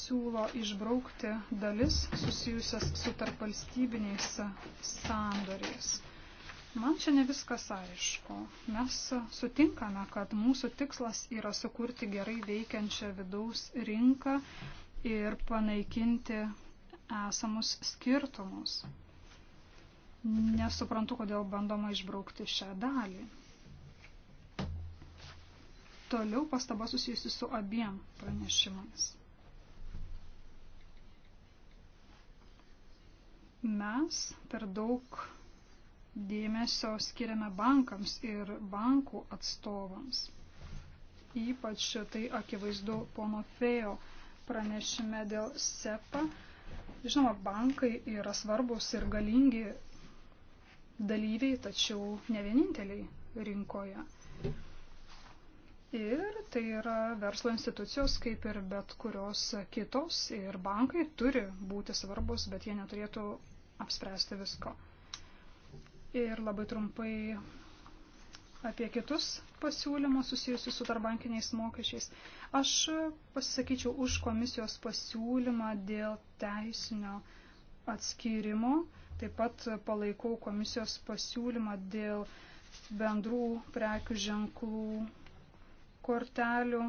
siūlo išbraukti dalis susijusias su tarpvalstybiniais sandoriais. Man čia ne viskas aišku. Mes sutinkame, kad mūsų tikslas yra sukurti gerai veikiančią vidaus rinką ir panaikinti esamus skirtumus. Nesuprantu, kodėl bandoma išbraukti šią dalį. Toliau pastaba susijusi su abiem pranešimais. Mes per daug dėmesio skiriame bankams ir bankų atstovams. Ypač tai akivaizdu pono Fejo pranešime dėl SEPA. Žinoma, bankai yra svarbus ir galingi dalyviai, tačiau ne vieninteliai rinkoje. Ir tai yra verslo institucijos, kaip ir bet kurios kitos. Ir bankai turi būti svarbus, bet jie neturėtų apspręsti visko ir labai trumpai apie kitus pasiūlymus susijusius su tarbankiniais mokesčiais. Aš pasisakyčiau už komisijos pasiūlymą dėl teisinio atskyrimo. Taip pat palaikau komisijos pasiūlymą dėl bendrų prekių ženklų kortelių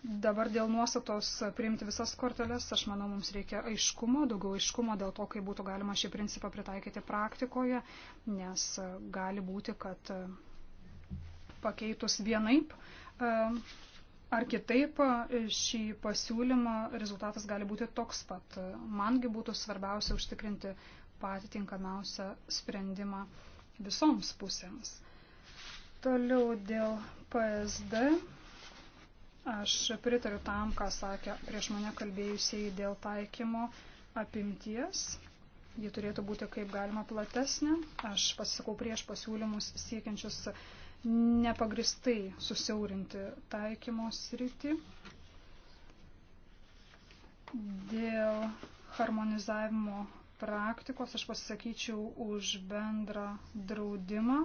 Dabar dėl nuostatos priimti visas korteles, aš manau, mums reikia aiškumo, daugiau aiškumo dėl to, kaip būtų galima šį principą pritaikyti praktikoje, nes gali būti, kad e, pakeitus vienaip e, ar kitaip e, šį pasiūlymą rezultatas gali būti toks pat. Mangi būtų svarbiausia užtikrinti patį tinkamiausią sprendimą visoms pusėms. Toliau dėl PSD Aš pritariu tam, ką sakė prieš mane kalbėjusiai dėl taikymo apimties. Ji turėtų būti kaip galima platesnė. Aš pasisakau prieš pasiūlymus siekiančius nepagristai susiaurinti taikymo sritį. Dėl harmonizavimo praktikos aš pasisakyčiau už bendrą draudimą,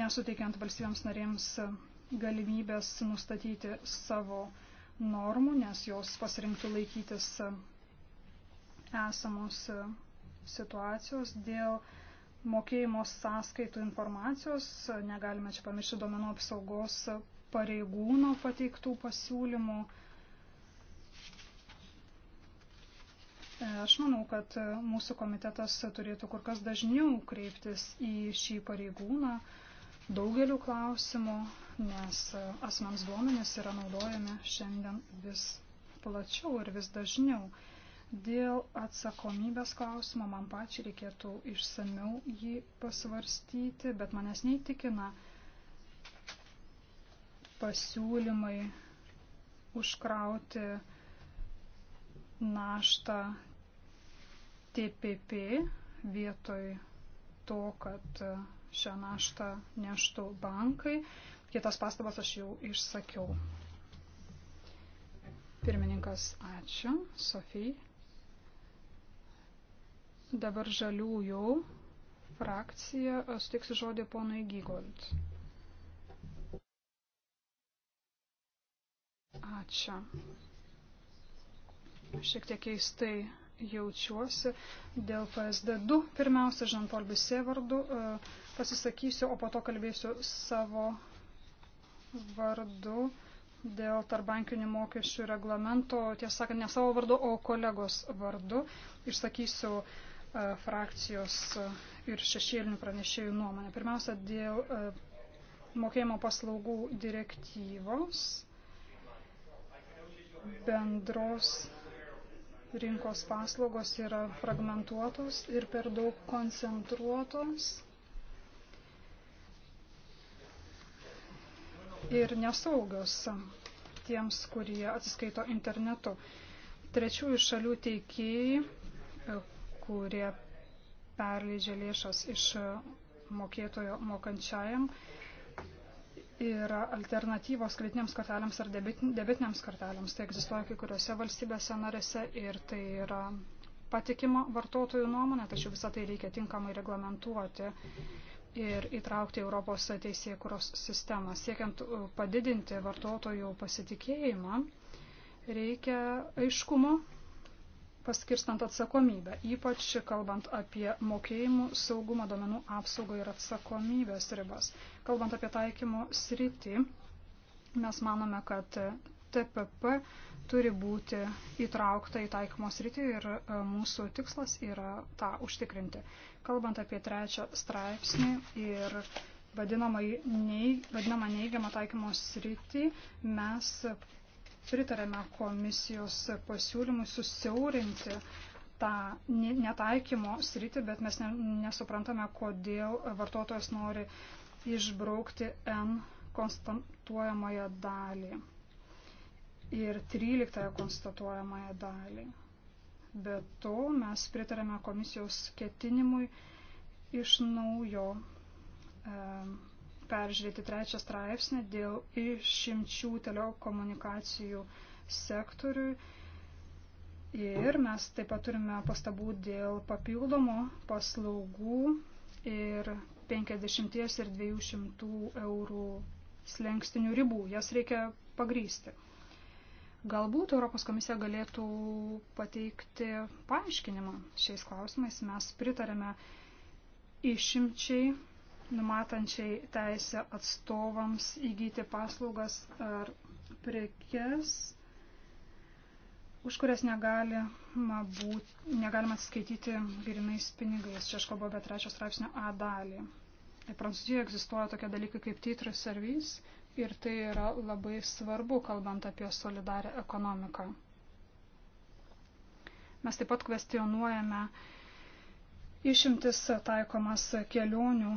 nesuteikiant valstybėms narėms galimybės nustatyti savo normų, nes jos pasirinktų laikytis esamos situacijos dėl mokėjimo sąskaitų informacijos. Negalime čia pamiršti domenų apsaugos pareigūno pateiktų pasiūlymų. Aš manau, kad mūsų komitetas turėtų kur kas dažniau kreiptis į šį pareigūną daugeliu klausimų, nes e, asmens duomenys yra naudojami šiandien vis plačiau ir vis dažniau. Dėl atsakomybės klausimo man pačiai reikėtų išsamiau jį pasvarstyti, bet manęs neįtikina pasiūlymai užkrauti naštą TPP vietoj to, kad e, šią naštą neštų bankai. Kitas pastabas aš jau išsakiau. Pirmininkas, ačiū. Sofija. Dabar žaliųjų frakcija. Aš e, tiksiu žodį ponui Gygold. Ačiū. Šiek tiek keistai jaučiuosi dėl PSD2. Pirmiausia, Žan Polbisė vardu e, pasisakysiu, o po to kalbėsiu savo vardu dėl tarbankinių mokesčių reglamento, tiesą sakant, ne savo vardu, o kolegos vardu. Išsakysiu e, frakcijos e, ir šešėlinių pranešėjų nuomonę. Pirmiausia, dėl e, mokėjimo paslaugų direktyvos bendros rinkos paslaugos yra fragmentuotos ir per daug koncentruotos ir nesaugios tiems, kurie atsiskaito internetu. Trečiųjų šalių teikėjai, kurie perleidžia lėšas iš mokėtojo mokančiajam, yra alternatyvos kreditinėms kortelėms ar debitinėms kortelėms. Tai egzistuoja kai kuriuose valstybėse narėse ir tai yra patikima vartotojų nuomonė, tačiau visą tai reikia tinkamai reglamentuoti ir įtraukti Europos teisėkuros sistemą. Siekiant uh, padidinti vartotojų pasitikėjimą, reikia aiškumo paskirstant atsakomybę, ypač kalbant apie mokėjimų saugumą, domenų apsaugą ir atsakomybės ribas. Kalbant apie taikymo sritį, mes manome, kad TPP turi būti įtraukta į taikomos rytį ir e, mūsų tikslas yra tą užtikrinti. Kalbant apie trečią straipsnį ir vadinamą neigiamą taikymos rytį, mes pritarėme komisijos pasiūlymui susiaurinti tą netaikymo sritį, bet mes nesuprantame, kodėl vartotojas nori išbraukti N konstantuojamąją dalį ir 13 konstatuojamąją dalį. Be to mes pritarėme komisijos ketinimui iš naujo e, peržiūrėti trečią straipsnį dėl išimčių telekomunikacijų sektoriui. Ir mes taip pat turime pastabų dėl papildomų paslaugų ir 50 ir 200 eurų slengstinių ribų. Jas reikia pagrysti. Galbūt Europos komisija galėtų pateikti paaiškinimą šiais klausimais. Mes pritarėme išimčiai, numatančiai teisę atstovams įgyti paslaugas ar prekes, už kurias negalima, būt, negalima atsiskaityti grinais pinigais. Čia aš kalbu apie trečios straipsnio A dalį. Tai Prancūzijoje egzistuoja tokie dalykai kaip titrų servis, Ir tai yra labai svarbu, kalbant apie solidarę ekonomiką. Mes taip pat kvestionuojame išimtis taikomas kelionių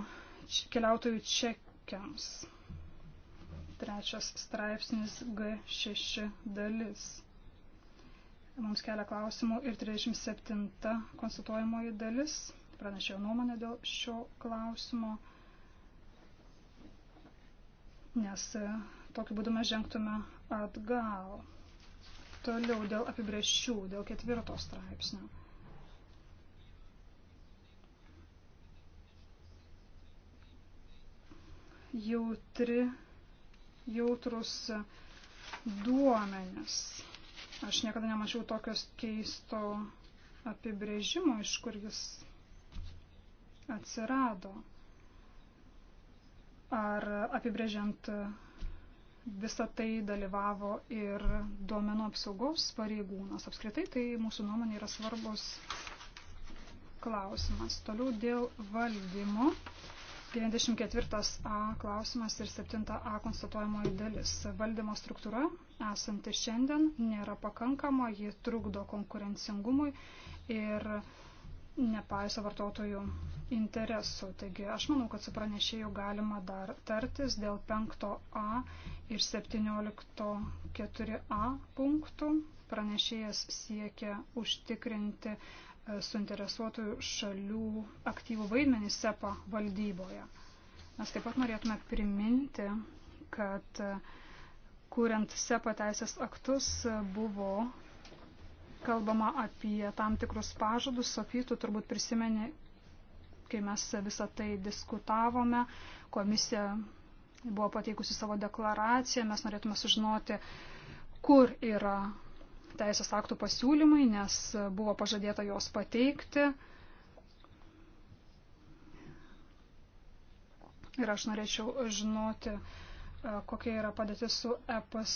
keliautojų čekiams. Trečias straipsnis G6 dalis. Mums kelia klausimų ir 37 konstatuojamoji dalis. Pranešėjo nuomonę dėl šio klausimo nes e, tokiu būdu mes žengtume atgal. Toliau dėl apibrėžčių, dėl ketvirto straipsnio. Jautri, jautrus duomenis. Aš niekada nemačiau tokios keisto apibrėžimo, iš kur jis atsirado ar apibrėžiant visą tai dalyvavo ir duomenų apsaugos pareigūnas. Apskritai tai mūsų nuomonė yra svarbus klausimas. Toliau dėl valdymo. 94a klausimas ir 7a konstatuojamoji dalis. Valdymo struktūra, esanti šiandien, nėra pakankama, ji trukdo konkurencingumui ir nepaiso vartotojų interesų. Taigi aš manau, kad su pranešėju galima dar tartis dėl 5a ir 17.4a punktų. Pranešėjas siekia užtikrinti e, suinteresuotųjų šalių aktyvų vaidmenį SEPA valdyboje. Mes taip pat norėtume priminti, kad e, kuriant SEPA teisės aktus e, buvo kalbama apie tam tikrus pažadus. Sofytų turbūt prisimeni, kai mes visą tai diskutavome, komisija buvo pateikusi savo deklaraciją, mes norėtume sužinoti, kur yra teisės aktų pasiūlymai, nes buvo pažadėta juos pateikti. Ir aš norėčiau žinoti, kokia yra padėtis su EPS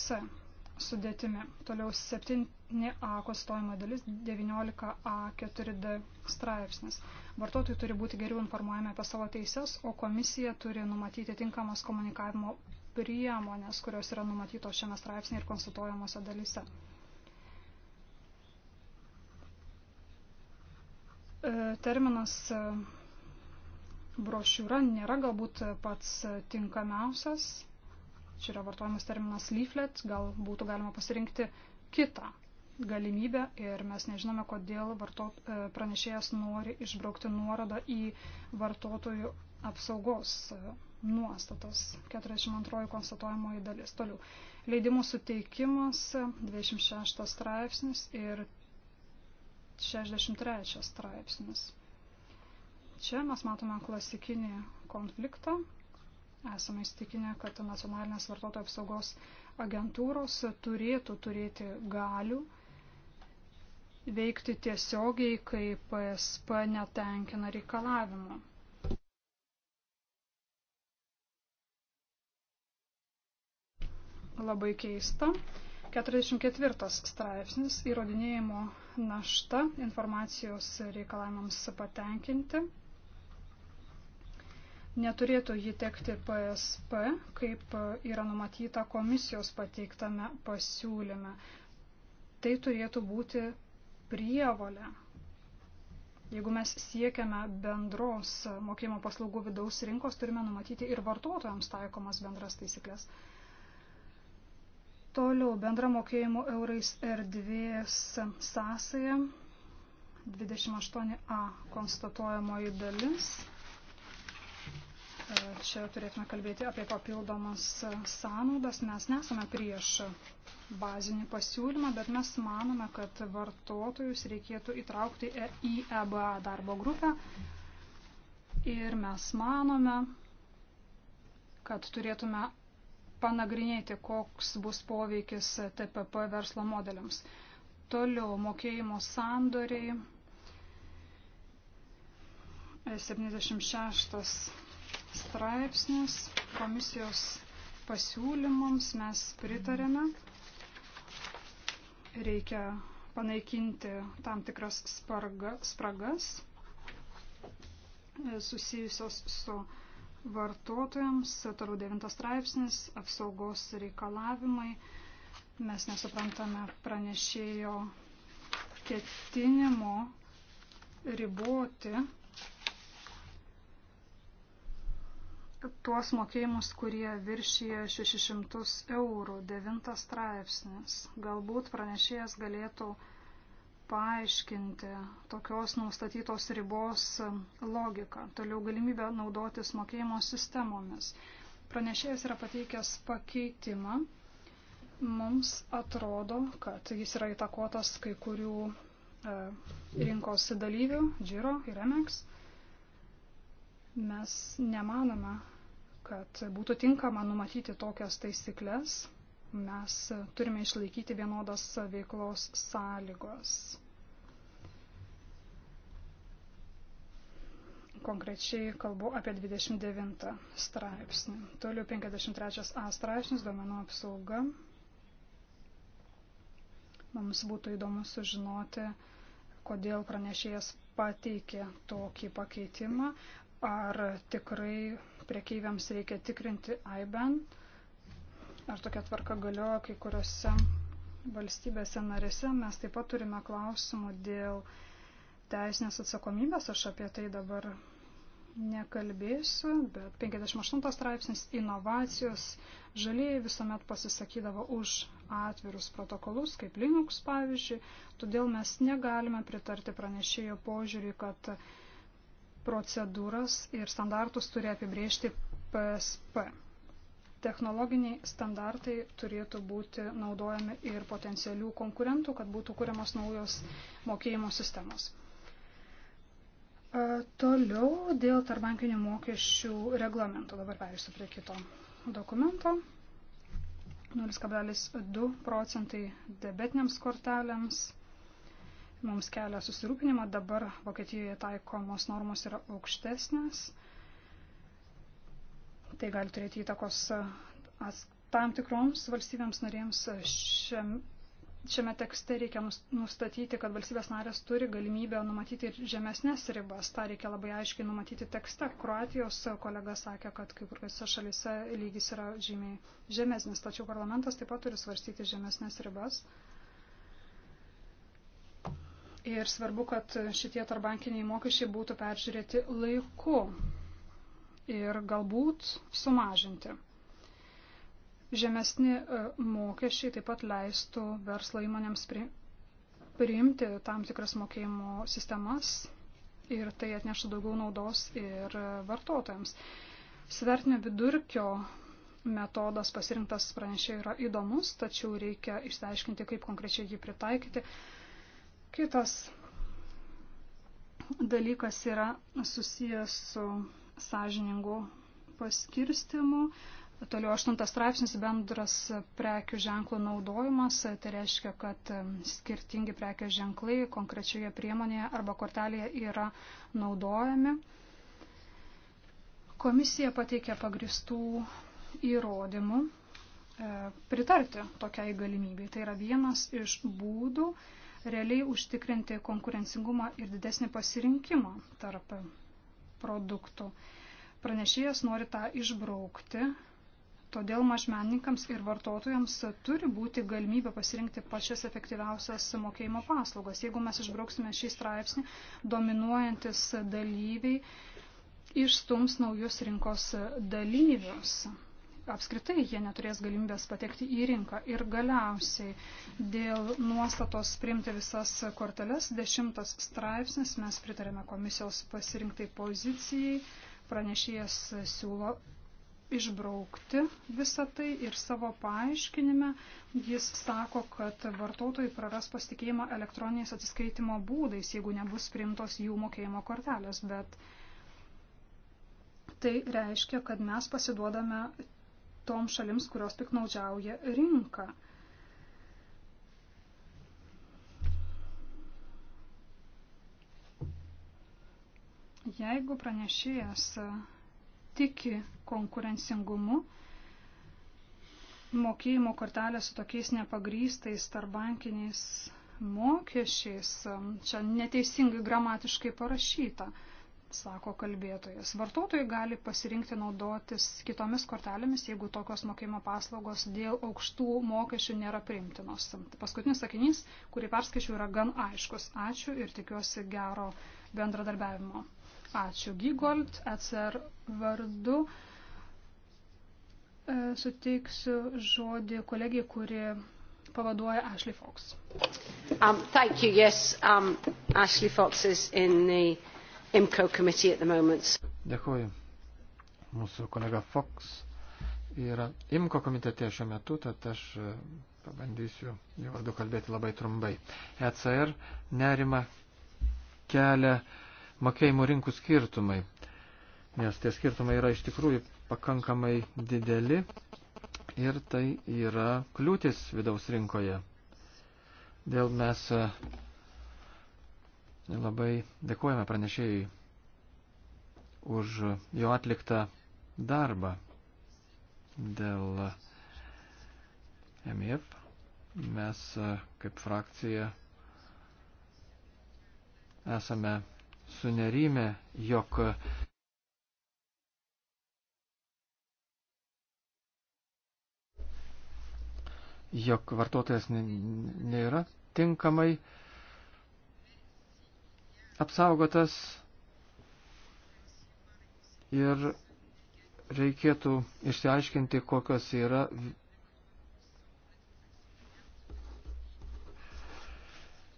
sudėtimi. Toliau 7a kostojimo dalis 19a4d straipsnis. Vartotojai turi būti geriau informuojami apie savo teises, o komisija turi numatyti tinkamas komunikavimo priemonės, kurios yra numatytos šiame straipsnėje ir konsultuojamose dalyse. E, terminas e, brošiūra nėra galbūt pats tinkamiausias čia yra vartojamas terminas leaflet, gal būtų galima pasirinkti kitą galimybę ir mes nežinome, kodėl vartot, e, pranešėjas nori išbraukti nuorodą į vartotojų apsaugos e, nuostatas 42 konstatuojamoji dalis. Toliau. Leidimų suteikimas 26 e, straipsnis ir 63 straipsnis. Čia mes matome klasikinį konfliktą Esame įstikinę, kad nacionalinės vartotojų apsaugos agentūros turėtų turėti galių veikti tiesiogiai, kai PSP netenkina reikalavimo. Labai keista. 44 straipsnis įrodinėjimo našta informacijos reikalavimams patenkinti neturėtų jį tekti PSP, kaip yra numatyta komisijos pateiktame pasiūlyme. Tai turėtų būti prievolė. Jeigu mes siekiame bendros mokėjimo paslaugų vidaus rinkos, turime numatyti ir vartotojams taikomas bendras taisyklės. Toliau bendra mokėjimo eurais erdvės sąsaja 28a konstatuojamoji dalis Čia turėtume kalbėti apie papildomas sąnaudas. Mes nesame prieš bazinį pasiūlymą, bet mes manome, kad vartotojus reikėtų įtraukti į EBA darbo grupę. Ir mes manome, kad turėtume panagrinėti, koks bus poveikis TPP verslo modeliams. Toliau mokėjimo sandoriai. 76 straipsnius komisijos pasiūlymams mes pritarėme. Reikia panaikinti tam tikras sparga, spragas susijusios su vartotojams. Toliau devintas straipsnis - apsaugos reikalavimai. Mes nesuprantame pranešėjo ketinimo riboti tuos mokėjimus, kurie viršyje 600 eurų, devintas straipsnis. Galbūt pranešėjas galėtų paaiškinti tokios nustatytos ribos logiką, toliau galimybę naudotis mokėjimo sistemomis. Pranešėjas yra pateikęs pakeitimą. Mums atrodo, kad jis yra įtakotas kai kurių e, rinkos dalyvių, Džiro ir Remex. Mes nemanome, kad būtų tinkama numatyti tokias taisyklės, mes turime išlaikyti vienodas veiklos sąlygos. konkrečiai kalbu apie 29 straipsnį. Toliau 53a straipsnis duomenų apsauga. Mums būtų įdomu sužinoti, kodėl pranešėjas pateikė tokį pakeitimą, ar tikrai Prekeiviams reikia tikrinti IBAN, ar tokia tvarka galioja kai kuriuose valstybėse narėse. Mes taip pat turime klausimų dėl teisinės atsakomybės, aš apie tai dabar nekalbėsiu, bet 58 straipsnis inovacijos žalieji visuomet pasisakydavo už atvirus protokolus, kaip Linux pavyzdžiui, todėl mes negalime pritarti pranešėjo požiūrį, kad procedūras ir standartus turi apibriežti PSP. Technologiniai standartai turėtų būti naudojami ir potencialių konkurentų, kad būtų kuriamos naujos mokėjimo sistemos. E, toliau dėl tarbankinių mokesčių reglamento. Dabar perėsiu prie kito dokumento. 0,2 procentai debetiniams kortelėms mums kelia susirūpinimą. Dabar Vokietijoje taikomos normos yra aukštesnės. Tai gali turėti įtakos e, tam tikroms valstybėms narėms šiam, šiame tekste reikia nustatyti, kad valstybės narės turi galimybę numatyti ir žemesnės ribas. Ta reikia labai aiškiai numatyti tekste. Kroatijos kolega sakė, kad kai kuriuose šalise lygis yra žymiai žemesnis, tačiau parlamentas taip pat turi svarstyti žemesnės ribas. Ir svarbu, kad šitie tarbankiniai mokesčiai būtų peržiūrėti laiku ir galbūt sumažinti. Žemesni e, mokesčiai taip pat leistų verslo įmonėms priimti tam tikras mokėjimo sistemas ir tai atneštų daugiau naudos ir e, vartotojams. Svertinio vidurkio metodas pasirinktas pranešėjai yra įdomus, tačiau reikia išsiaiškinti, kaip konkrečiai jį pritaikyti. Kitas dalykas yra susijęs su sąžiningu paskirstimu. Toliau 8 straipsnis bendras prekių ženklo naudojimas. Tai reiškia, kad skirtingi prekių ženklai konkrečioje priemonėje arba kortelėje yra naudojami. Komisija pateikia pagristų įrodymų e, pritarti tokiai galimybei. Tai yra vienas iš būdų realiai užtikrinti konkurencingumą ir didesnį pasirinkimą tarp produktų. Pranešėjas nori tą išbraukti, todėl mažmenininkams ir vartotojams turi būti galimybė pasirinkti pačias efektyviausias mokėjimo paslaugas. Jeigu mes išbrauksime šį straipsnį, dominuojantis dalyviai išstums naujus rinkos dalyvius apskritai jie neturės galimybės patekti į rinką. Ir galiausiai dėl nuostatos priimti visas korteles, dešimtas straipsnis, mes pritarėme komisijos pasirinktai pozicijai, pranešėjas siūlo išbraukti visą tai ir savo paaiškinime jis sako, kad vartotojai praras pasitikėjimą elektroniniais atsiskaitimo būdais, jeigu nebus priimtos jų mokėjimo kortelės, bet tai reiškia, kad mes pasiduodame tom šalims, kurios piknaudžiauja rinką. Jeigu pranešėjas tiki konkurencingumu, mokėjimo kortelė su tokiais nepagrystais tarbankiniais mokesčiais, čia neteisingai gramatiškai parašyta sako kalbėtojas. Vartotojai gali pasirinkti naudotis kitomis kortelėmis, jeigu tokios mokėjimo paslaugos dėl aukštų mokesčių nėra priimtinos. Paskutinis sakinys, kurį perskaičiu, yra gan aiškus. Ačiū ir tikiuosi gero bendradarbiavimo. Ačiū Gygold, ECR vardu. E, suteiksiu žodį kolegijai, kuri pavaduoja Ashley Fox. Um, thank you. Yes, um, Ashley Fox is in the IMCO committee at the moment. Dėkuoju. Mūsų kolega Fox yra IMCO komitete šiuo metu, tad aš e, pabandysiu jo vardu kalbėti labai trumpai. ECR nerima kelia mokėjimų rinkų skirtumai, nes tie skirtumai yra iš tikrųjų pakankamai dideli ir tai yra kliūtis vidaus rinkoje. Dėl mes e, Labai dėkojame pranešėjai už jo atliktą darbą dėl MIF. Mes kaip frakcija esame sunerime, jog jog vartotojas nėra tinkamai apsaugotas ir reikėtų išsiaiškinti, kokios yra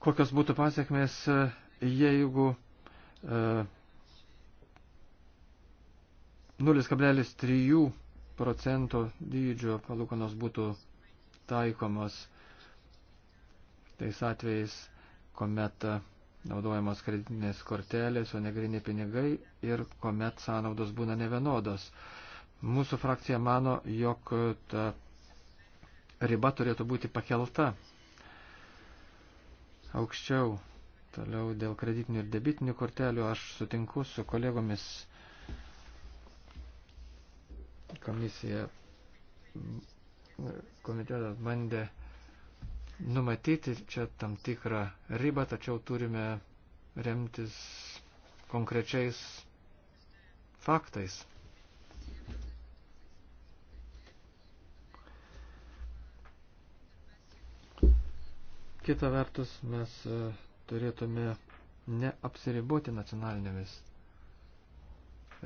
kokios būtų pasiekmės, e, jeigu e, 0,3 procento dydžio palūkanos būtų taikomos tais atvejais, kuomet naudojamos kreditinės kortelės, o negrini pinigai ir kuomet sąnaudos būna nevienodos. Mūsų frakcija mano, jog ta riba turėtų būti pakelta aukščiau. Toliau dėl kreditinių ir debitinių kortelių aš sutinku su kolegomis komisija komitetas bandė uh, numatyti čia tam tikrą ribą, tačiau turime remtis konkrečiais faktais. Kita vertus, mes e, turėtume neapsiriboti nacionalinėmis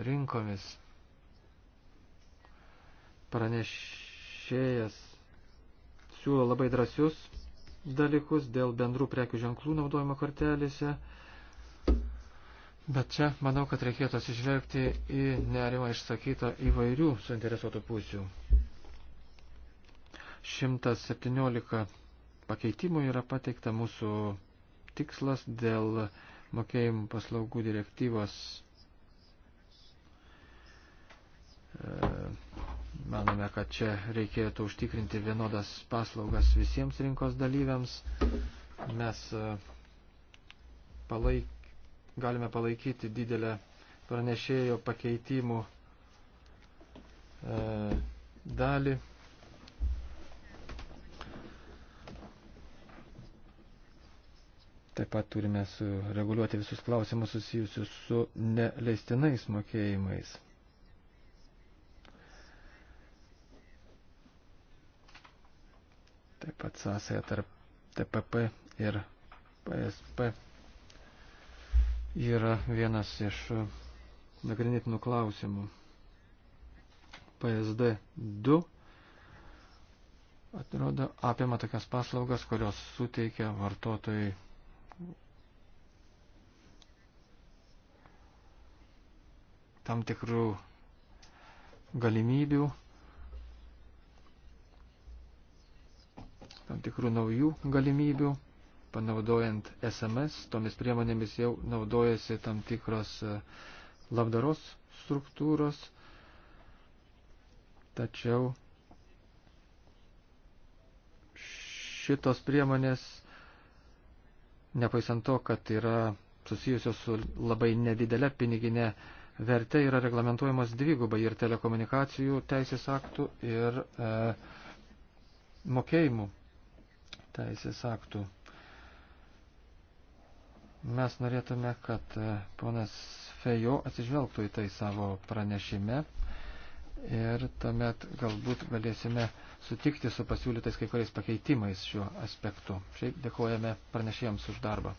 rinkomis. Pranešėjas siūlo labai drąsius dalykus dėl bendrų prekių ženklų naudojimo kortelėse. Bet čia manau, kad reikėtų atsižvelgti į nerimą išsakytą įvairių suinteresuotų pusių. 117 pakeitimų yra pateikta mūsų tikslas dėl mokėjimų paslaugų direktyvos e, Manome, kad čia reikėtų užtikrinti vienodas paslaugas visiems rinkos dalyviams. Mes e, palaik, galime palaikyti didelę pranešėjo pakeitimų e, dalį. Taip pat turime sureguliuoti visus klausimus susijusius su neleistinais mokėjimais. Taip pat sąsaja tarp TPP ir PSP yra vienas iš e, nagrinėtinų klausimų. PSD 2 atrodo apima tokias paslaugas, kurios suteikia vartotojai tam tikrų galimybių tam tikrų naujų galimybių, panaudojant SMS, tomis priemonėmis jau naudojasi tam tikros e, labdaros struktūros, tačiau šitos priemonės, nepaisant to, kad yra susijusios su labai nedidelė piniginė vertė, yra reglamentuojamos dvigubai ir telekomunikacijų teisės aktų ir e, mokėjimų teisės aktų. Mes norėtume, kad e, ponas Fejo atsižvelgtų į tai savo pranešime ir tuomet galbūt galėsime sutikti su pasiūlytais kai kuriais pakeitimais šiuo aspektu. Šiaip dėkojame pranešėjams už darbą.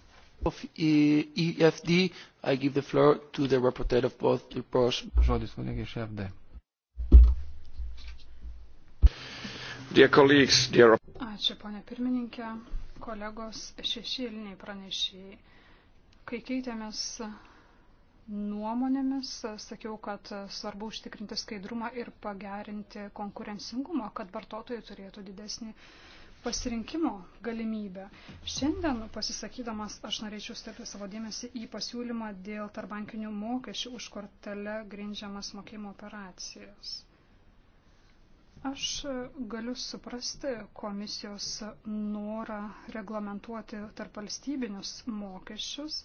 Of EFD, e I give the floor to the representative of both reports. Žodis kolegai iš EFD. Dear colleagues, dear... Ačiū, ponė pirmininkė, kolegos šešėliniai pranešėjai. Kai keitėmės nuomonėmis, sakiau, kad svarbu užtikrinti skaidrumą ir pagerinti konkurencingumą, kad vartotojai turėtų didesnį pasirinkimo galimybę. Šiandien pasisakydamas aš norėčiau stebėti savo dėmesį į pasiūlymą dėl tarbankinių mokesčių už kortelę grindžiamas mokėjimo operacijas. Aš e, galiu suprasti komisijos norą reglamentuoti tarp valstybinius mokesčius,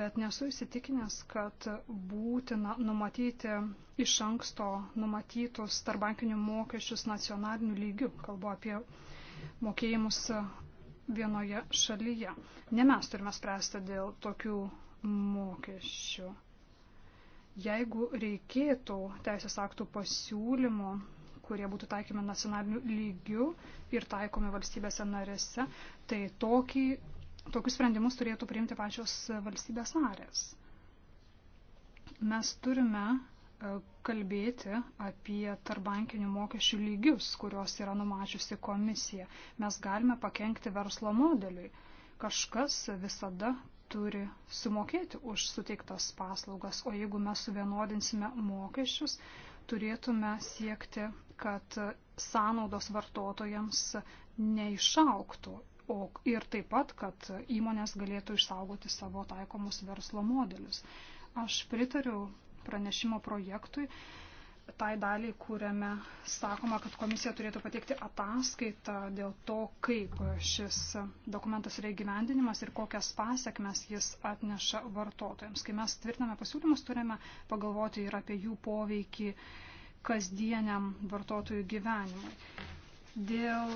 bet nesu įsitikinęs, kad būtina numatyti iš anksto numatytus tarbankinių mokesčius nacionaliniu lygiu. Kalbu apie mokėjimus vienoje šalyje. Ne mes turime spręsti dėl tokių mokesčių. Jeigu reikėtų teisės aktų pasiūlymų kurie būtų taikomi nacionaliniu lygiu ir taikomi valstybėse narėse, tai tokį, tokius sprendimus turėtų priimti pačios valstybės narės. Mes turime e, kalbėti apie tarbankinių mokesčių lygius, kuriuos yra numačiusi komisija. Mes galime pakengti verslo modeliui. Kažkas visada turi sumokėti už suteiktas paslaugas, o jeigu mes suvienodinsime mokesčius, turėtume siekti kad sąnaudos vartotojams neišauktų o ir taip pat, kad įmonės galėtų išsaugoti savo taikomus verslo modelius. Aš pritariu pranešimo projektui, tai daliai, kuriame sakoma, kad komisija turėtų pateikti ataskaitą dėl to, kaip šis dokumentas yra įgyvendinimas ir kokias pasiekmes jis atneša vartotojams. Kai mes tvirtiname pasiūlymus, turime pagalvoti ir apie jų poveikį uh, kasdieniam vartotojų gyvenimui. Dėl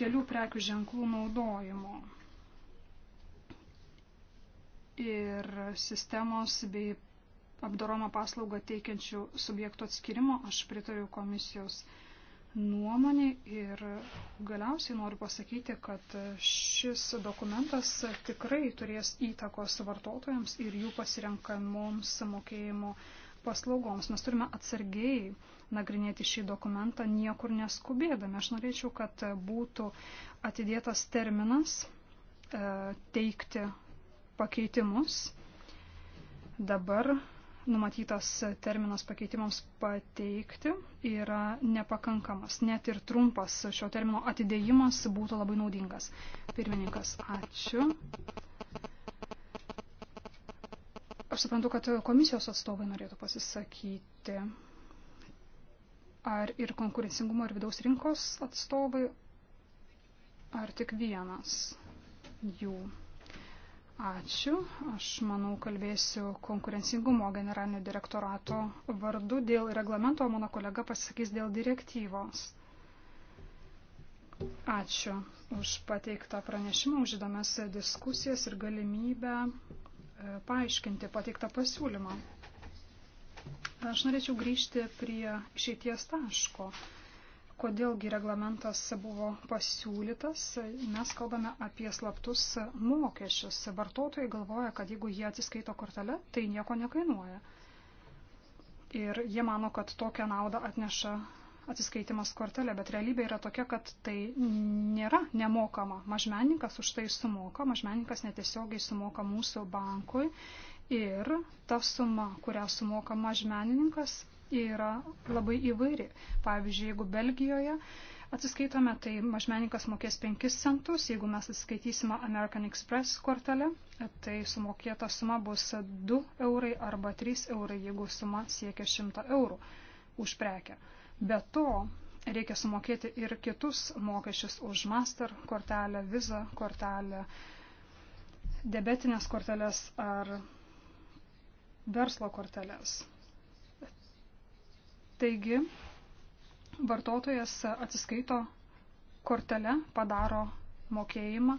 kelių prekių ženklų naudojimo ir sistemos bei apdoromą paslaugą teikiančių subjektų atskirimo aš pritariu komisijos nuomonė ir galiausiai noriu pasakyti, kad šis dokumentas tikrai turės įtakos vartotojams ir jų pasirenkamoms mokėjimo paslaugoms. Mes turime atsargiai nagrinėti šį dokumentą niekur neskubėdami. Aš norėčiau, kad būtų atidėtas terminas e, teikti pakeitimus. Dabar numatytas terminas pakeitimams pateikti yra nepakankamas. Net ir trumpas šio termino atidėjimas būtų labai naudingas. Pirmininkas, ačiū. Aš suprantu, kad komisijos atstovai norėtų pasisakyti. Ar ir konkurencingumo ir vidaus rinkos atstovai, ar tik vienas jų? Ačiū. Aš manau, kalbėsiu konkurencingumo generalinio direktorato vardu dėl reglamento, o mano kolega pasakys dėl direktyvos. Ačiū už pateiktą pranešimą, už įdomias diskusijas ir galimybę e, paaiškinti pateiktą pasiūlymą. Aš norėčiau grįžti prie išeities taško. Kodėlgi reglamentas buvo pasiūlytas, mes kalbame apie slaptus mokesčius. Vartotojai galvoja, kad jeigu jie atsiskaito kortelę, tai nieko nekainuoja. Ir jie mano, kad tokią naudą atneša atsiskaitimas kortelė, bet realybė yra tokia, kad tai nėra nemokama. Mažmeninkas už tai sumoka, mažmeninkas netiesiogiai sumoka mūsų bankui ir ta suma, kurią sumoka mažmenininkas, yra labai įvairi. Pavyzdžiui, jeigu Belgijoje atsiskaitome, tai mažmenininkas mokės 5 centus, jeigu mes atsiskaitysime American Express kortelę, tai sumokėta suma bus 2 eurai arba 3 eurai, jeigu suma siekia 100 eurų už prekę. Be to, reikia sumokėti ir kitus mokesčius už master kortelę, visa kortelę, debetinės korteles ar verslo korteles. Taigi, vartotojas atsiskaito kortelę, padaro mokėjimą,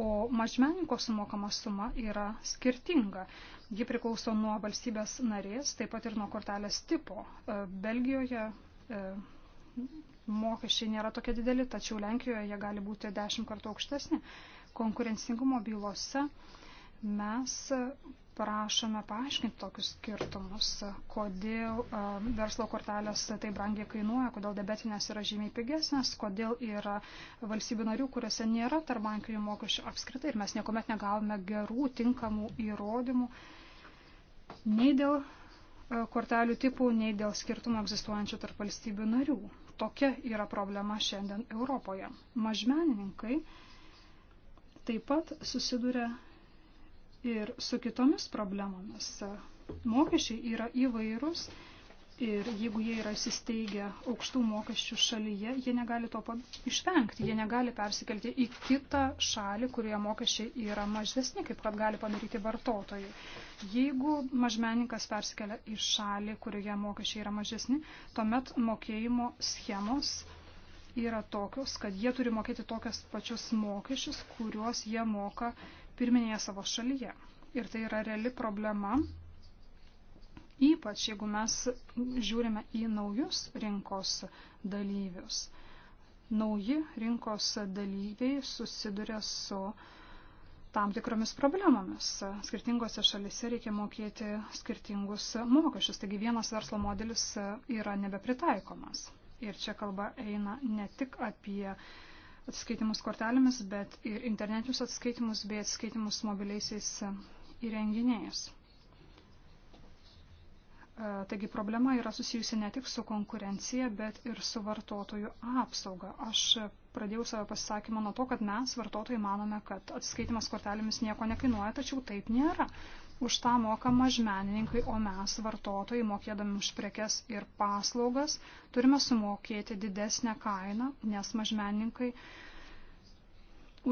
o mažmeninko sumokama suma yra skirtinga. Ji priklauso nuo valstybės narės, taip pat ir nuo kortelės tipo. E, Belgijoje e, mokesčiai nėra tokie dideli, tačiau Lenkijoje jie gali būti dešimt kartų aukštesni. Konkurencingumo bylose Mes prašome paaiškinti tokius skirtumus, kodėl verslo kortelės tai brangiai kainuoja, kodėl debetinės yra žymiai pigesnės, kodėl yra valstybių narių, kuriuose nėra tarbankinių mokesčių apskritai ir mes niekuomet negavome gerų, tinkamų įrodymų nei dėl kortelių tipų, nei dėl skirtumų egzistuojančių tarp valstybių narių. Tokia yra problema šiandien Europoje. Mažmenininkai taip pat susiduria ir su kitomis problemomis. Mokesčiai yra įvairūs ir jeigu jie yra įsisteigę aukštų mokesčių šalyje, jie negali to išvengti, jie negali persikelti į kitą šalį, kurioje mokesčiai yra mažesni, kaip kad gali padaryti vartotojai. Jeigu mažmeninkas persikelia į šalį, kurioje mokesčiai yra mažesni, tuomet mokėjimo schemos yra tokios, kad jie turi mokėti tokias pačius mokesčius, kuriuos jie moka uh, pirminėje savo šalyje. Ir tai yra reali problema, ypač jeigu mes žiūrime į naujus rinkos dalyvius. Nauji rinkos dalyviai susiduria su tam tikromis problemomis. Skirtingose šalise reikia mokėti skirtingus mokesčius, taigi vienas verslo modelis yra nebepritaikomas. Ir čia kalba eina ne tik apie uh, atskaitimus kortelėmis, bet ir internetinius atskaitimus bei atskaitimus mobiliaisiais e, įrenginiais. E, taigi problema yra susijusi ne tik su konkurencija, bet ir su vartotojų apsauga. Aš pradėjau savo pasisakymą nuo to, kad mes, vartotojai, manome, kad atskaitimas kortelėmis nieko nekainuoja, tačiau taip nėra už tą moka mažmenininkai, o mes, vartotojai, mokėdami už prekes ir paslaugas, turime sumokėti didesnę kainą, nes mažmenininkai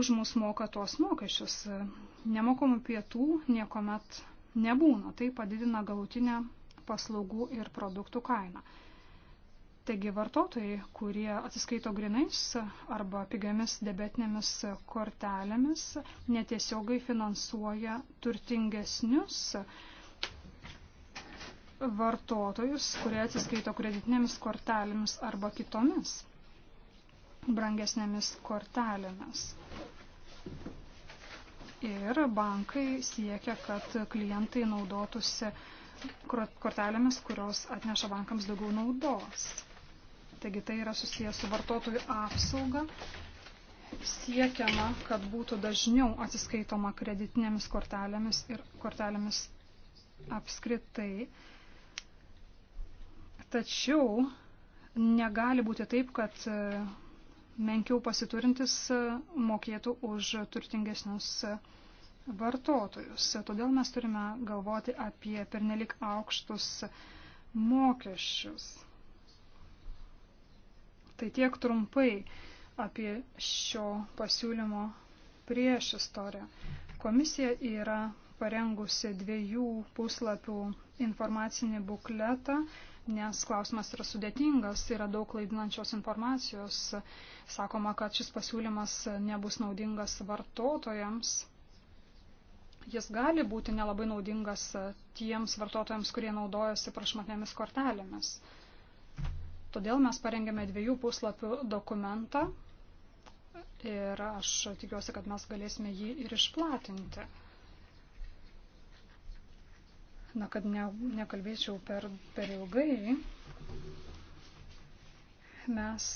už mus moka tuos mokesčius. Nemokamų pietų niekuomet nebūna, tai padidina galutinę paslaugų ir produktų kainą. Taigi vartotojai, kurie atsiskaito grinais arba pigiamis debetinėmis kortelėmis, netiesiogai finansuoja turtingesnius vartotojus, kurie atsiskaito kreditinėmis kortelėmis arba kitomis brangesnėmis kortelėmis. Ir bankai siekia, kad klientai naudotųsi kortelėmis, kurios atneša bankams daugiau naudos. Taigi tai yra susijęs su vartotojų apsauga. Siekiama, kad būtų dažniau atsiskaitoma kreditinėmis kortelėmis ir kortelėmis apskritai. Tačiau negali būti taip, kad e, menkiau pasiturintis e, mokėtų už turtingesnius e, vartotojus. Todėl mes turime galvoti apie pernelik aukštus mokesčius. Tai tiek trumpai apie šio pasiūlymo prieš istoriją. Komisija yra parengusi dviejų puslapių informacinį bukletą, nes klausimas yra sudėtingas, yra daug klaidinančios informacijos. Sakoma, kad šis pasiūlymas nebus naudingas vartotojams. Jis gali būti nelabai naudingas tiems vartotojams, kurie naudojasi prašmatnėmis kortelėmis. Todėl mes parengėme dviejų puslapių dokumentą ir aš tikiuosi, kad mes galėsime jį ir išplatinti. Na, kad ne, nekalbėčiau per, per ilgai, mes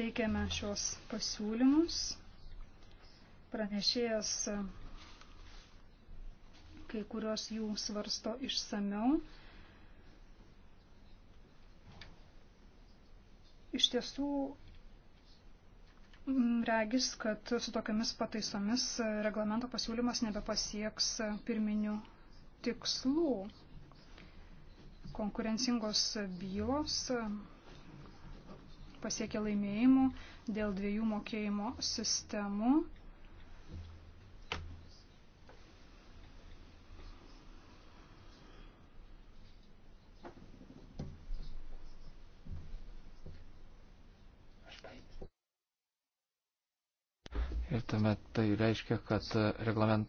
teikiame šios pasiūlymus. Pranešėjas kai kurios jų svarsto išsameu. Iš tiesų, regis, kad su tokiamis pataisomis e, reglamento pasiūlymas nebepasieks e, pirminių tikslų. Konkurencingos bylos e, pasiekė laimėjimų dėl dviejų mokėjimo sistemų Ir tuomet tai reiškia, kad, e, reglament,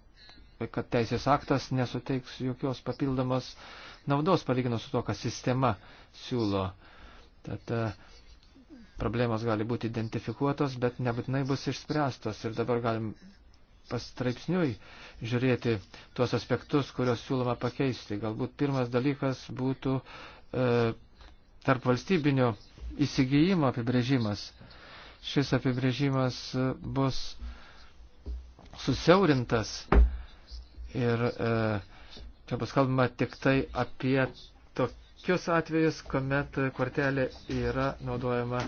kad teisės aktas nesuteiks jokios papildomos naudos palyginus su to, ką sistema siūlo. Tad e, problemos gali būti identifikuotos, bet nebūtinai bus išspręstos. Ir dabar galim pastraipsniui žiūrėti tuos aspektus, kuriuos siūloma pakeisti. Galbūt pirmas dalykas būtų e, tarp valstybinio įsigijimo apibrėžimas. Šis apibrėžimas e, bus e, susiaurintas ir e, čia bus kalbama tik tai apie tokius atvejus, kuomet kortelė yra naudojama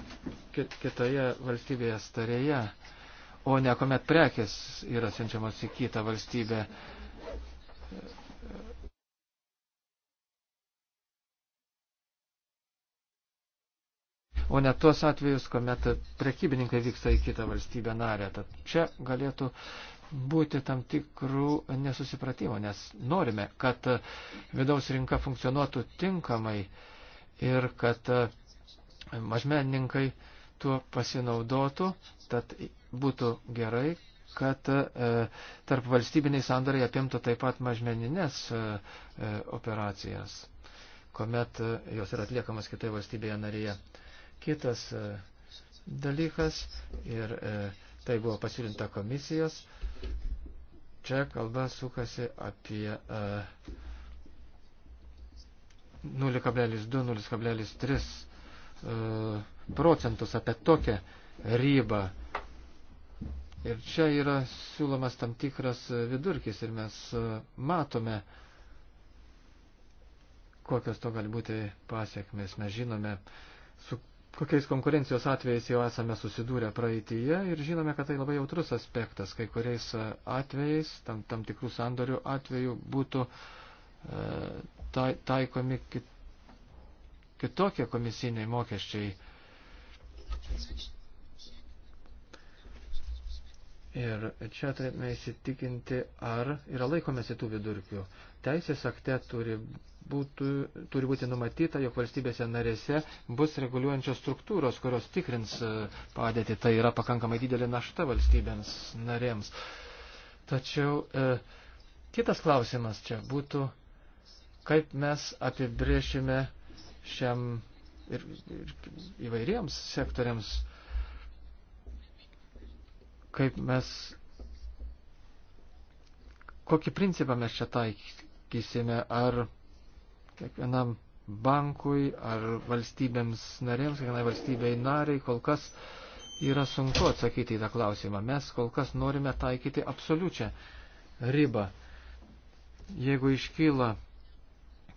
kit kitoje valstybėje starėje, o ne kuomet prekės yra siunčiamos į kitą valstybę. o ne tuos atvejus, kuomet prekybininkai vyksta į kitą valstybę narę. Tad čia galėtų būti tam tikrų nesusipratimų, nes norime, kad vidaus rinka funkcionuotų tinkamai ir kad mažmenininkai tuo pasinaudotų, tad būtų gerai, kad e, tarp valstybiniai sandariai apimtų taip pat mažmeninės e, e, operacijas, kuomet e, jos yra atliekamas kitai valstybėje narėje. Kitas e, dalykas ir e, Tai buvo pasiūlinta komisijos. Čia kalba sukasi apie uh, 0,2-0,3 uh, procentus, apie tokią rybą. Ir čia yra siūlomas tam tikras vidurkis ir mes e, matome, kokios to gali būti pasiekmes. Mes žinome, su kokiais konkurencijos atvejais jau esame susidūrę praeitįje ir žinome, kad tai labai jautrus aspektas. Kai kuriais e, atvejais, tam, tam tikrų sandorių atveju būtų e, tai, taikomi kit, kitokie komisiniai mokesčiai. Ir čia turėtume įsitikinti, ar yra laikomasi tų vidurkių. Teisės akte turi, būtų, turi būti numatyta, jog valstybėse narėse bus reguliuojančios struktūros, kurios tikrins e, padėtį. Tai yra pakankamai didelė našta valstybėms narėms. Tačiau e, kitas klausimas čia būtų, kaip mes apibrėšime šiam ir, ir įvairiems sektoriams kaip mes, kokį principą mes čia taikysime, ar kiekvienam bankui, ar valstybėms narėms, kiekvienai valstybei nariai, kol kas yra sunku atsakyti į tą klausimą. Mes kol kas norime taikyti absoliučią ribą. Jeigu iškyla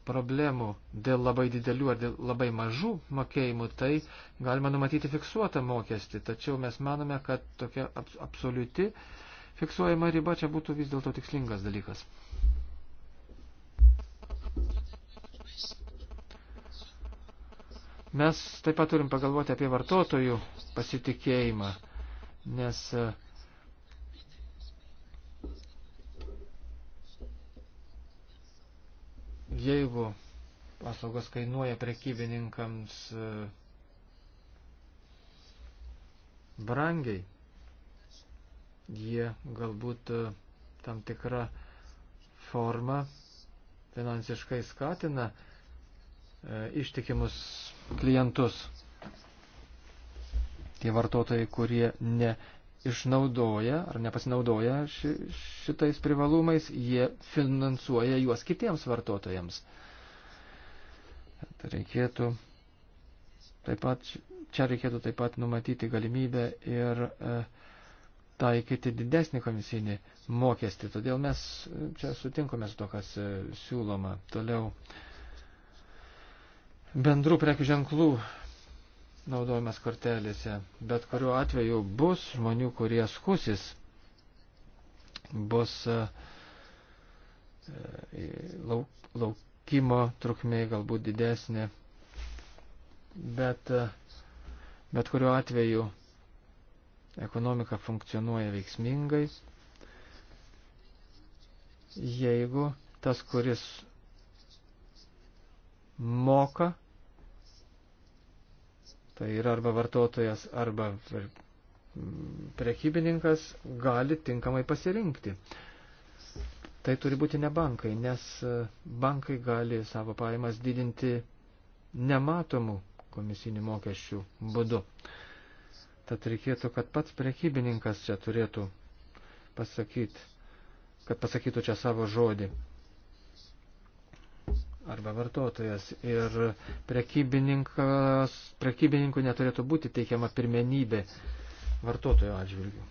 problemų dėl labai didelių ar dėl labai mažų mokėjimų, tai galima numatyti fiksuotą mokestį. Tačiau mes manome, kad tokia absoliuti fiksuojama riba čia būtų vis dėlto tikslingas dalykas. Mes taip pat turim pagalvoti apie vartotojų pasitikėjimą, nes uh, Jeigu paslaugos kainuoja prekybininkams e, brangiai, jie galbūt e, tam tikrą formą finansiškai skatina e, ištikimus klientus. Tie vartotojai, kurie ne išnaudoja ar nepasinaudoja ši, šitais privalumais, jie finansuoja juos kitiems vartotojams. Tai reikėtų taip pat, čia reikėtų taip pat numatyti galimybę ir e, taikyti didesnį komisinį mokestį. Todėl mes e, čia sutinkame su to, kas e, siūloma. Toliau bendrų prekių ženklų naudojimas kortelėse. Bet kuriuo atveju bus žmonių, kurie skusis, bus e, e, lauk, laukimo trukmė galbūt didesnė. Bet, e, bet kuriuo atveju ekonomika funkcionuoja veiksmingai, jeigu tas, kuris moka, tai yra arba vartotojas, arba prekybininkas gali tinkamai pasirinkti. Tai turi būti ne bankai, nes e, bankai gali savo pajamas didinti nematomų komisinių mokesčių būdu. Tad reikėtų, kad pats prekybininkas čia turėtų pasakyti, kad pasakytų čia savo žodį arba vartotojas ir prekybininkų neturėtų būti teikiama pirmenybė vartotojo atžvilgių.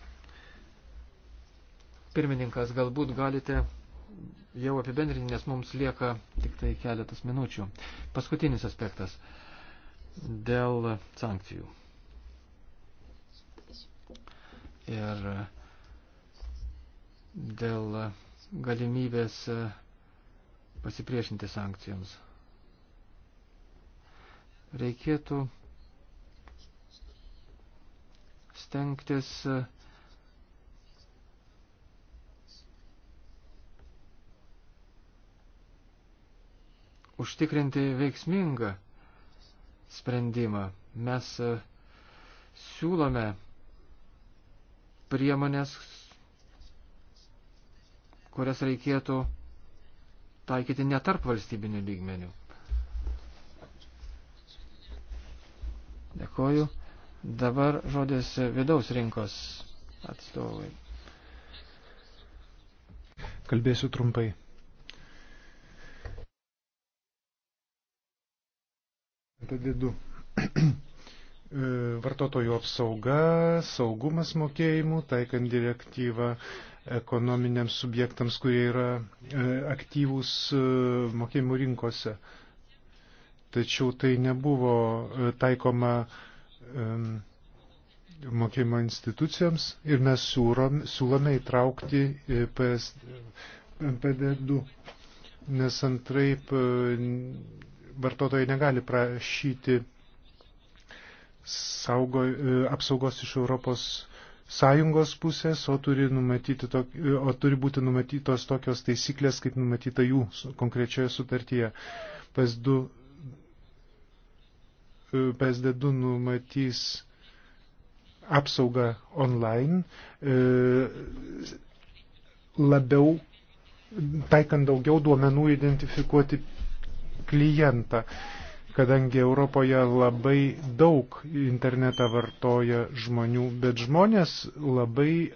Pirmininkas, galbūt galite jau apibendrinti, nes mums lieka tik tai keletas minučių. Paskutinis aspektas dėl sankcijų. Ir dėl galimybės pasipriešinti sankcijoms. Reikėtų stengtis uh, užtikrinti veiksmingą sprendimą. Mes uh, siūlome priemonės, kurias reikėtų taikyti netarp valstybinių lygmenių. Dėkoju. Dabar žodis vidaus rinkos atstovai. Kalbėsiu trumpai. Tadidu. E, vartotojų apsauga, saugumas mokėjimų, taikant direktyvą ekonominiams subjektams, kurie yra e, aktyvūs e, mokėjimų rinkose. Tačiau tai nebuvo e, taikoma mokėjimo institucijams ir mes siūlome įtraukti PS, PD2, nes antraip vartotojai negali prašyti saugo, apsaugos iš Europos sąjungos pusės, o turi, tok, o turi būti numatytos tokios taisyklės, kaip numatyta jų konkrečioje sutartyje. PSD2, e, PSD2 numatys apsaugą online e, labiau, taikant daugiau duomenų identifikuoti klientą kadangi Europoje labai daug internetą vartoja žmonių, bet žmonės labai e,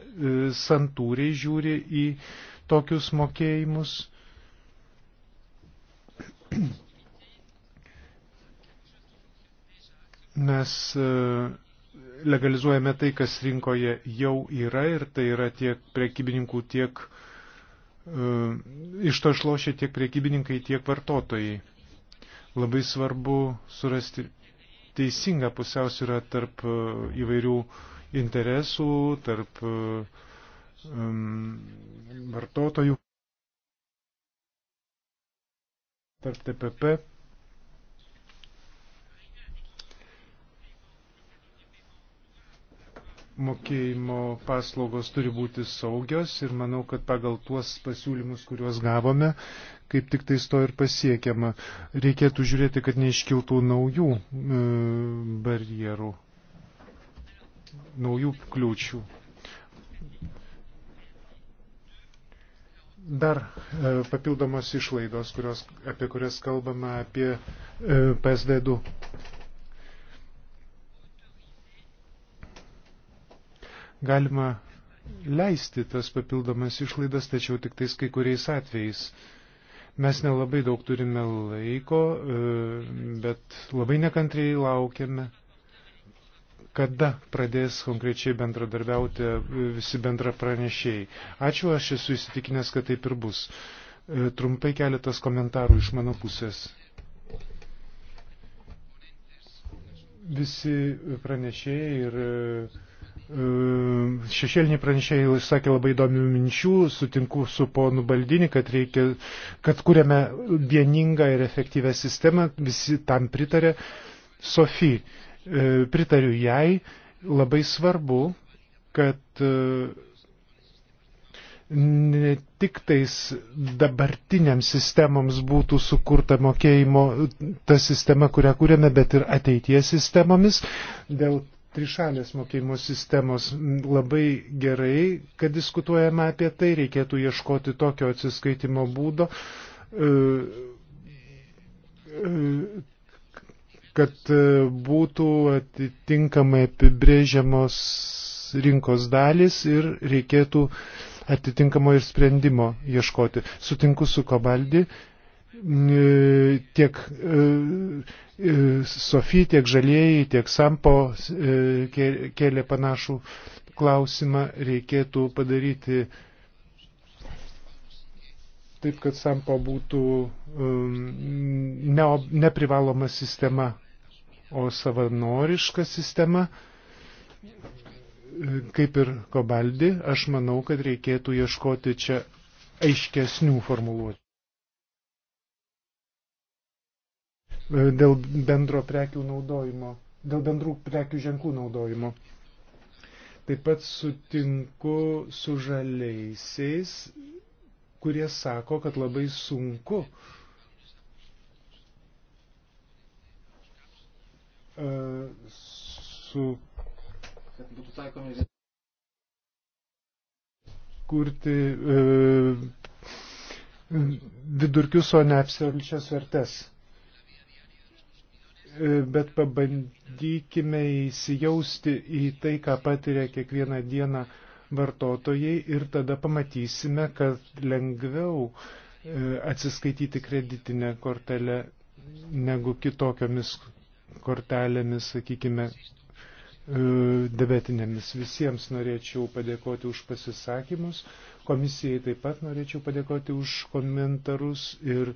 santūriai žiūri į tokius mokėjimus. Mes e, legalizuojame tai, kas rinkoje jau yra ir tai yra tiek prekybininkų, tiek e, iš to išlošia tiek prekybininkai, tiek vartotojai. Labai svarbu surasti teisingą pusiausvyrą tarp e, įvairių interesų, tarp um, vartotojų, tarp TPP. mokėjimo paslaugos turi būti saugios ir manau, kad pagal tuos pasiūlymus, kuriuos gavome, kaip tik tais to ir pasiekiama. Reikėtų žiūrėti, kad neiškiltų naujų e, barjerų, naujų kliūčių. Dar e, papildomos išlaidos, kurios, apie kurias kalbama apie e, PSD2. Galima leisti tas papildomas išlaidas, tačiau tik tais kai kuriais atvejais. E, Mes nelabai daug turime laiko, e, bet labai nekantriai laukiame, kada pradės konkrečiai bendradarbiauti e, visi bendra pranešėjai. Ačiū, aš esu įsitikinęs, kad taip ir bus. E, trumpai keletas komentarų iš mano pusės. Visi pranešėjai ir Ehm, šešėliniai pranešėjai sakė labai įdomių minčių, sutinku su ponu Baldini, kad, reikia, kad kūrėme vieningą ir efektyvę sistemą, visi tam pritarė. Sofi, e, pritariu jai, labai svarbu, kad e, ne tik tais dabartiniams sistemoms būtų sukurta mokėjimo ta sistema, kurią kūrėme, bet ir ateities sistemomis. Dėl trišalės mokėjimo sistemos labai gerai, kad diskutuojame apie tai, reikėtų ieškoti tokio atsiskaitimo būdo, e, e, kad e, būtų atitinkamai apibrėžiamos rinkos dalis ir reikėtų atitinkamo ir sprendimo ieškoti. Sutinku su Kobaldi, tiek e, e, Sofija, tiek Žalieji, tiek Sampo e, kėlė panašų klausimą, reikėtų padaryti taip, kad Sampo būtų ne, neprivaloma sistema, o savanoriška sistema. Kaip ir Kobaldi, aš manau, kad reikėtų ieškoti čia aiškesnių formuluotų. E, dėl bendro prekių naudojimo, dėl bendrų prekių ženklų naudojimo. Taip pat sutinku su žaliaisiais, kurie sako, kad labai sunku e, su kurti e, vidurkius, o ne absoliučias vertes bet pabandykime įsijausti į tai, ką patiria kiekvieną dieną vartotojai ir tada pamatysime, kad lengviau e, atsiskaityti kreditinę kortelę negu kitokiomis kortelėmis, sakykime, e, debetinėmis. Visiems norėčiau padėkoti už pasisakymus, Komisijai taip pat norėčiau padėkoti už komentarus ir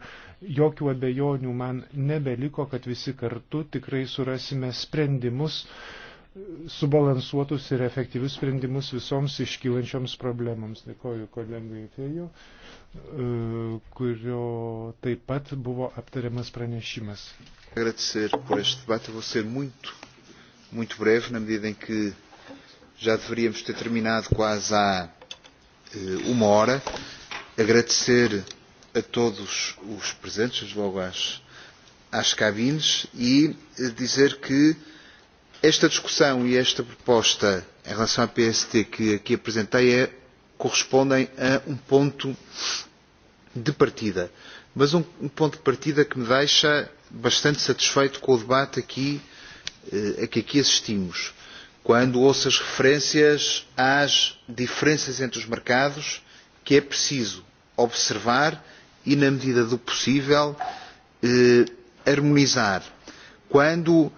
jokių abejonių man nebeliko, kad visi kartu tikrai surasime sprendimus, subalansuotus ir efektyvius sprendimus visoms iškylančioms problemams. Dėkoju kolegai Feju, e, kurio taip pat buvo aptariamas pranešimas. Agradecer por este debate, vou ser muito, muito breve, na medida em que já deveríamos ter terminado quase há Eh, uma hora. Agradecer a todos os presentes, desde logo às, às cabines, e eh, dizer que esta discussão e esta proposta em relação à PST que aqui apresentei é, correspondem a um ponto de partida. Mas um, um ponto de partida que me deixa bastante satisfeito com o debate aqui, eh, a que aqui assistimos quando ouço as referências às diferenças entre os mercados que é preciso observar e, na medida do possível, eh, harmonizar. Quando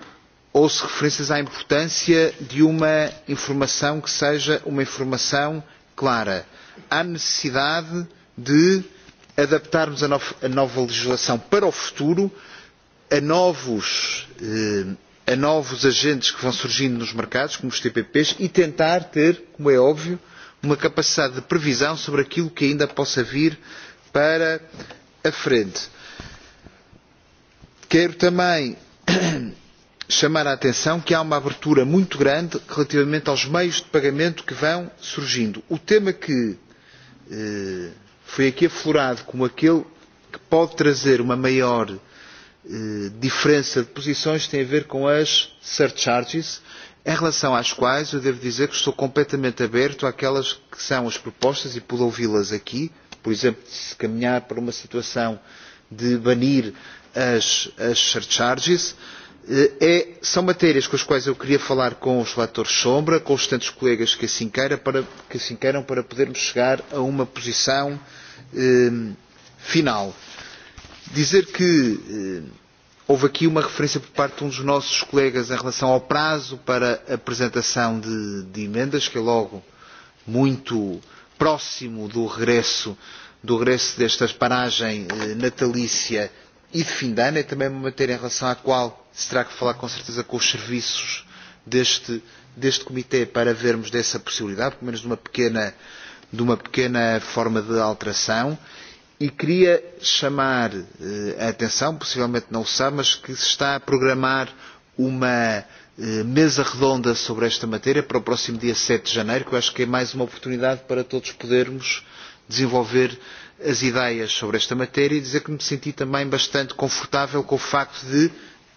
ouço referências à importância de uma informação que seja uma informação clara. Há necessidade de adaptarmos a, no a nova legislação para o futuro a novos eh, a novos agentes que vão surgindo nos mercados, como os TPPs, e tentar ter, como é óbvio, uma capacidade de previsão sobre aquilo que ainda possa vir para a frente. Quero também chamar a atenção que há uma abertura muito grande relativamente aos meios de pagamento que vão surgindo. O tema que eh, foi aqui aflorado como aquele que pode trazer uma maior Eh, diferença de posições tem a ver com as surcharges, em relação às quais eu devo dizer que estou completamente aberto àquelas que são as propostas e pude ouvi-las aqui, por exemplo, se caminhar para uma situação de banir as, as surcharges, eh, é, são matérias com as quais eu queria falar com os relatores sombra, com os tantos colegas que assim, queira para, que assim queiram, para podermos chegar a uma posição eh, final. Eh, Dizer que eh, houve aqui uma referência por parte de um dos nossos colegas em relação ao prazo para a apresentação de, de emendas, que é logo muito próximo do regresso, do regresso desta paragem eh, natalícia e de fim de ano. É também uma matéria em relação à qual se terá que falar com certeza com os serviços deste, deste Comitê para vermos dessa possibilidade, pelo menos de uma pequena, de uma pequena forma de alteração. Eh, E queria chamar eh, a atenção, possivelmente não se sabe, mas que se está a programar uma eh, mesa redonda sobre esta matéria para o próximo dia 7 de janeiro, que eu acho que é mais uma oportunidade para todos podermos desenvolver as ideias sobre esta matéria e dizer que me senti também bastante confortável com o facto de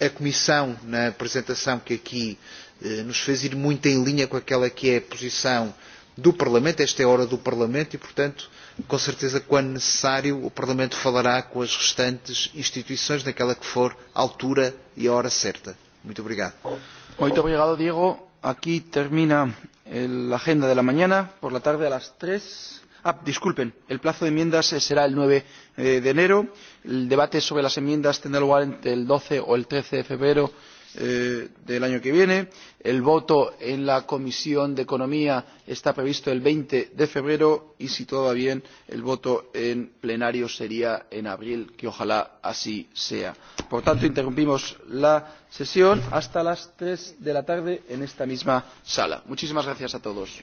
a Comissão, na apresentação que aqui eh, nos fez, ir muito em linha com aquela que é a posição do Parlamento. Esta é a hora do Parlamento e, portanto, com certeza, quando necessário, o Parlamento falará com as restantes instituições naquela que for a altura e a hora certa. Muito obrigado. Muito obrigado, Diego. Aquí termina la agenda de la mañana. Por la tarde a las 3. Ah, disculpen, el plazo de enmiendas será el 9 eh, de enero. El debate sobre las enmiendas tendrá lugar entre el 12 o el 13 de febrero eh, del año que viene. El voto en la Comisión de Economía está previsto el 20 de febrero y, si todo va bien, el voto en plenario sería en abril, que ojalá así sea. Por tanto, interrumpimos la sesión hasta las 3 de la tarde en esta misma sala. Muchísimas gracias a todos.